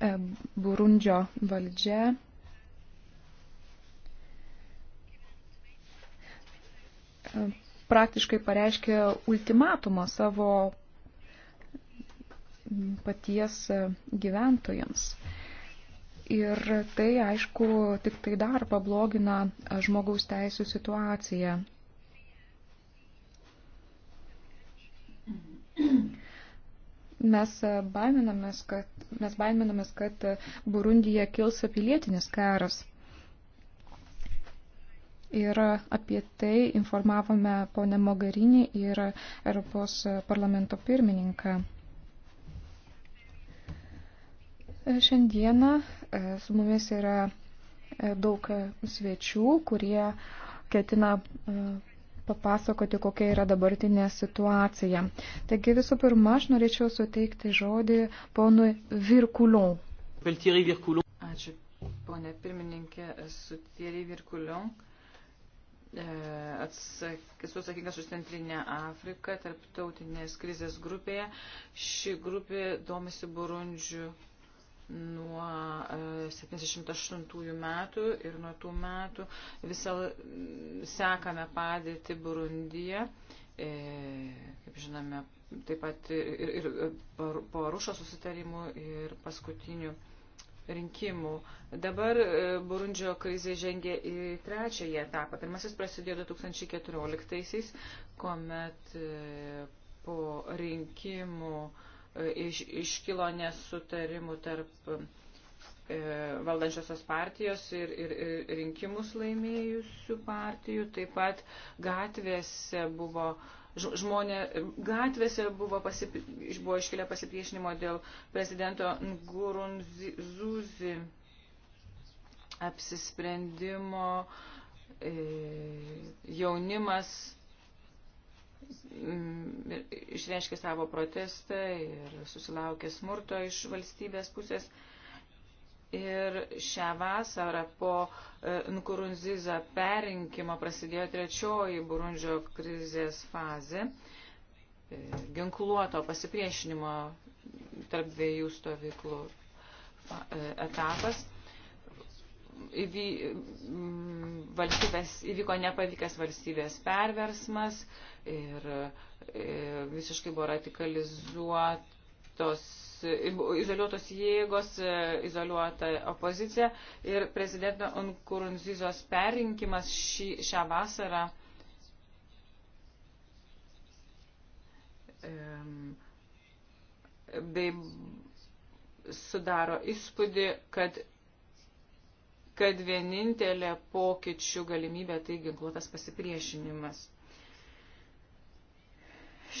Ehm, Burundžio valdžia praktiškai pareiškė ultimatumą savo paties gyventojams. Ir tai, aišku, tik tai dar pablogina žmogaus teisų situaciją. Mes baiminamės, kad, mes baiminamės, kad Burundija kils pilietinis karas. Ir apie tai informavome ponę Mogarinį ir Europos parlamento pirmininką. Šiandieną e, su mumis yra e, daug svečių, kurie ketina e, papasakoti, kokia yra dabartinė situacija. Taigi visų pirma, aš norėčiau suteikti žodį ponui Virkulion. Ačiū, ponė pirmininkė, esu Thierry Virkulion E, esu atsakingas už Centrinę Afriką, tarptautinės krizės grupėje. Ši grupė domisi Burundžių nuo 78 e, metų ir nuo tų metų visą sekame padėti Burundyje. E, kaip žinome, taip pat ir, ir, ir po rušo susitarimų ir paskutinių rinkimų. Dabar e, Burundžio krizė žengė į trečiąjį etapą. Pirmasis prasidėjo 2014-aisiais, kuomet e, po rinkimų e, iš, iškilo nesutarimų tarp valdančiosios partijos ir, ir, ir rinkimus laimėjusių partijų. Taip pat gatvėse buvo uh, žmonė gatvėse buvo, pasip, buvo iškilę pasipriešinimo dėl prezidento Gurunzuzi apsisprendimo e, jaunimas mm, išreiškė savo protestą ir susilaukė smurto iš valstybės pusės. E, Ir šią vasarą po e, Nkurunziza perinkimo prasidėjo trečioji Burundžio krizės fazė e, ginkluoto pasipriešinimo tarp dviejų stovyklų e, etapas. Įvy, mm, valstybės, įvyko nepavykęs valstybės perversmas ir, ir visiškai buvo radikalizuotos izoliuotos jėgos, e, izoliuota opozicija ir prezidento Unkurunzizos perrinkimas šį, šią vasarą bei sudaro įspūdį, kad, kad vienintelė pokyčių galimybė tai ginkluotas pasipriešinimas.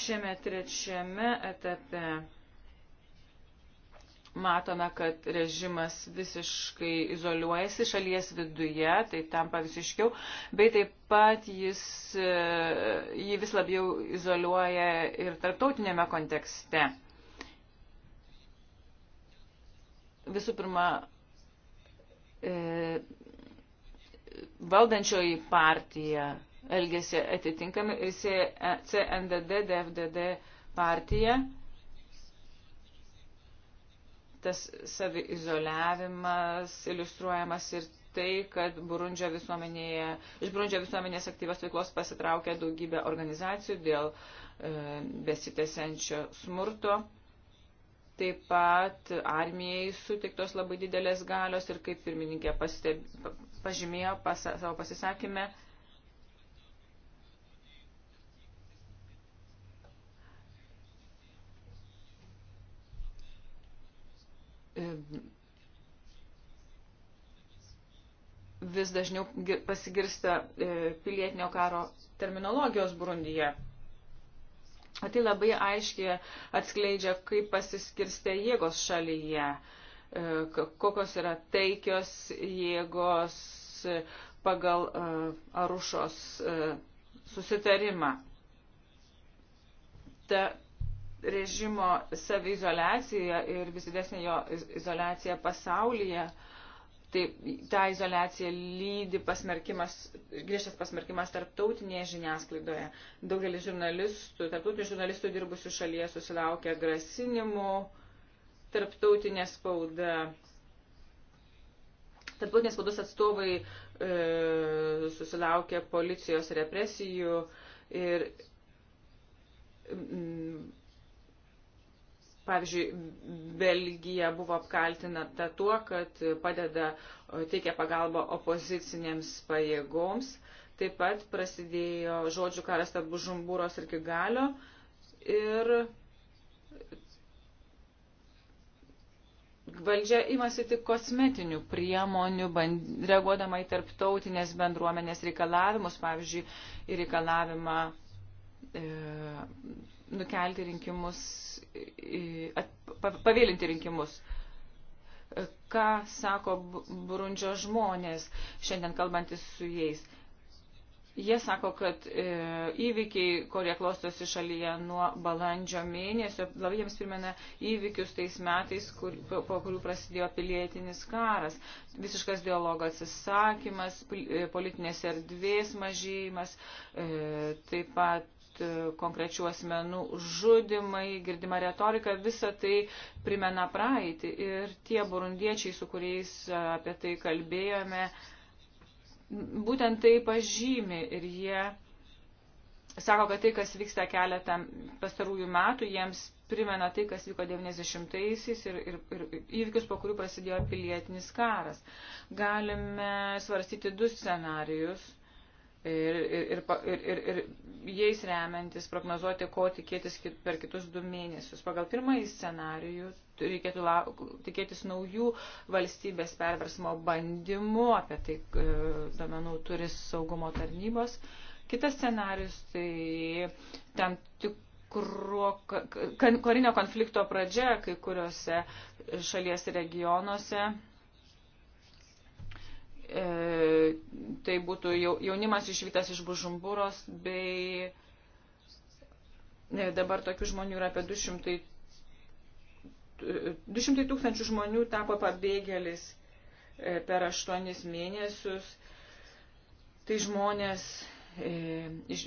Šiame trečiame etape matome, kad režimas visiškai izoliuojasi šalies viduje, tai tampa visiškiau, bei taip pat jis, e, jį vis labiau izoliuoja ir tarptautinėme kontekste. Visų pirma, e, valdančioji partija elgėsi atitinkamai ir CNDD, e, DFDD partija tas saviizoliavimas iliustruojamas ir tai, kad Burundžio visuomenėje, iš Burundžio visuomenės aktyvios veiklos pasitraukė daugybė organizacijų dėl e, besitėsiančio smurto. Taip pat armijai sutiktos labai didelės galios ir kaip pirmininkė pasteb, pažymėjo pas, savo pasisakymę, vis dažniau pasigirsta e, pilietinio karo terminologijos Burundyje. Tai labai aiškiai atskleidžia, kaip pasiskirstė jėgos šalyje, e, kokios yra taikios jėgos pagal e, Arušos susitarimą. Ta režimo savizolacija ir vis didesnė jo izolacija pasaulyje. Tai tą izolaciją lydi pasmerkimas, griežtas pasmerkimas tarptautinėje žiniasklaidoje. Daugelis žurnalistų, tarptautinių žurnalistų dirbusių šalyje susilaukia grasinimų, tarptautinė spauda. Tarptautinės spaudos atstovai e, susilaukia policijos represijų ir mm, Pavyzdžiui, Belgija buvo apkaltinata tuo, kad padeda, teikia pagalbą opozicinėms pajėgoms. Taip pat prasidėjo žodžių karas tarp Žumbūros ir Kigalio. Ir valdžia imasi tik kosmetinių priemonių, reaguodama į tarptautinės bendruomenės reikalavimus, pavyzdžiui, į reikalavimą e, nukelti rinkimus, pavėlinti rinkimus. Ką sako Burundžio žmonės, šiandien kalbantis su jais? Jie sako, kad e, įvykiai, kurie klostosi šalyje nuo balandžio mėnesio, labai jiems primena įvykius tais metais, kur, po, po kurių prasidėjo pilietinis karas. Visiškas dialogo atsisakymas, e, politinės erdvės mažėjimas, e, taip pat E, konkrečių asmenų žudimai, girdima retorika, visa tai primena praeitį. Ir tie burundiečiai, su kuriais e, apie tai kalbėjome, būtent tai pažymi ir jie sako, kad tai, kas vyksta keletą pastarųjų metų, jiems primena tai, kas vyko 90-aisiais ir, ir, ir įvykius, po kurių prasidėjo pilietinis karas. Galime svarstyti du scenarius ir, ir, ir, ir, ir jais remiantis prognozuoti, ko tikėtis per kitus du mėnesius. Pagal pirmąjį scenarijų reikėtų la, tikėtis naujų valstybės perversmo bandymų, apie tai e, domenų turi saugumo tarnybos. Kitas scenarius tai tam tik tikro karinio konflikto pradžia kai kuriuose šalies regionuose E, tai būtų jaunimas išvyktas iš Bužumburos, bei e, dabar tokių žmonių yra apie 200, 200 e, tūkstančių žmonių tapo pabėgėlis per aštuonis mėnesius. Tai žmonės iš,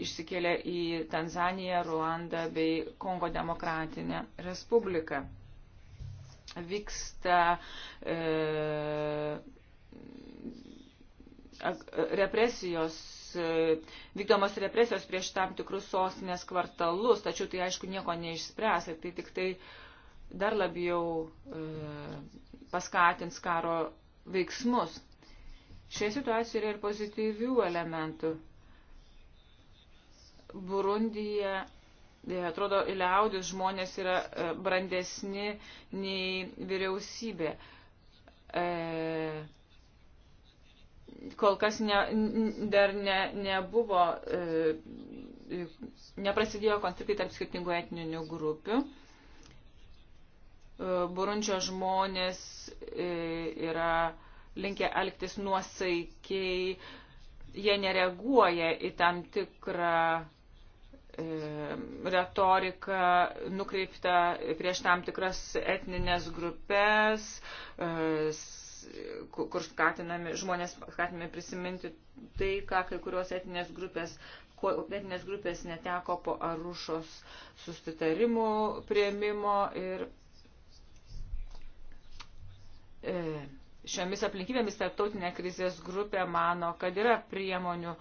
išsikėlė į Tanzaniją, Ruandą bei Kongo demokratinę respubliką. Vyksta e, represijos, e, vykdomos represijos prieš tam tikrus sostinės kvartalus, tačiau tai aišku nieko neišspręs, tai tik tai dar labiau e, paskatins karo veiksmus. Šioje situacijoje yra ir pozityvių elementų. Burundija, e, atrodo, liaudis žmonės yra brandesni nei vyriausybė. E, kol kas ne, dar ne, nebuvo, e, neprasidėjo konfliktai tarp skirtingų etninių grupių. E, Burundžio žmonės e, yra linkę elgtis nuosaikiai, jie nereaguoja į tam tikrą e, retorika nukreipta prieš tam tikras etninės grupės, e, kur skatinami, žmonės skatinami prisiminti tai, ką kai kurios etinės grupės, ko, etinės grupės neteko po Arušos susitarimų prieimimo ir e, šiomis aplinkybėmis tarptautinė krizės grupė mano, kad yra priemonių,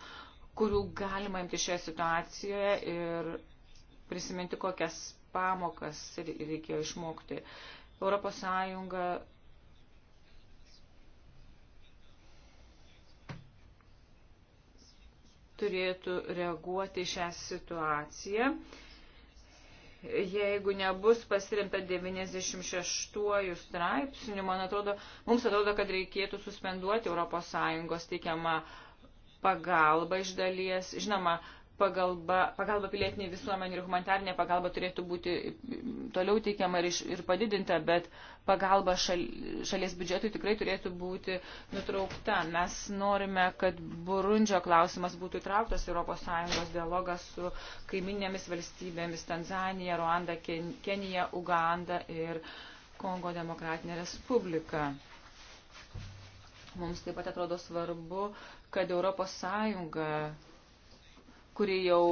kurių galima imti šioje situacijoje ir prisiminti, kokias pamokas reikėjo išmokti. Europos Sąjunga turėtų reaguoti šią situaciją. Jeigu nebus pasirimta 96 straipsnių, man atrodo, mums atrodo, kad reikėtų suspenduoti ES teikiamą pagalbą iš dalies. Žinoma, pagalba, pagalba pilietiniai visuomenė ir humanitarinė pagalba turėtų būti toliau teikiama ir, iš, ir padidinta, bet pagalba šal, šalies biudžetui tikrai turėtų būti nutraukta. Mes norime, kad Burundžio klausimas būtų įtrauktas ES dialogas su kaiminėmis valstybėmis Tanzanija, Ruanda, Kenija, Uganda ir Kongo demokratinė respublika. Mums taip pat atrodo svarbu, kad ES kuri jau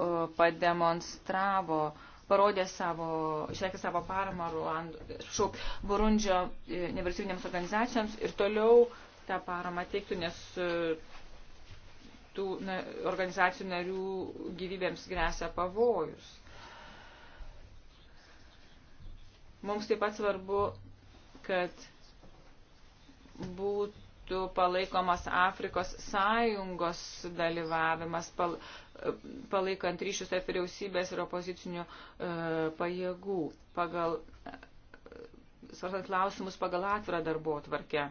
e, pademonstravo, parodė savo, išreikė savo paramą Ruandų, Burundžio e, nevyriausybinėms organizacijoms ir toliau tą paramą teiktų, nes e, tų na, organizacijų narių gyvybėms grėsia pavojus. Mums taip pat svarbu, kad būtų mastu palaikomas Afrikos sąjungos dalyvavimas, pal, palaikant ryšius tarp vyriausybės ir opozicinių e, pajėgų, pagal, e, svarstant klausimus pagal atvirą darbo tvarkę.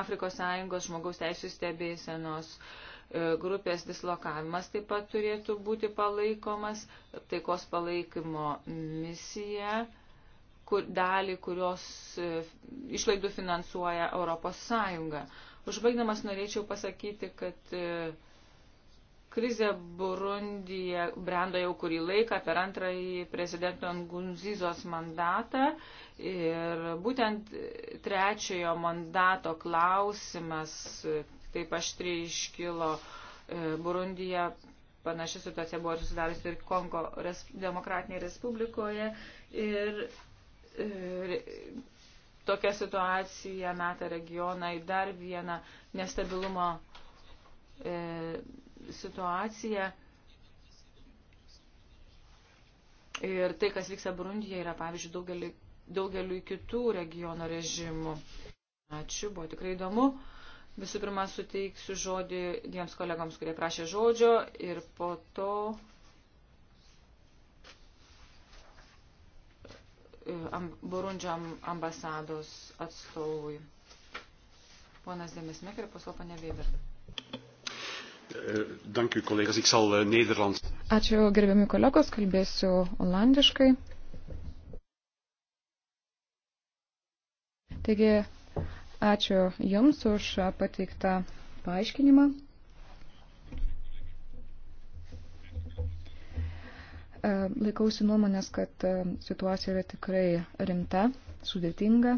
Afrikos sąjungos žmogaus teisų stebėsenos e, grupės dislokavimas taip pat turėtų būti palaikomas, taikos palaikymo misija. E, kur, dalį, kurios e, išlaidų finansuoja Europos Sąjunga. Užbaigdamas norėčiau pasakyti, kad e, krizė Burundija brendo jau kurį laiką per antrąjį prezidento Ngunzizos mandatą ir būtent trečiojo mandato klausimas taip aštri iškilo e, Burundija. Panaši situacija buvo ir susidariusi ir Kongo Demokratinėje Respublikoje. Ir E, tokia situacija meta regioną į dar vieną nestabilumo e, situaciją. Ir tai, kas vyksta Burundija, yra, pavyzdžiui, daugeliu, daugeliu kitų regiono režimų. Ačiū, buvo tikrai įdomu. Visų pirma, suteiksiu žodį dviems kolegams, kurie prašė žodžio ir po to E, Burundžio ambasados atstovui. Ponas Demesmeker, paslopanė Weber. E, dank u, collega's. Ik zal uh, Nederlands. Ačiū, gerbiami kolegos, kalbėsiu olandiškai. Taigi, ačiū Jums už pateiktą paaiškinimą. E, laikausi nuomonės, kad e, situacija yra tikrai rimta, sudėtinga.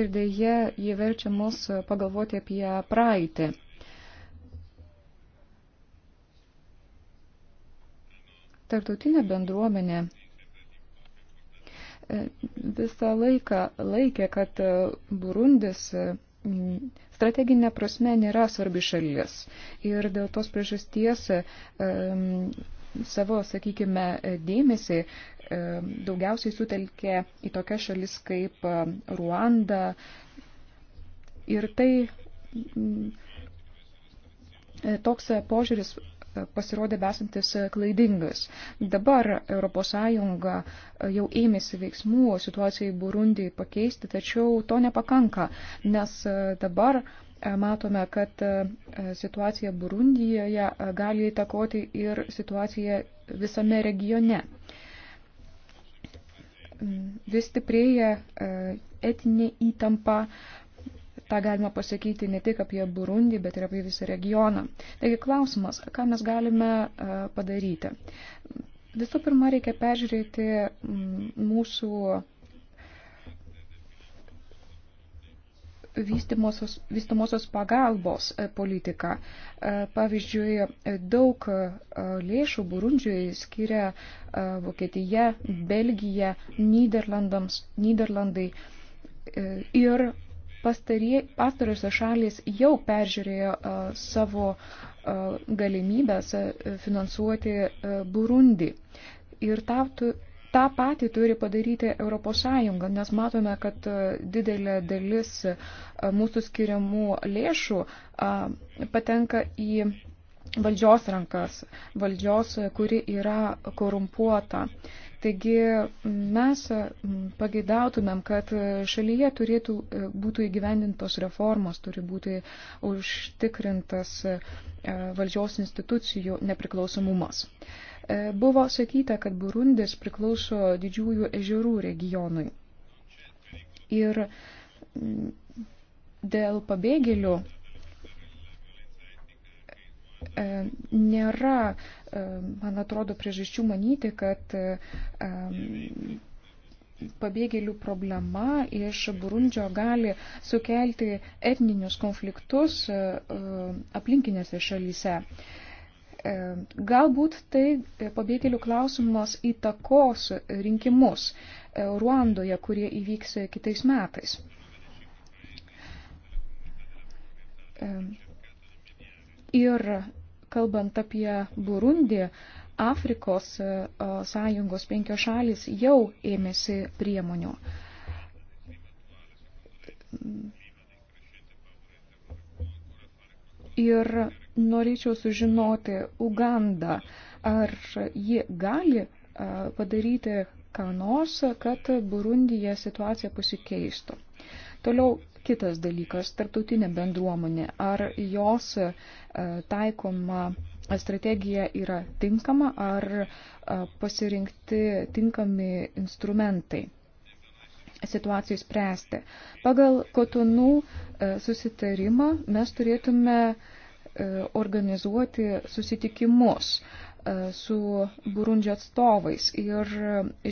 Ir dėje jie verčia mus pagalvoti apie praeitį. Tartautinė bendruomenė e, visą laiką laikė, kad Burundis strateginė prasme nėra svarbi šalis. Ir dėl tos priežasties savo, sakykime, dėmesį daugiausiai sutelkė į tokias šalis kaip Ruanda. Ir tai toks požiūris pasirodė besantis e, klaidingas. Dabar ES e, jau ėmėsi veiksmų situacijai Burundijai pakeisti, tačiau to nepakanka, nes e, dabar matome, kad situacija Burundijoje gali įtakoti ir situaciją visame regione. Mm, vis stiprėja etinė įtampa, tą galima pasakyti ne tik apie Burundį, bet ir apie visą regioną. Taigi klausimas, ką mes galime e, padaryti. Visų pirma, reikia peržiūrėti mūsų vystamosios pagalbos e, politiką. E, pavyzdžiui, daug lėšų Burundžiui skiria Vokietija, Belgija, Niderlandams, Niderlandai ir Pastarosios šalis jau peržiūrėjo savo galimybės finansuoti Burundi. Ir taptų, tą patį turi padaryti ES, nes matome, kad didelė dalis mūsų skiriamų lėšų patenka į valdžios rankas, valdžios, kuri yra korumpuota. Uh, Taigi mes pageidautumėm, kad šalyje turėtų e, būtų įgyvendintos reformos, turi būti užtikrintas e, valdžios institucijų nepriklausomumas. E, buvo sakyta, kad Burundis priklauso didžiųjų ežerų regionui. Ir dėl pabėgėlių E, nėra, e, man atrodo, priežasčių manyti, kad e, pabėgėlių problema iš Burundžio gali sukelti etninius konfliktus aplinkinėse šalyse. Galbūt tai pabėgėlių klausimas įtakos rinkimus Ruandoje, kurie įvyks kitais metais. Ir kalbant apie Burundį, Afrikos e, sąjungos penkios šalis jau ėmėsi priemonių. Ir norėčiau sužinoti, Uganda, ar ji gali e, padaryti ką nors, kad Burundyje situacija pasikeistų. Toliau Kitas dalykas - tarptautinė bendruomenė. Ar jos e, taikoma strategija yra tinkama, ar e, pasirinkti tinkami instrumentai situacijai spręsti. Pagal kotonų e, susitarimą mes turėtume organizuoti susitikimus E, su Burundžio atstovais ir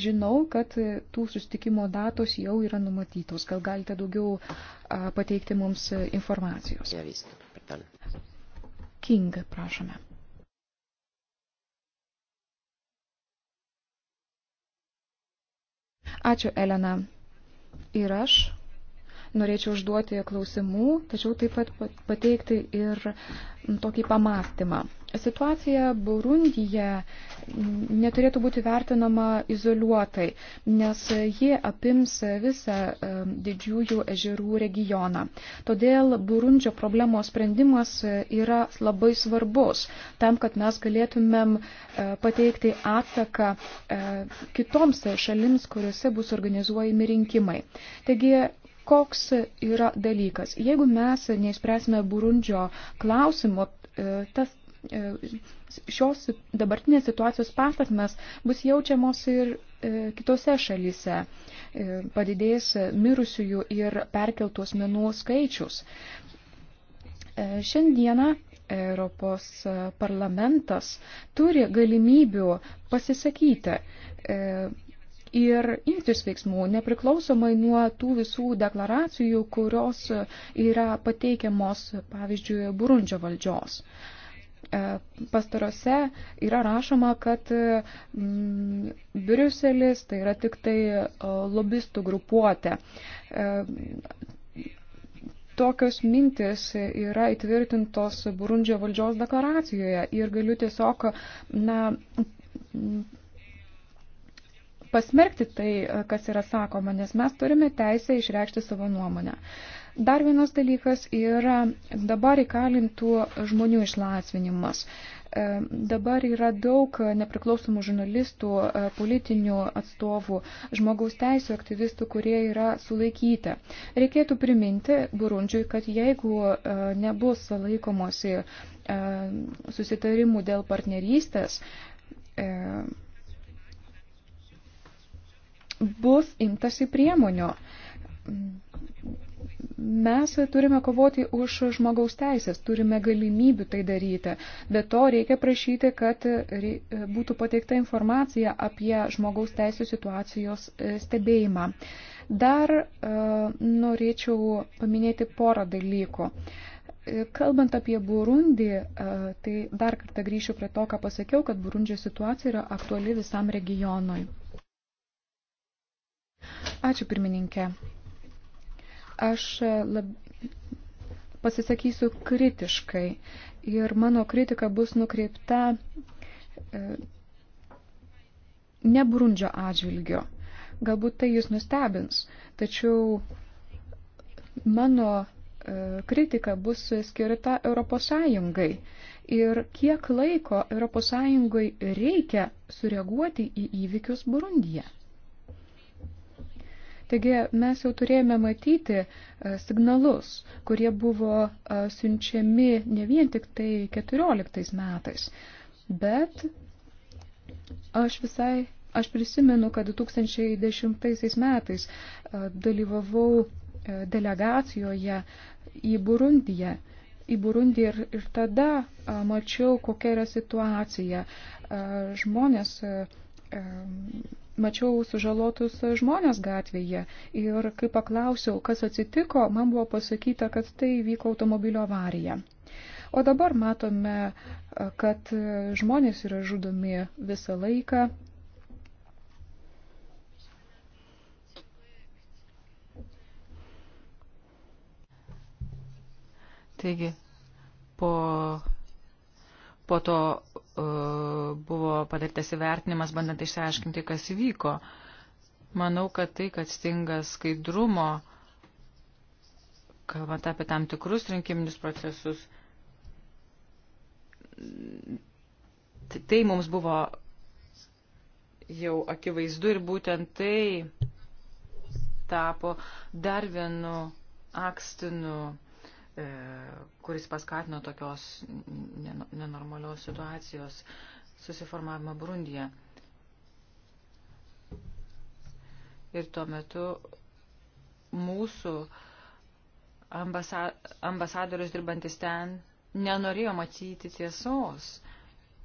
žinau, kad tų sustikimo datos jau yra numatytos. Gal galite daugiau e, pateikti mums informacijos? King, prašome. Ačiū, Elena. Ir aš norėčiau užduoti klausimų, tačiau taip pat pateikti ir tokį pamastymą. Situacija Burundyje neturėtų būti vertinama izoliuotai, nes ji apims visą e, didžiųjų ežerų regioną. Todėl Burundžio problemos sprendimas yra labai svarbus tam, kad mes galėtumėm e, pateikti atsaką e, kitoms šalims, kuriuose bus organizuojami rinkimai. Taigi koks yra dalykas. Jeigu mes neįspręsime Burundžio klausimo, e, tas e, šios dabartinės situacijos pasakmes bus jaučiamos ir e, kitose šalyse. Padidės mirusiųjų ir perkeltų asmenų skaičius. Šiandieną Europos parlamentas turi galimybių pasisakyti ir imtis veiksmų, nepriklausomai nuo tų visų deklaracijų, kurios yra pateikiamos, pavyzdžiui, Burundžio valdžios. E, pastarose yra rašoma, kad mm, Briuselis tai yra tik tai e, lobistų grupuotė e, tokios mintis yra įtvirtintos Burundžio valdžios deklaracijoje ir galiu tiesiog na, pasmerkti tai, e, kas yra sakoma, nes mes turime teisę išreikšti savo nuomonę. Dar vienas dalykas yra dabar įkalintų žmonių išlaisvinimas. E, dabar yra daug nepriklausomų žurnalistų, e, politinių atstovų, žmogaus teisų aktyvistų, kurie yra sulaikyti. Reikėtų priminti Burundžiui, kad jeigu nebus laikomosi susitarimų dėl partnerystės, bus imtasi priemonių. Mes turime kovoti už žmogaus teisės, turime galimybių tai daryti, bet to reikia prašyti, kad būtų pateikta informacija apie žmogaus teisų situacijos e, stebėjimą. Dar e, norėčiau paminėti porą dalykų. E, kalbant apie Burundį, e, tai dar kartą grįšiu prie to, ką pasakiau, kad Burundžio situacija yra aktuali visam regionui. Ačiū pirmininkė. Aš e, lab... pasisakysiu kritiškai ir mano kritika bus nukreipta e, ne Burundžio atžvilgio. Galbūt tai jūs nustebins, tačiau mano e, kritika bus skirta Europos Sąjungai ir kiek laiko Europos Sąjungai reikia sureaguoti į įvykius Burundyje. Taigi mes jau turėjome matyti e, signalus, kurie buvo e, siunčiami ne vien tik tai 14 metais, bet aš visai Aš prisimenu, kad 2010 metais e, dalyvavau delegacijoje į Burundiją. Į Burundį ir, ir tada a, mačiau, kokia yra situacija. A, žmonės a, a, mačiau sužalotus žmonės gatvėje ir kai paklausiau, kas atsitiko, man buvo pasakyta, kad tai vyko automobilio avarija. O dabar matome, kad žmonės yra žudomi visą laiką. Taigi, po, po to E, buvo padarytas įvertinimas, bandant išsiaiškinti, kas įvyko. Manau, kad tai, kad stinga skaidrumo, kalbant apie tam tikrus rinkiminius procesus, tai, tai mums buvo jau akivaizdu ir būtent tai tapo dar vienu akstinu E, kuris paskatino tokios nenormalios situacijos susiformavimą Brundyje. Ir tuo metu mūsų ambasa ambasadorius dirbantis ten nenorėjo matyti tiesos.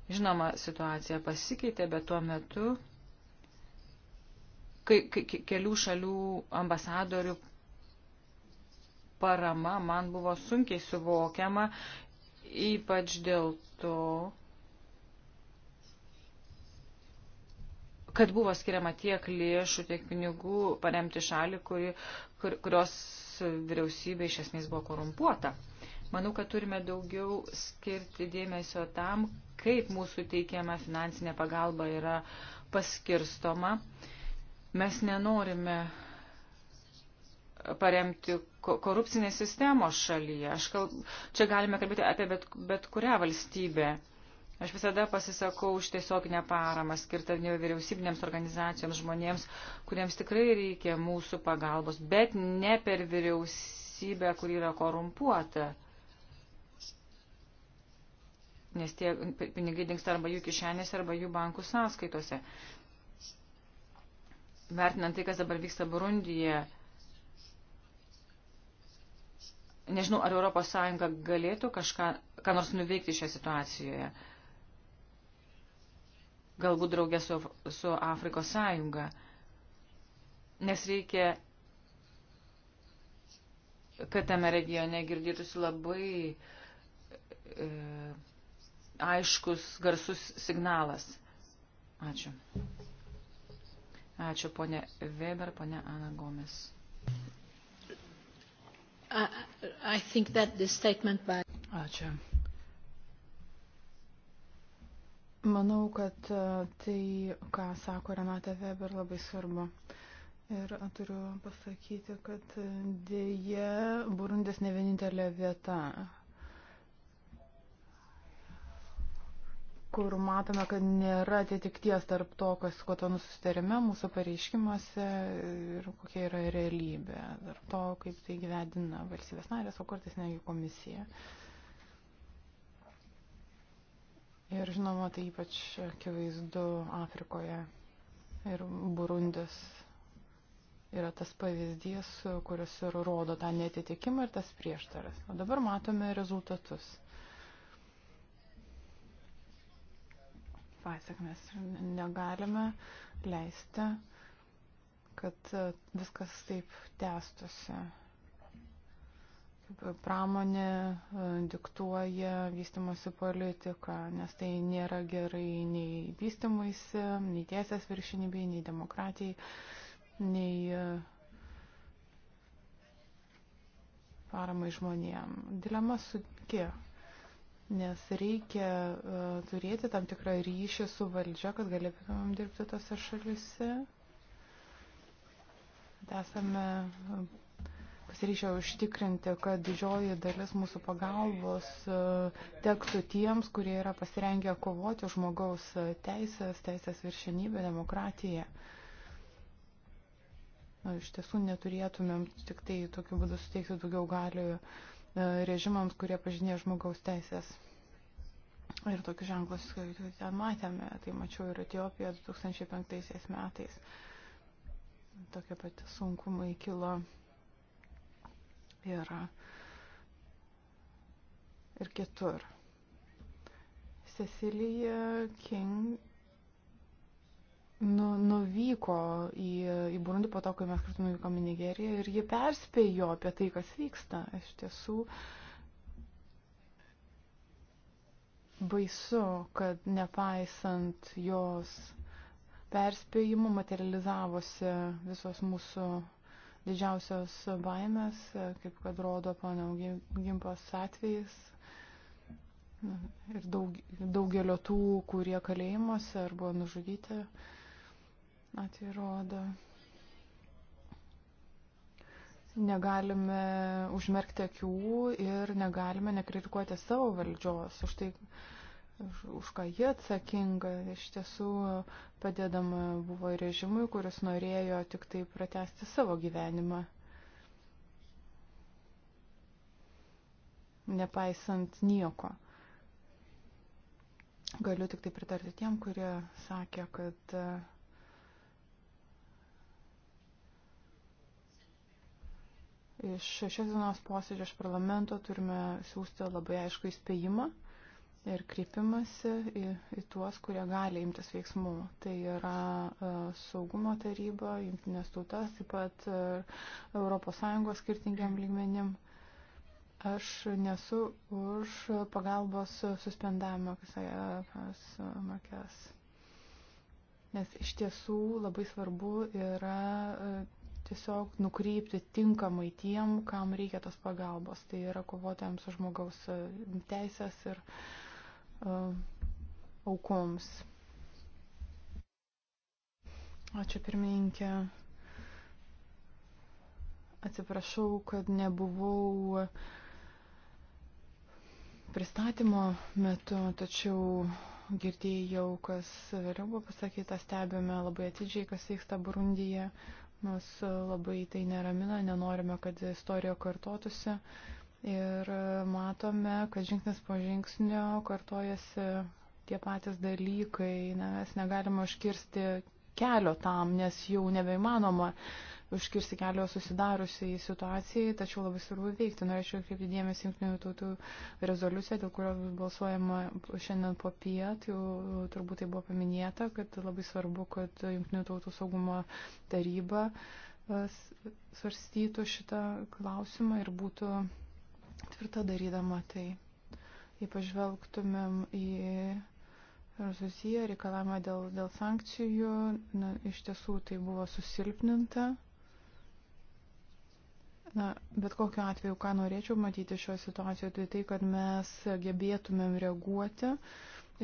Žinoma, situacija pasikeitė, bet tuo metu kai, kai, kelių šalių ambasadorių parama man buvo sunkiai suvokiama, ypač dėl to, kad buvo skiriama tiek lėšų, tiek pinigų paremti šalį, kuri, kur, kurios vyriausybė iš esmės buvo korumpuota. Manau, kad turime daugiau skirti dėmesio tam, kaip mūsų teikiama finansinė pagalba yra paskirstoma. Mes nenorime paremti korupcinės sistemos šalyje. Aš kalb, čia galime kalbėti apie bet, bet kurią valstybę. Aš visada pasisakau už tiesioginę paramą skirtą vyriausybinėms organizacijoms, žmonėms, kuriems tikrai reikia mūsų pagalbos, bet ne per vyriausybę, kuri yra korumpuota. Nes tie pinigai dinksta arba jų kišenėse, arba jų bankų sąskaitose vertinant tai, kas dabar vyksta Burundyje, Nežinau, ar ES galėtų kažką, ką nors nuveikti šioje situacijoje. Galbūt draugė su, su Afrikos sąjunga. Nes reikia, kad tame regione girdėtųsi labai e, aiškus, garsus signalas. Ačiū. Ačiū, ponė Weber, ponė Ana Gomes. I, I by... Ačiū. Manau, kad e, tai, ką sako Renata Weber, labai svarbu. Ir turiu pasakyti, kad e, dėje Burundės ne vienintelė vieta, kur matome, kad nėra atitikties tarp to, kas kotonų susitarime, mūsų pareiškimuose ir kokia yra realybė, tarp to, kaip tai gyvedina valstybės narės, o kartais negi komisija. Ir žinoma, tai ypač akivaizdu Afrikoje ir Burundis yra tas pavyzdys, kuris ir rodo tą netitikimą ir tas prieštaras. O dabar matome rezultatus. pasiekmes. Negalime leisti, kad e, viskas taip tęstusi. Pramonė e, diktuoja vystimosi politiką, nes tai nėra gerai nei vystimuisi, nei tiesės viršinybei, nei demokratijai, nei e, paramai žmonėm. Dilema su kiek? nes reikia e, turėti tam tikrą ryšį su valdžia, kad galėtumėm dirbti tose šalise. Esame e, pasiryšę užtikrinti, kad didžioji dalis mūsų pagalbos e, tektų tiems, kurie yra pasirengę kovoti žmogaus teisės, teisės viršenybę, demokratiją. Na, iš tiesų neturėtumėm tik tai tokiu būdu suteikti daugiau galių E, režimams, kurie pažinė žmogaus teisės. Ir tokius ženklus, kai ten matėme, tai mačiau ir Etiopiją 2005 metais. Tokie pat sunkumai kilo. Ir, ir kitur. Cecilija King nu, nuvyko į, į Burundį po to, kai mes kartu nuvykome į Nigeriją ir jie perspėjo apie tai, kas vyksta. Iš tiesų baisu, kad nepaisant jos perspėjimų materializavosi visos mūsų didžiausios baimės, kaip kad rodo pana Gimpos atvejais. Ir daug, daugelio tų, kurie kalėjimuose arba nužudyti, uh, atrodo negalime užmerkti akių ir negalime nekritikuoti savo valdžios už tai, už, už ką jie atsakinga. Iš tiesų padedama buvo režimui, kuris norėjo tik tai pratesti savo gyvenimą. Nepaisant nieko. Galiu tik tai pritarti tiem, kurie sakė, kad uh, Iš šios dienos posėdžio iš parlamento turime siūsti labai aišku įspėjimą ir kreipimasi į, į tuos, kurie gali imtis veiksmų. Tai yra e, saugumo taryba, jungtinės tautas, taip pat ES skirtingiam lygmenim. Aš nesu už pagalbos suspendavimą, kas mokės. E, e, Nes iš tiesų labai svarbu yra tiesiog nukreipti tinkamai tiem, kam reikia tos pagalbos. Tai yra kovotojams už žmogaus e, teisės ir uh, aukoms. Ačiū pirmininkė. Atsiprašau, kad nebuvau pristatymo metu, tačiau girdėjau, kas vėliau buvo pasakyta, stebime labai atidžiai, kas vyksta Burundyje. Uh, Mus labai tai neramina, nenorime, kad istorija kartotųsi. Ir matome, kad žingsnis po žingsnio kartojasi tie patys dalykai. Na, mes negalime užkirsti kelio tam, nes jau nebeįmanoma užkirsti kelio susidariusiai situacijai, tačiau labai svarbu veikti. Norėčiau kreipti dėmesį jungtinių tautų rezoliuciją, dėl kurios bus balsuojama šiandien po piet, jau turbūt tai buvo paminėta, kad labai svarbu, kad jungtinių tautų saugumo taryba e, svarstytų šitą klausimą ir būtų tvirta darydama tai. Ypač žvelgtumėm į Rusiją reikalavimą dėl, dėl sankcijų, na, iš tiesų tai buvo susilpninta. Na, bet kokiu atveju, ką norėčiau matyti šioje situacijoje, tai tai, kad mes gebėtumėm reaguoti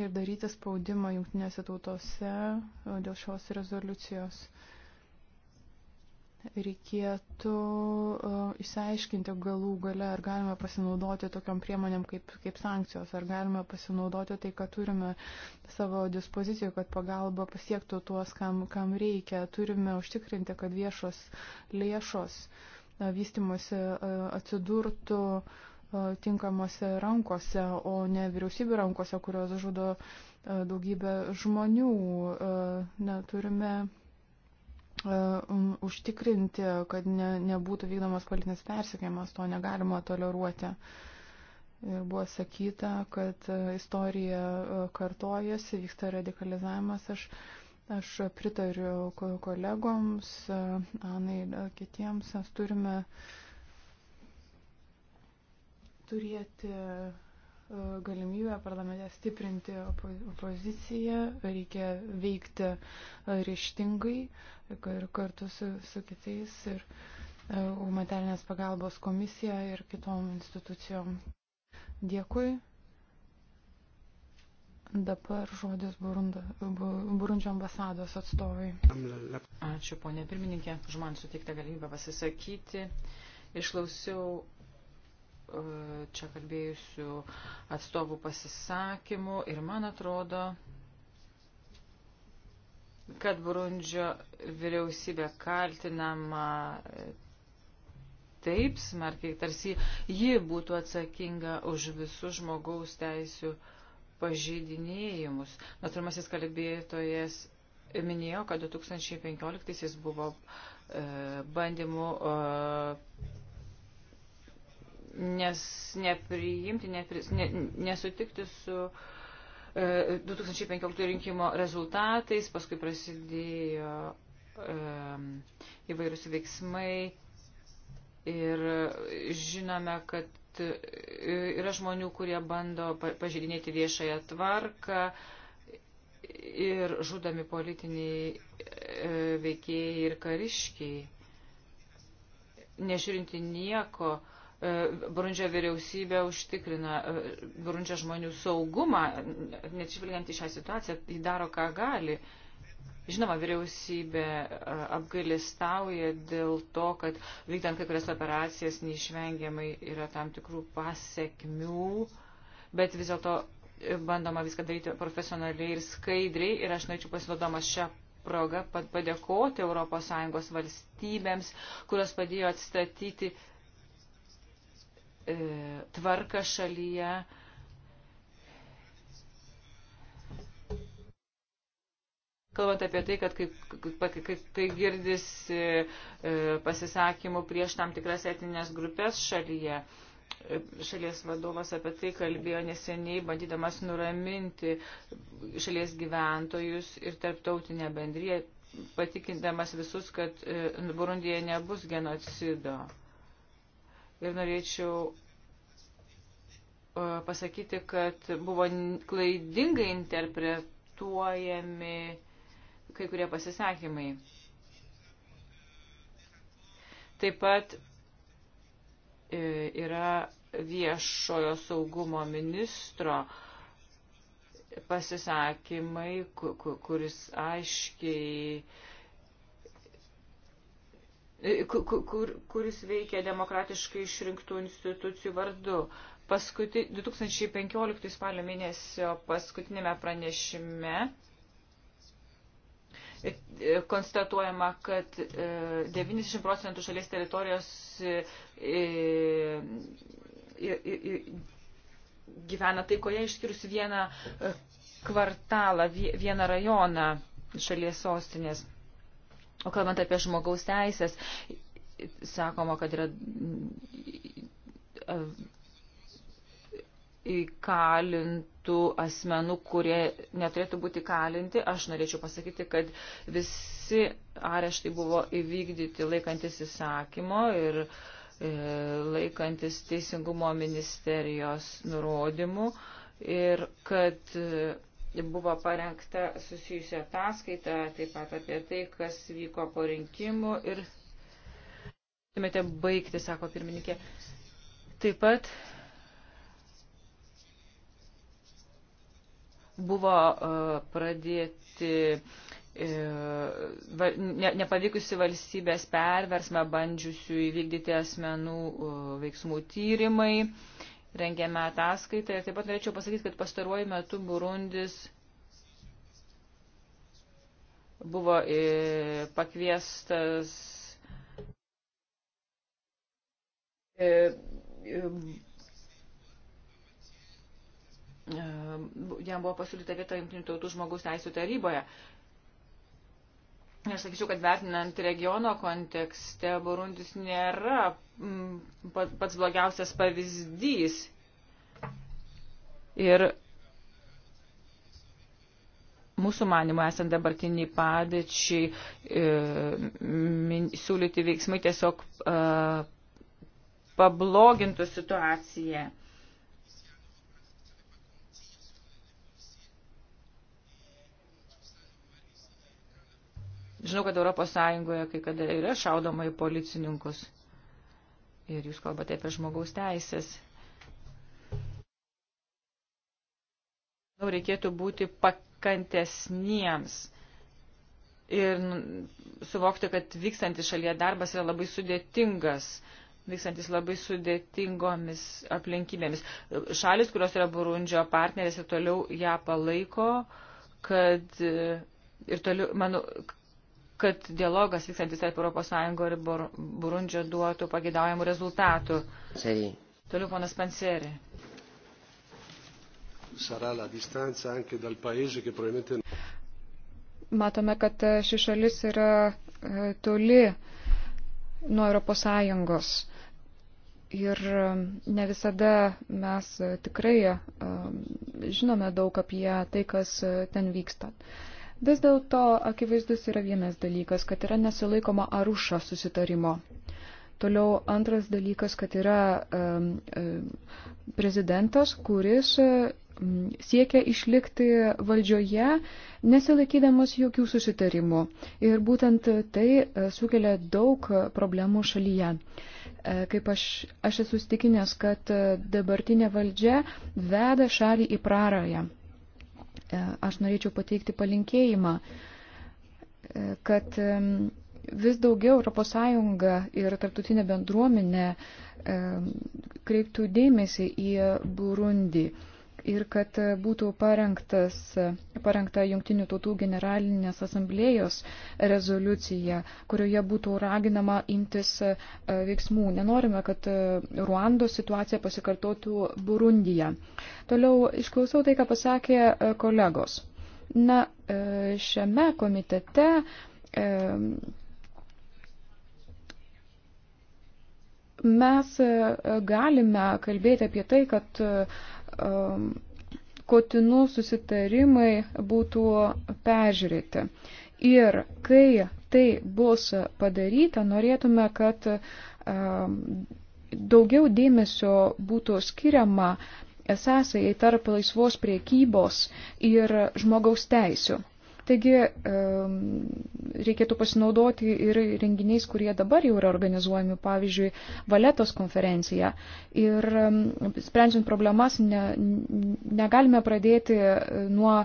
ir daryti spaudimą jungtinėse tautose e, dėl šios rezoliucijos. Reikėtų uh, išsiaiškinti galų gale, ar galime pasinaudoti tokiam priemonėm kaip, kaip sankcijos, ar galime pasinaudoti tai, kad turime savo dispozicijoje, kad pagalba pasiektų tuos, kam, kam reikia. Turime užtikrinti, kad viešos lėšos uh, vystimuose e, atsidurtų e, tinkamose rankose, o ne vyriausybių rankose, kurios žudo e, daugybę žmonių. Neturime užtikrinti, kad ne, nebūtų vykdomas politinis persikėjimas, to negalima toleruoti. Ir buvo sakyta, kad istorija kartojasi, vyksta radikalizavimas. Aš Aš pritariu kolegoms, Anai, kitiems, mes turime turėti e, galimybę parlamente stiprinti opoziciją, reikia veikti e, ryštingai ir kartu su, su kitais ir e, humanitarinės pagalbos komisija ir kitom institucijom. Dėkui. Dabar žodis Burunda, Burundžio ambasados atstovai. Ačiū, ponė pirmininkė, už man suteiktą galimybę pasisakyti. Išklausiau e, čia kalbėjusių atstovų pasisakymų ir man atrodo, kad Burundžio vyriausybė kaltinama e, taip smarkiai, tarsi ji būtų atsakinga už visus žmogaus teisų uh, pažeidinėjimus. Nors pirmasis kalbėtojas minėjo, kad 2015 buvo e, bandymų e, nes, nepriimti, nepri, ne, nesutikti su e, 2015 rinkimo rezultatais, paskui prasidėjo e, įvairūs veiksmai ir žinome, kad kad e, yra žmonių, kurie bando pažydinėti viešąją tvarką ir žudami politiniai e, veikėjai ir kariškiai. Nežiūrinti nieko, e, Brundžio vyriausybė užtikrina Brundžio žmonių saugumą, neatsižvelgiant į šią situaciją, jį daro, ką gali. Žinoma, vyriausybė e, apgailistauja dėl to, kad vykdant kai kurias operacijas neišvengiamai yra tam tikrų pasiekmių, bet vis dėlto e, bandoma viską daryti profesionaliai ir skaidriai ir aš norėčiau pasinaudodamas šią progą padėkoti ES valstybėms, kurios padėjo atstatyti e, tvarką šalyje. E, kalbant apie tai, kad kai, kai, kai tai girdisi e, pasisakymų prieš tam tikras etinės grupės šalyje, e, šalies vadovas apie tai kalbėjo neseniai, bandydamas nuraminti šalies gyventojus ir tarptautinę bendryje, patikindamas visus, kad e, Burundija nebus genocido. Ir norėčiau pasakyti, kad buvo klaidingai interpretuojami kai kurie pasisakymai. Taip pat e, yra viešojo saugumo ministro pasisakymai, kuris aiškiai e, kur, kur, kuris veikia demokratiškai išrinktų institucijų vardu. Paskuti, 2015 spalio mėnesio paskutinėme pranešime konstatuojama, kad 90 e, procentų šalies teritorijos e, e, gyvena taikoje išskyrus vieną kvartalą, vieną rajoną šalies sostinės. O kalbant apie žmogaus teisės, sakoma, kad yra įkalint tų asmenų, kurie neturėtų būti kalinti. Aš norėčiau pasakyti, kad visi areštai buvo įvykdyti laikantis įsakymo ir e, laikantis Teisingumo ministerijos nurodymų ir kad e, buvo parengta susijusi ataskaita taip pat apie tai, kas vyko po rinkimų ir turėtumėte baigti, sako pirmininkė. Taip pat buvo e, pradėti e, nepavykusi valstybės perversmą bandžiusių įvykdyti asmenų e, veiksmų tyrimai, rengėme ataskaitą ir taip pat norėčiau pasakyti, kad pastaruoju metu Burundis buvo pakviestas jam buvo pasiūlyta vieta Junktinių tautų žmogaus teisų taryboje. Aš sakyčiau, kad vertinant regiono kontekste, Burundis nėra mm, pats blogiausias pavyzdys. Ir mūsų manimo esant dabartiniai padėčiai, e, siūlyti veiksmai tiesiog e, pablogintų situaciją. Žinau, kad ES kai kada yra šaudoma į policininkus. Ir jūs kalbate apie žmogaus teisės. Manau, reikėtų būti pakantesniems ir suvokti, kad vykstantis šalyje darbas yra labai sudėtingas vykstantis labai sudėtingomis aplinkybėmis. Šalis, kurios yra Burundžio partnerės ir toliau ją palaiko, kad e, ir toliau, manau, kad dialogas vykstantis tarp ES ir Burundžio duotų pagėdaujamų rezultatų. Sei. Toliau ponas Panseri. Matome, kad e, ši šalis yra e, toli nuo ES. Ir e, ne visada mes tikrai žinome daug apie tai, kas ten vyksta. Uh, Vis dėlto akivaizdus yra vienas dalykas, kad yra nesilaikoma arušo susitarimo. Toliau antras dalykas, kad yra um, prezidentas, kuris um, siekia išlikti valdžioje, nesilaikydamas jokių susitarimų. Ir būtent tai e, sukelia daug problemų šalyje. E, kaip aš, aš esu stikinęs, kad e, dabartinė valdžia veda šalį į prarąją. E, aš norėčiau pateikti palinkėjimą, e, kad vis daugiau ES ir tarptautinė bendruomenė kreiptų dėmesį į Burundį ir kad būtų parengtas, parengta Junktinių tautų generalinės asamblėjos rezoliucija, kurioje būtų raginama imtis e, veiksmų. Nenorime, kad e, Ruando situacija pasikartotų Burundyje. Toliau išklausau tai, ką pasakė e, kolegos. Na, šiame komitete mes galime kalbėti apie tai, kad Um, kotinų susitarimai būtų peržiūrėti. Ir kai tai bus padaryta, norėtume, kad um, daugiau dėmesio būtų skiriama sąsajai tarp laisvos priekybos ir žmogaus teisų. Taigi reikėtų pasinaudoti ir renginiais, kurie dabar jau yra organizuojami, pavyzdžiui, valetos konferencija. Ir sprendžiant problemas ne, negalime pradėti e, nuo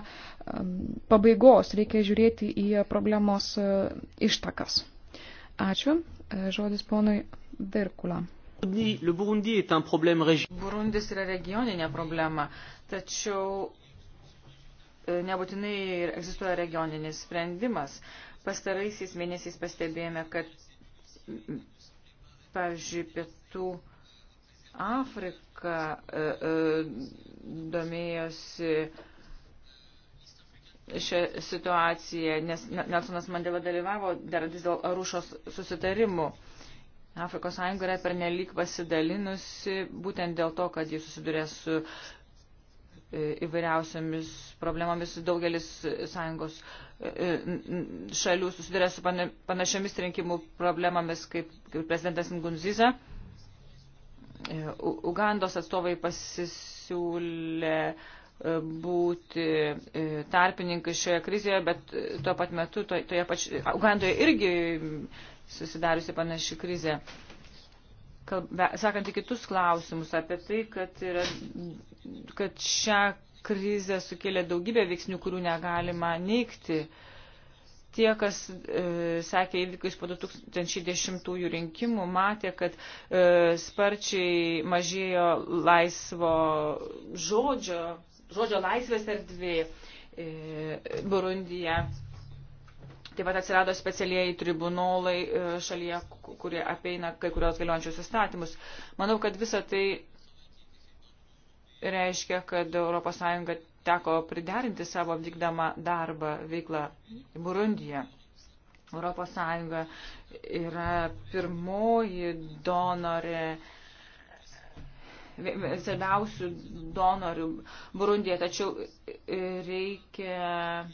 pabaigos, reikia žiūrėti į problemos e, ištakas. Ačiū. E, žodis ponui Virkula. Burundis yra regioninė problema, tačiau E, nebūtinai egzistuoja regioninis sprendimas. Pastaraisiais mėnesiais pastebėjome, kad, pavyzdžiui, pietų Afrika e, e, domėjosi šią situaciją, nes Nelsonas Mandela dalyvavo dar dėl Arušos susitarimų. Afrikos sąjunga yra pernelyg pasidalinusi būtent dėl to, kad jis susidurė su įvairiausiamis problemomis daugelis sąjungos e, e, šalių susiduria su panašiamis rinkimų problemomis kaip, kaip prezidentas Ngunziza. E, Ugandos atstovai pasisiūlė būti tarpininkai šioje krizėje, bet tuo pat metu to, toje pačioje Ugandoje irgi susidariusi panaši krizė. E, sakant į kitus klausimus apie tai, kad, yra, kad šią krizę sukėlė daugybė veiksnių, kurių negalima neikti. Tie, kas e, sekė įvykius po 2010 rinkimų, matė, kad e, sparčiai mažėjo laisvo žodžio, žodžio laisvės erdvė e, Burundija. E, Taip pat atsirado specialieji tribunolai e, šalyje, kurie apeina kai kurios galiojančius įstatymus. Manau, kad visa tai reiškia, kad ES teko priderinti savo vykdamą darbą, veiklą Burundyje. ES yra pirmoji donorė svarbiausių donorių Burundėje, tačiau reikia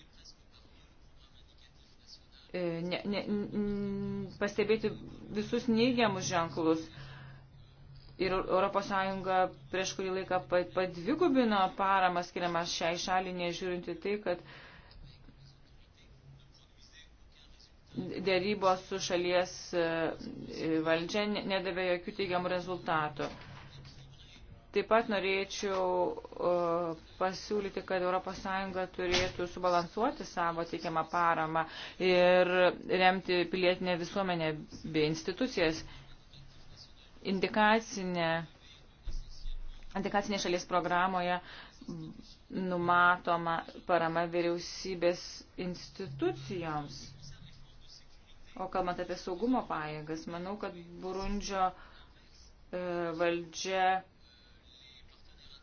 E, ne, ne, pastebėti visus neigiamus ženklus. Ir ES prieš kurį laiką padvigubino paramą skiriamą šiai šaliai, nežiūrinti tai, kad dėrybos su šalies e, valdžia nedavė jokių teigiamų rezultatų. Taip pat norėčiau e, pasiūlyti, kad ES turėtų subalansuoti savo teikiamą paramą ir remti pilietinę visuomenę bei institucijas. Indikacinė, indikacinė šalies programoje numatoma parama vyriausybės institucijoms. O kalbant apie saugumo pajėgas, manau, kad Burundžio e, valdžia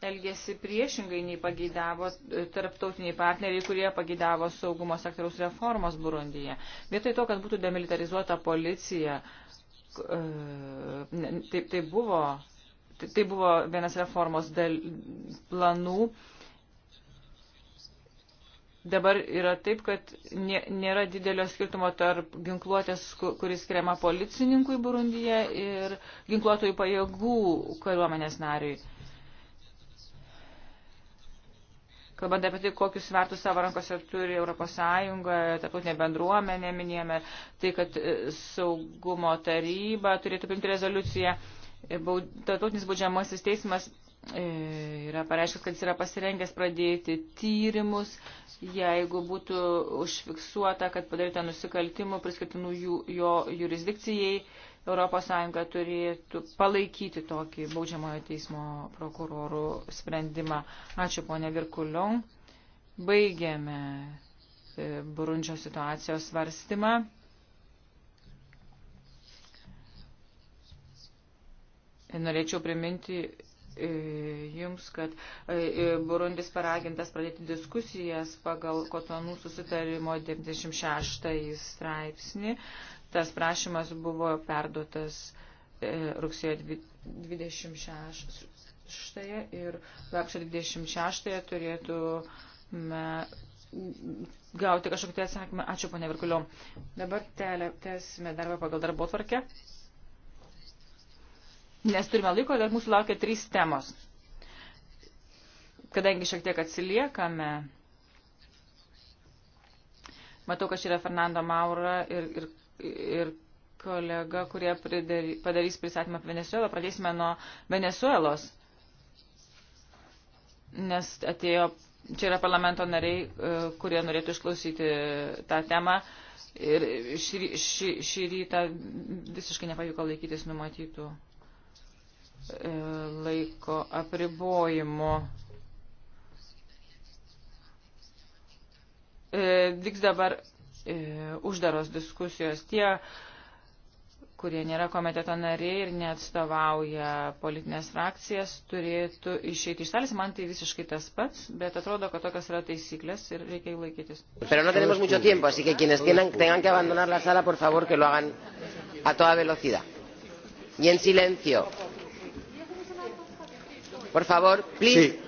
elgėsi priešingai nei pageidavo e, tarptautiniai partneriai, kurie pageidavo saugumo sektoriaus reformos Burundyje. Vietoj to, kad būtų demilitarizuota policija, e, tai, tai, buvo, tai, tai buvo vienas reformos dal, planų. Dabar yra taip, kad nėra didelio skirtumo tarp ginkluotės, kuris skiriama policininkui Burundyje ir ginkluotojų pajėgų kariuomenės nariui. kalbant apie tai, kokius svertus savo rankose turi ES, tarptautinė bendruomenė, minėjome tai, kad e, saugumo taryba turėtų priimti rezoliuciją, e, tarptautinis būdžiamasis teismas e, yra pareiškęs, kad jis yra pasirengęs pradėti tyrimus, jeigu būtų užfiksuota, kad padaryta nusikaltimų priskirtinų jo jurisdikcijai ES turėtų palaikyti tokį baudžiamojo teismo prokurorų sprendimą. Ačiū, ponė Virkulion. Baigėme e, Burundžio situacijos svarstymą. Norėčiau priminti e, Jums, kad e, Burundis paragintas pradėti diskusijas pagal Kotonų susitarimo 96 straipsnį. Tas prašymas buvo perduotas e, rugsėjo 26 ir lapšio 26 turėtume gauti kažkokį tai atsakymą. Ačiū, ponia Virkuliu. Dabar tęsime darbą pagal darbo tvarkę. Nes turime laiko, dar mūsų laukia trys temos. Kadangi šiek tiek atsiliekame, matau, kad čia yra Fernando Maura ir, ir ir kolega, kurie pridary, padarys pristatymą apie Venezuelą. Pradėsime nuo Venezuelos, nes atėjo, čia yra parlamento nariai, e, kurie norėtų išklausyti tą temą. Ir šį, šį, šį rytą visiškai nepavyko laikytis numatytų e, laiko apribojimų. E, vyks dabar E, uždaros diskusijos. Tie, kurie nėra komiteto nariai ir neatstovauja politinės frakcijas, turėtų išeiti iš salės. Man tai visiškai tas pats, bet atrodo, kad tokios yra taisyklės ir reikia jų laikytis. Pero no tenemos mucho tiempo, así que quienes tienen, tengan que abandonar la sala, por favor, que lo hagan a toda velocidad. Y en silencio. Por favor, please. Sí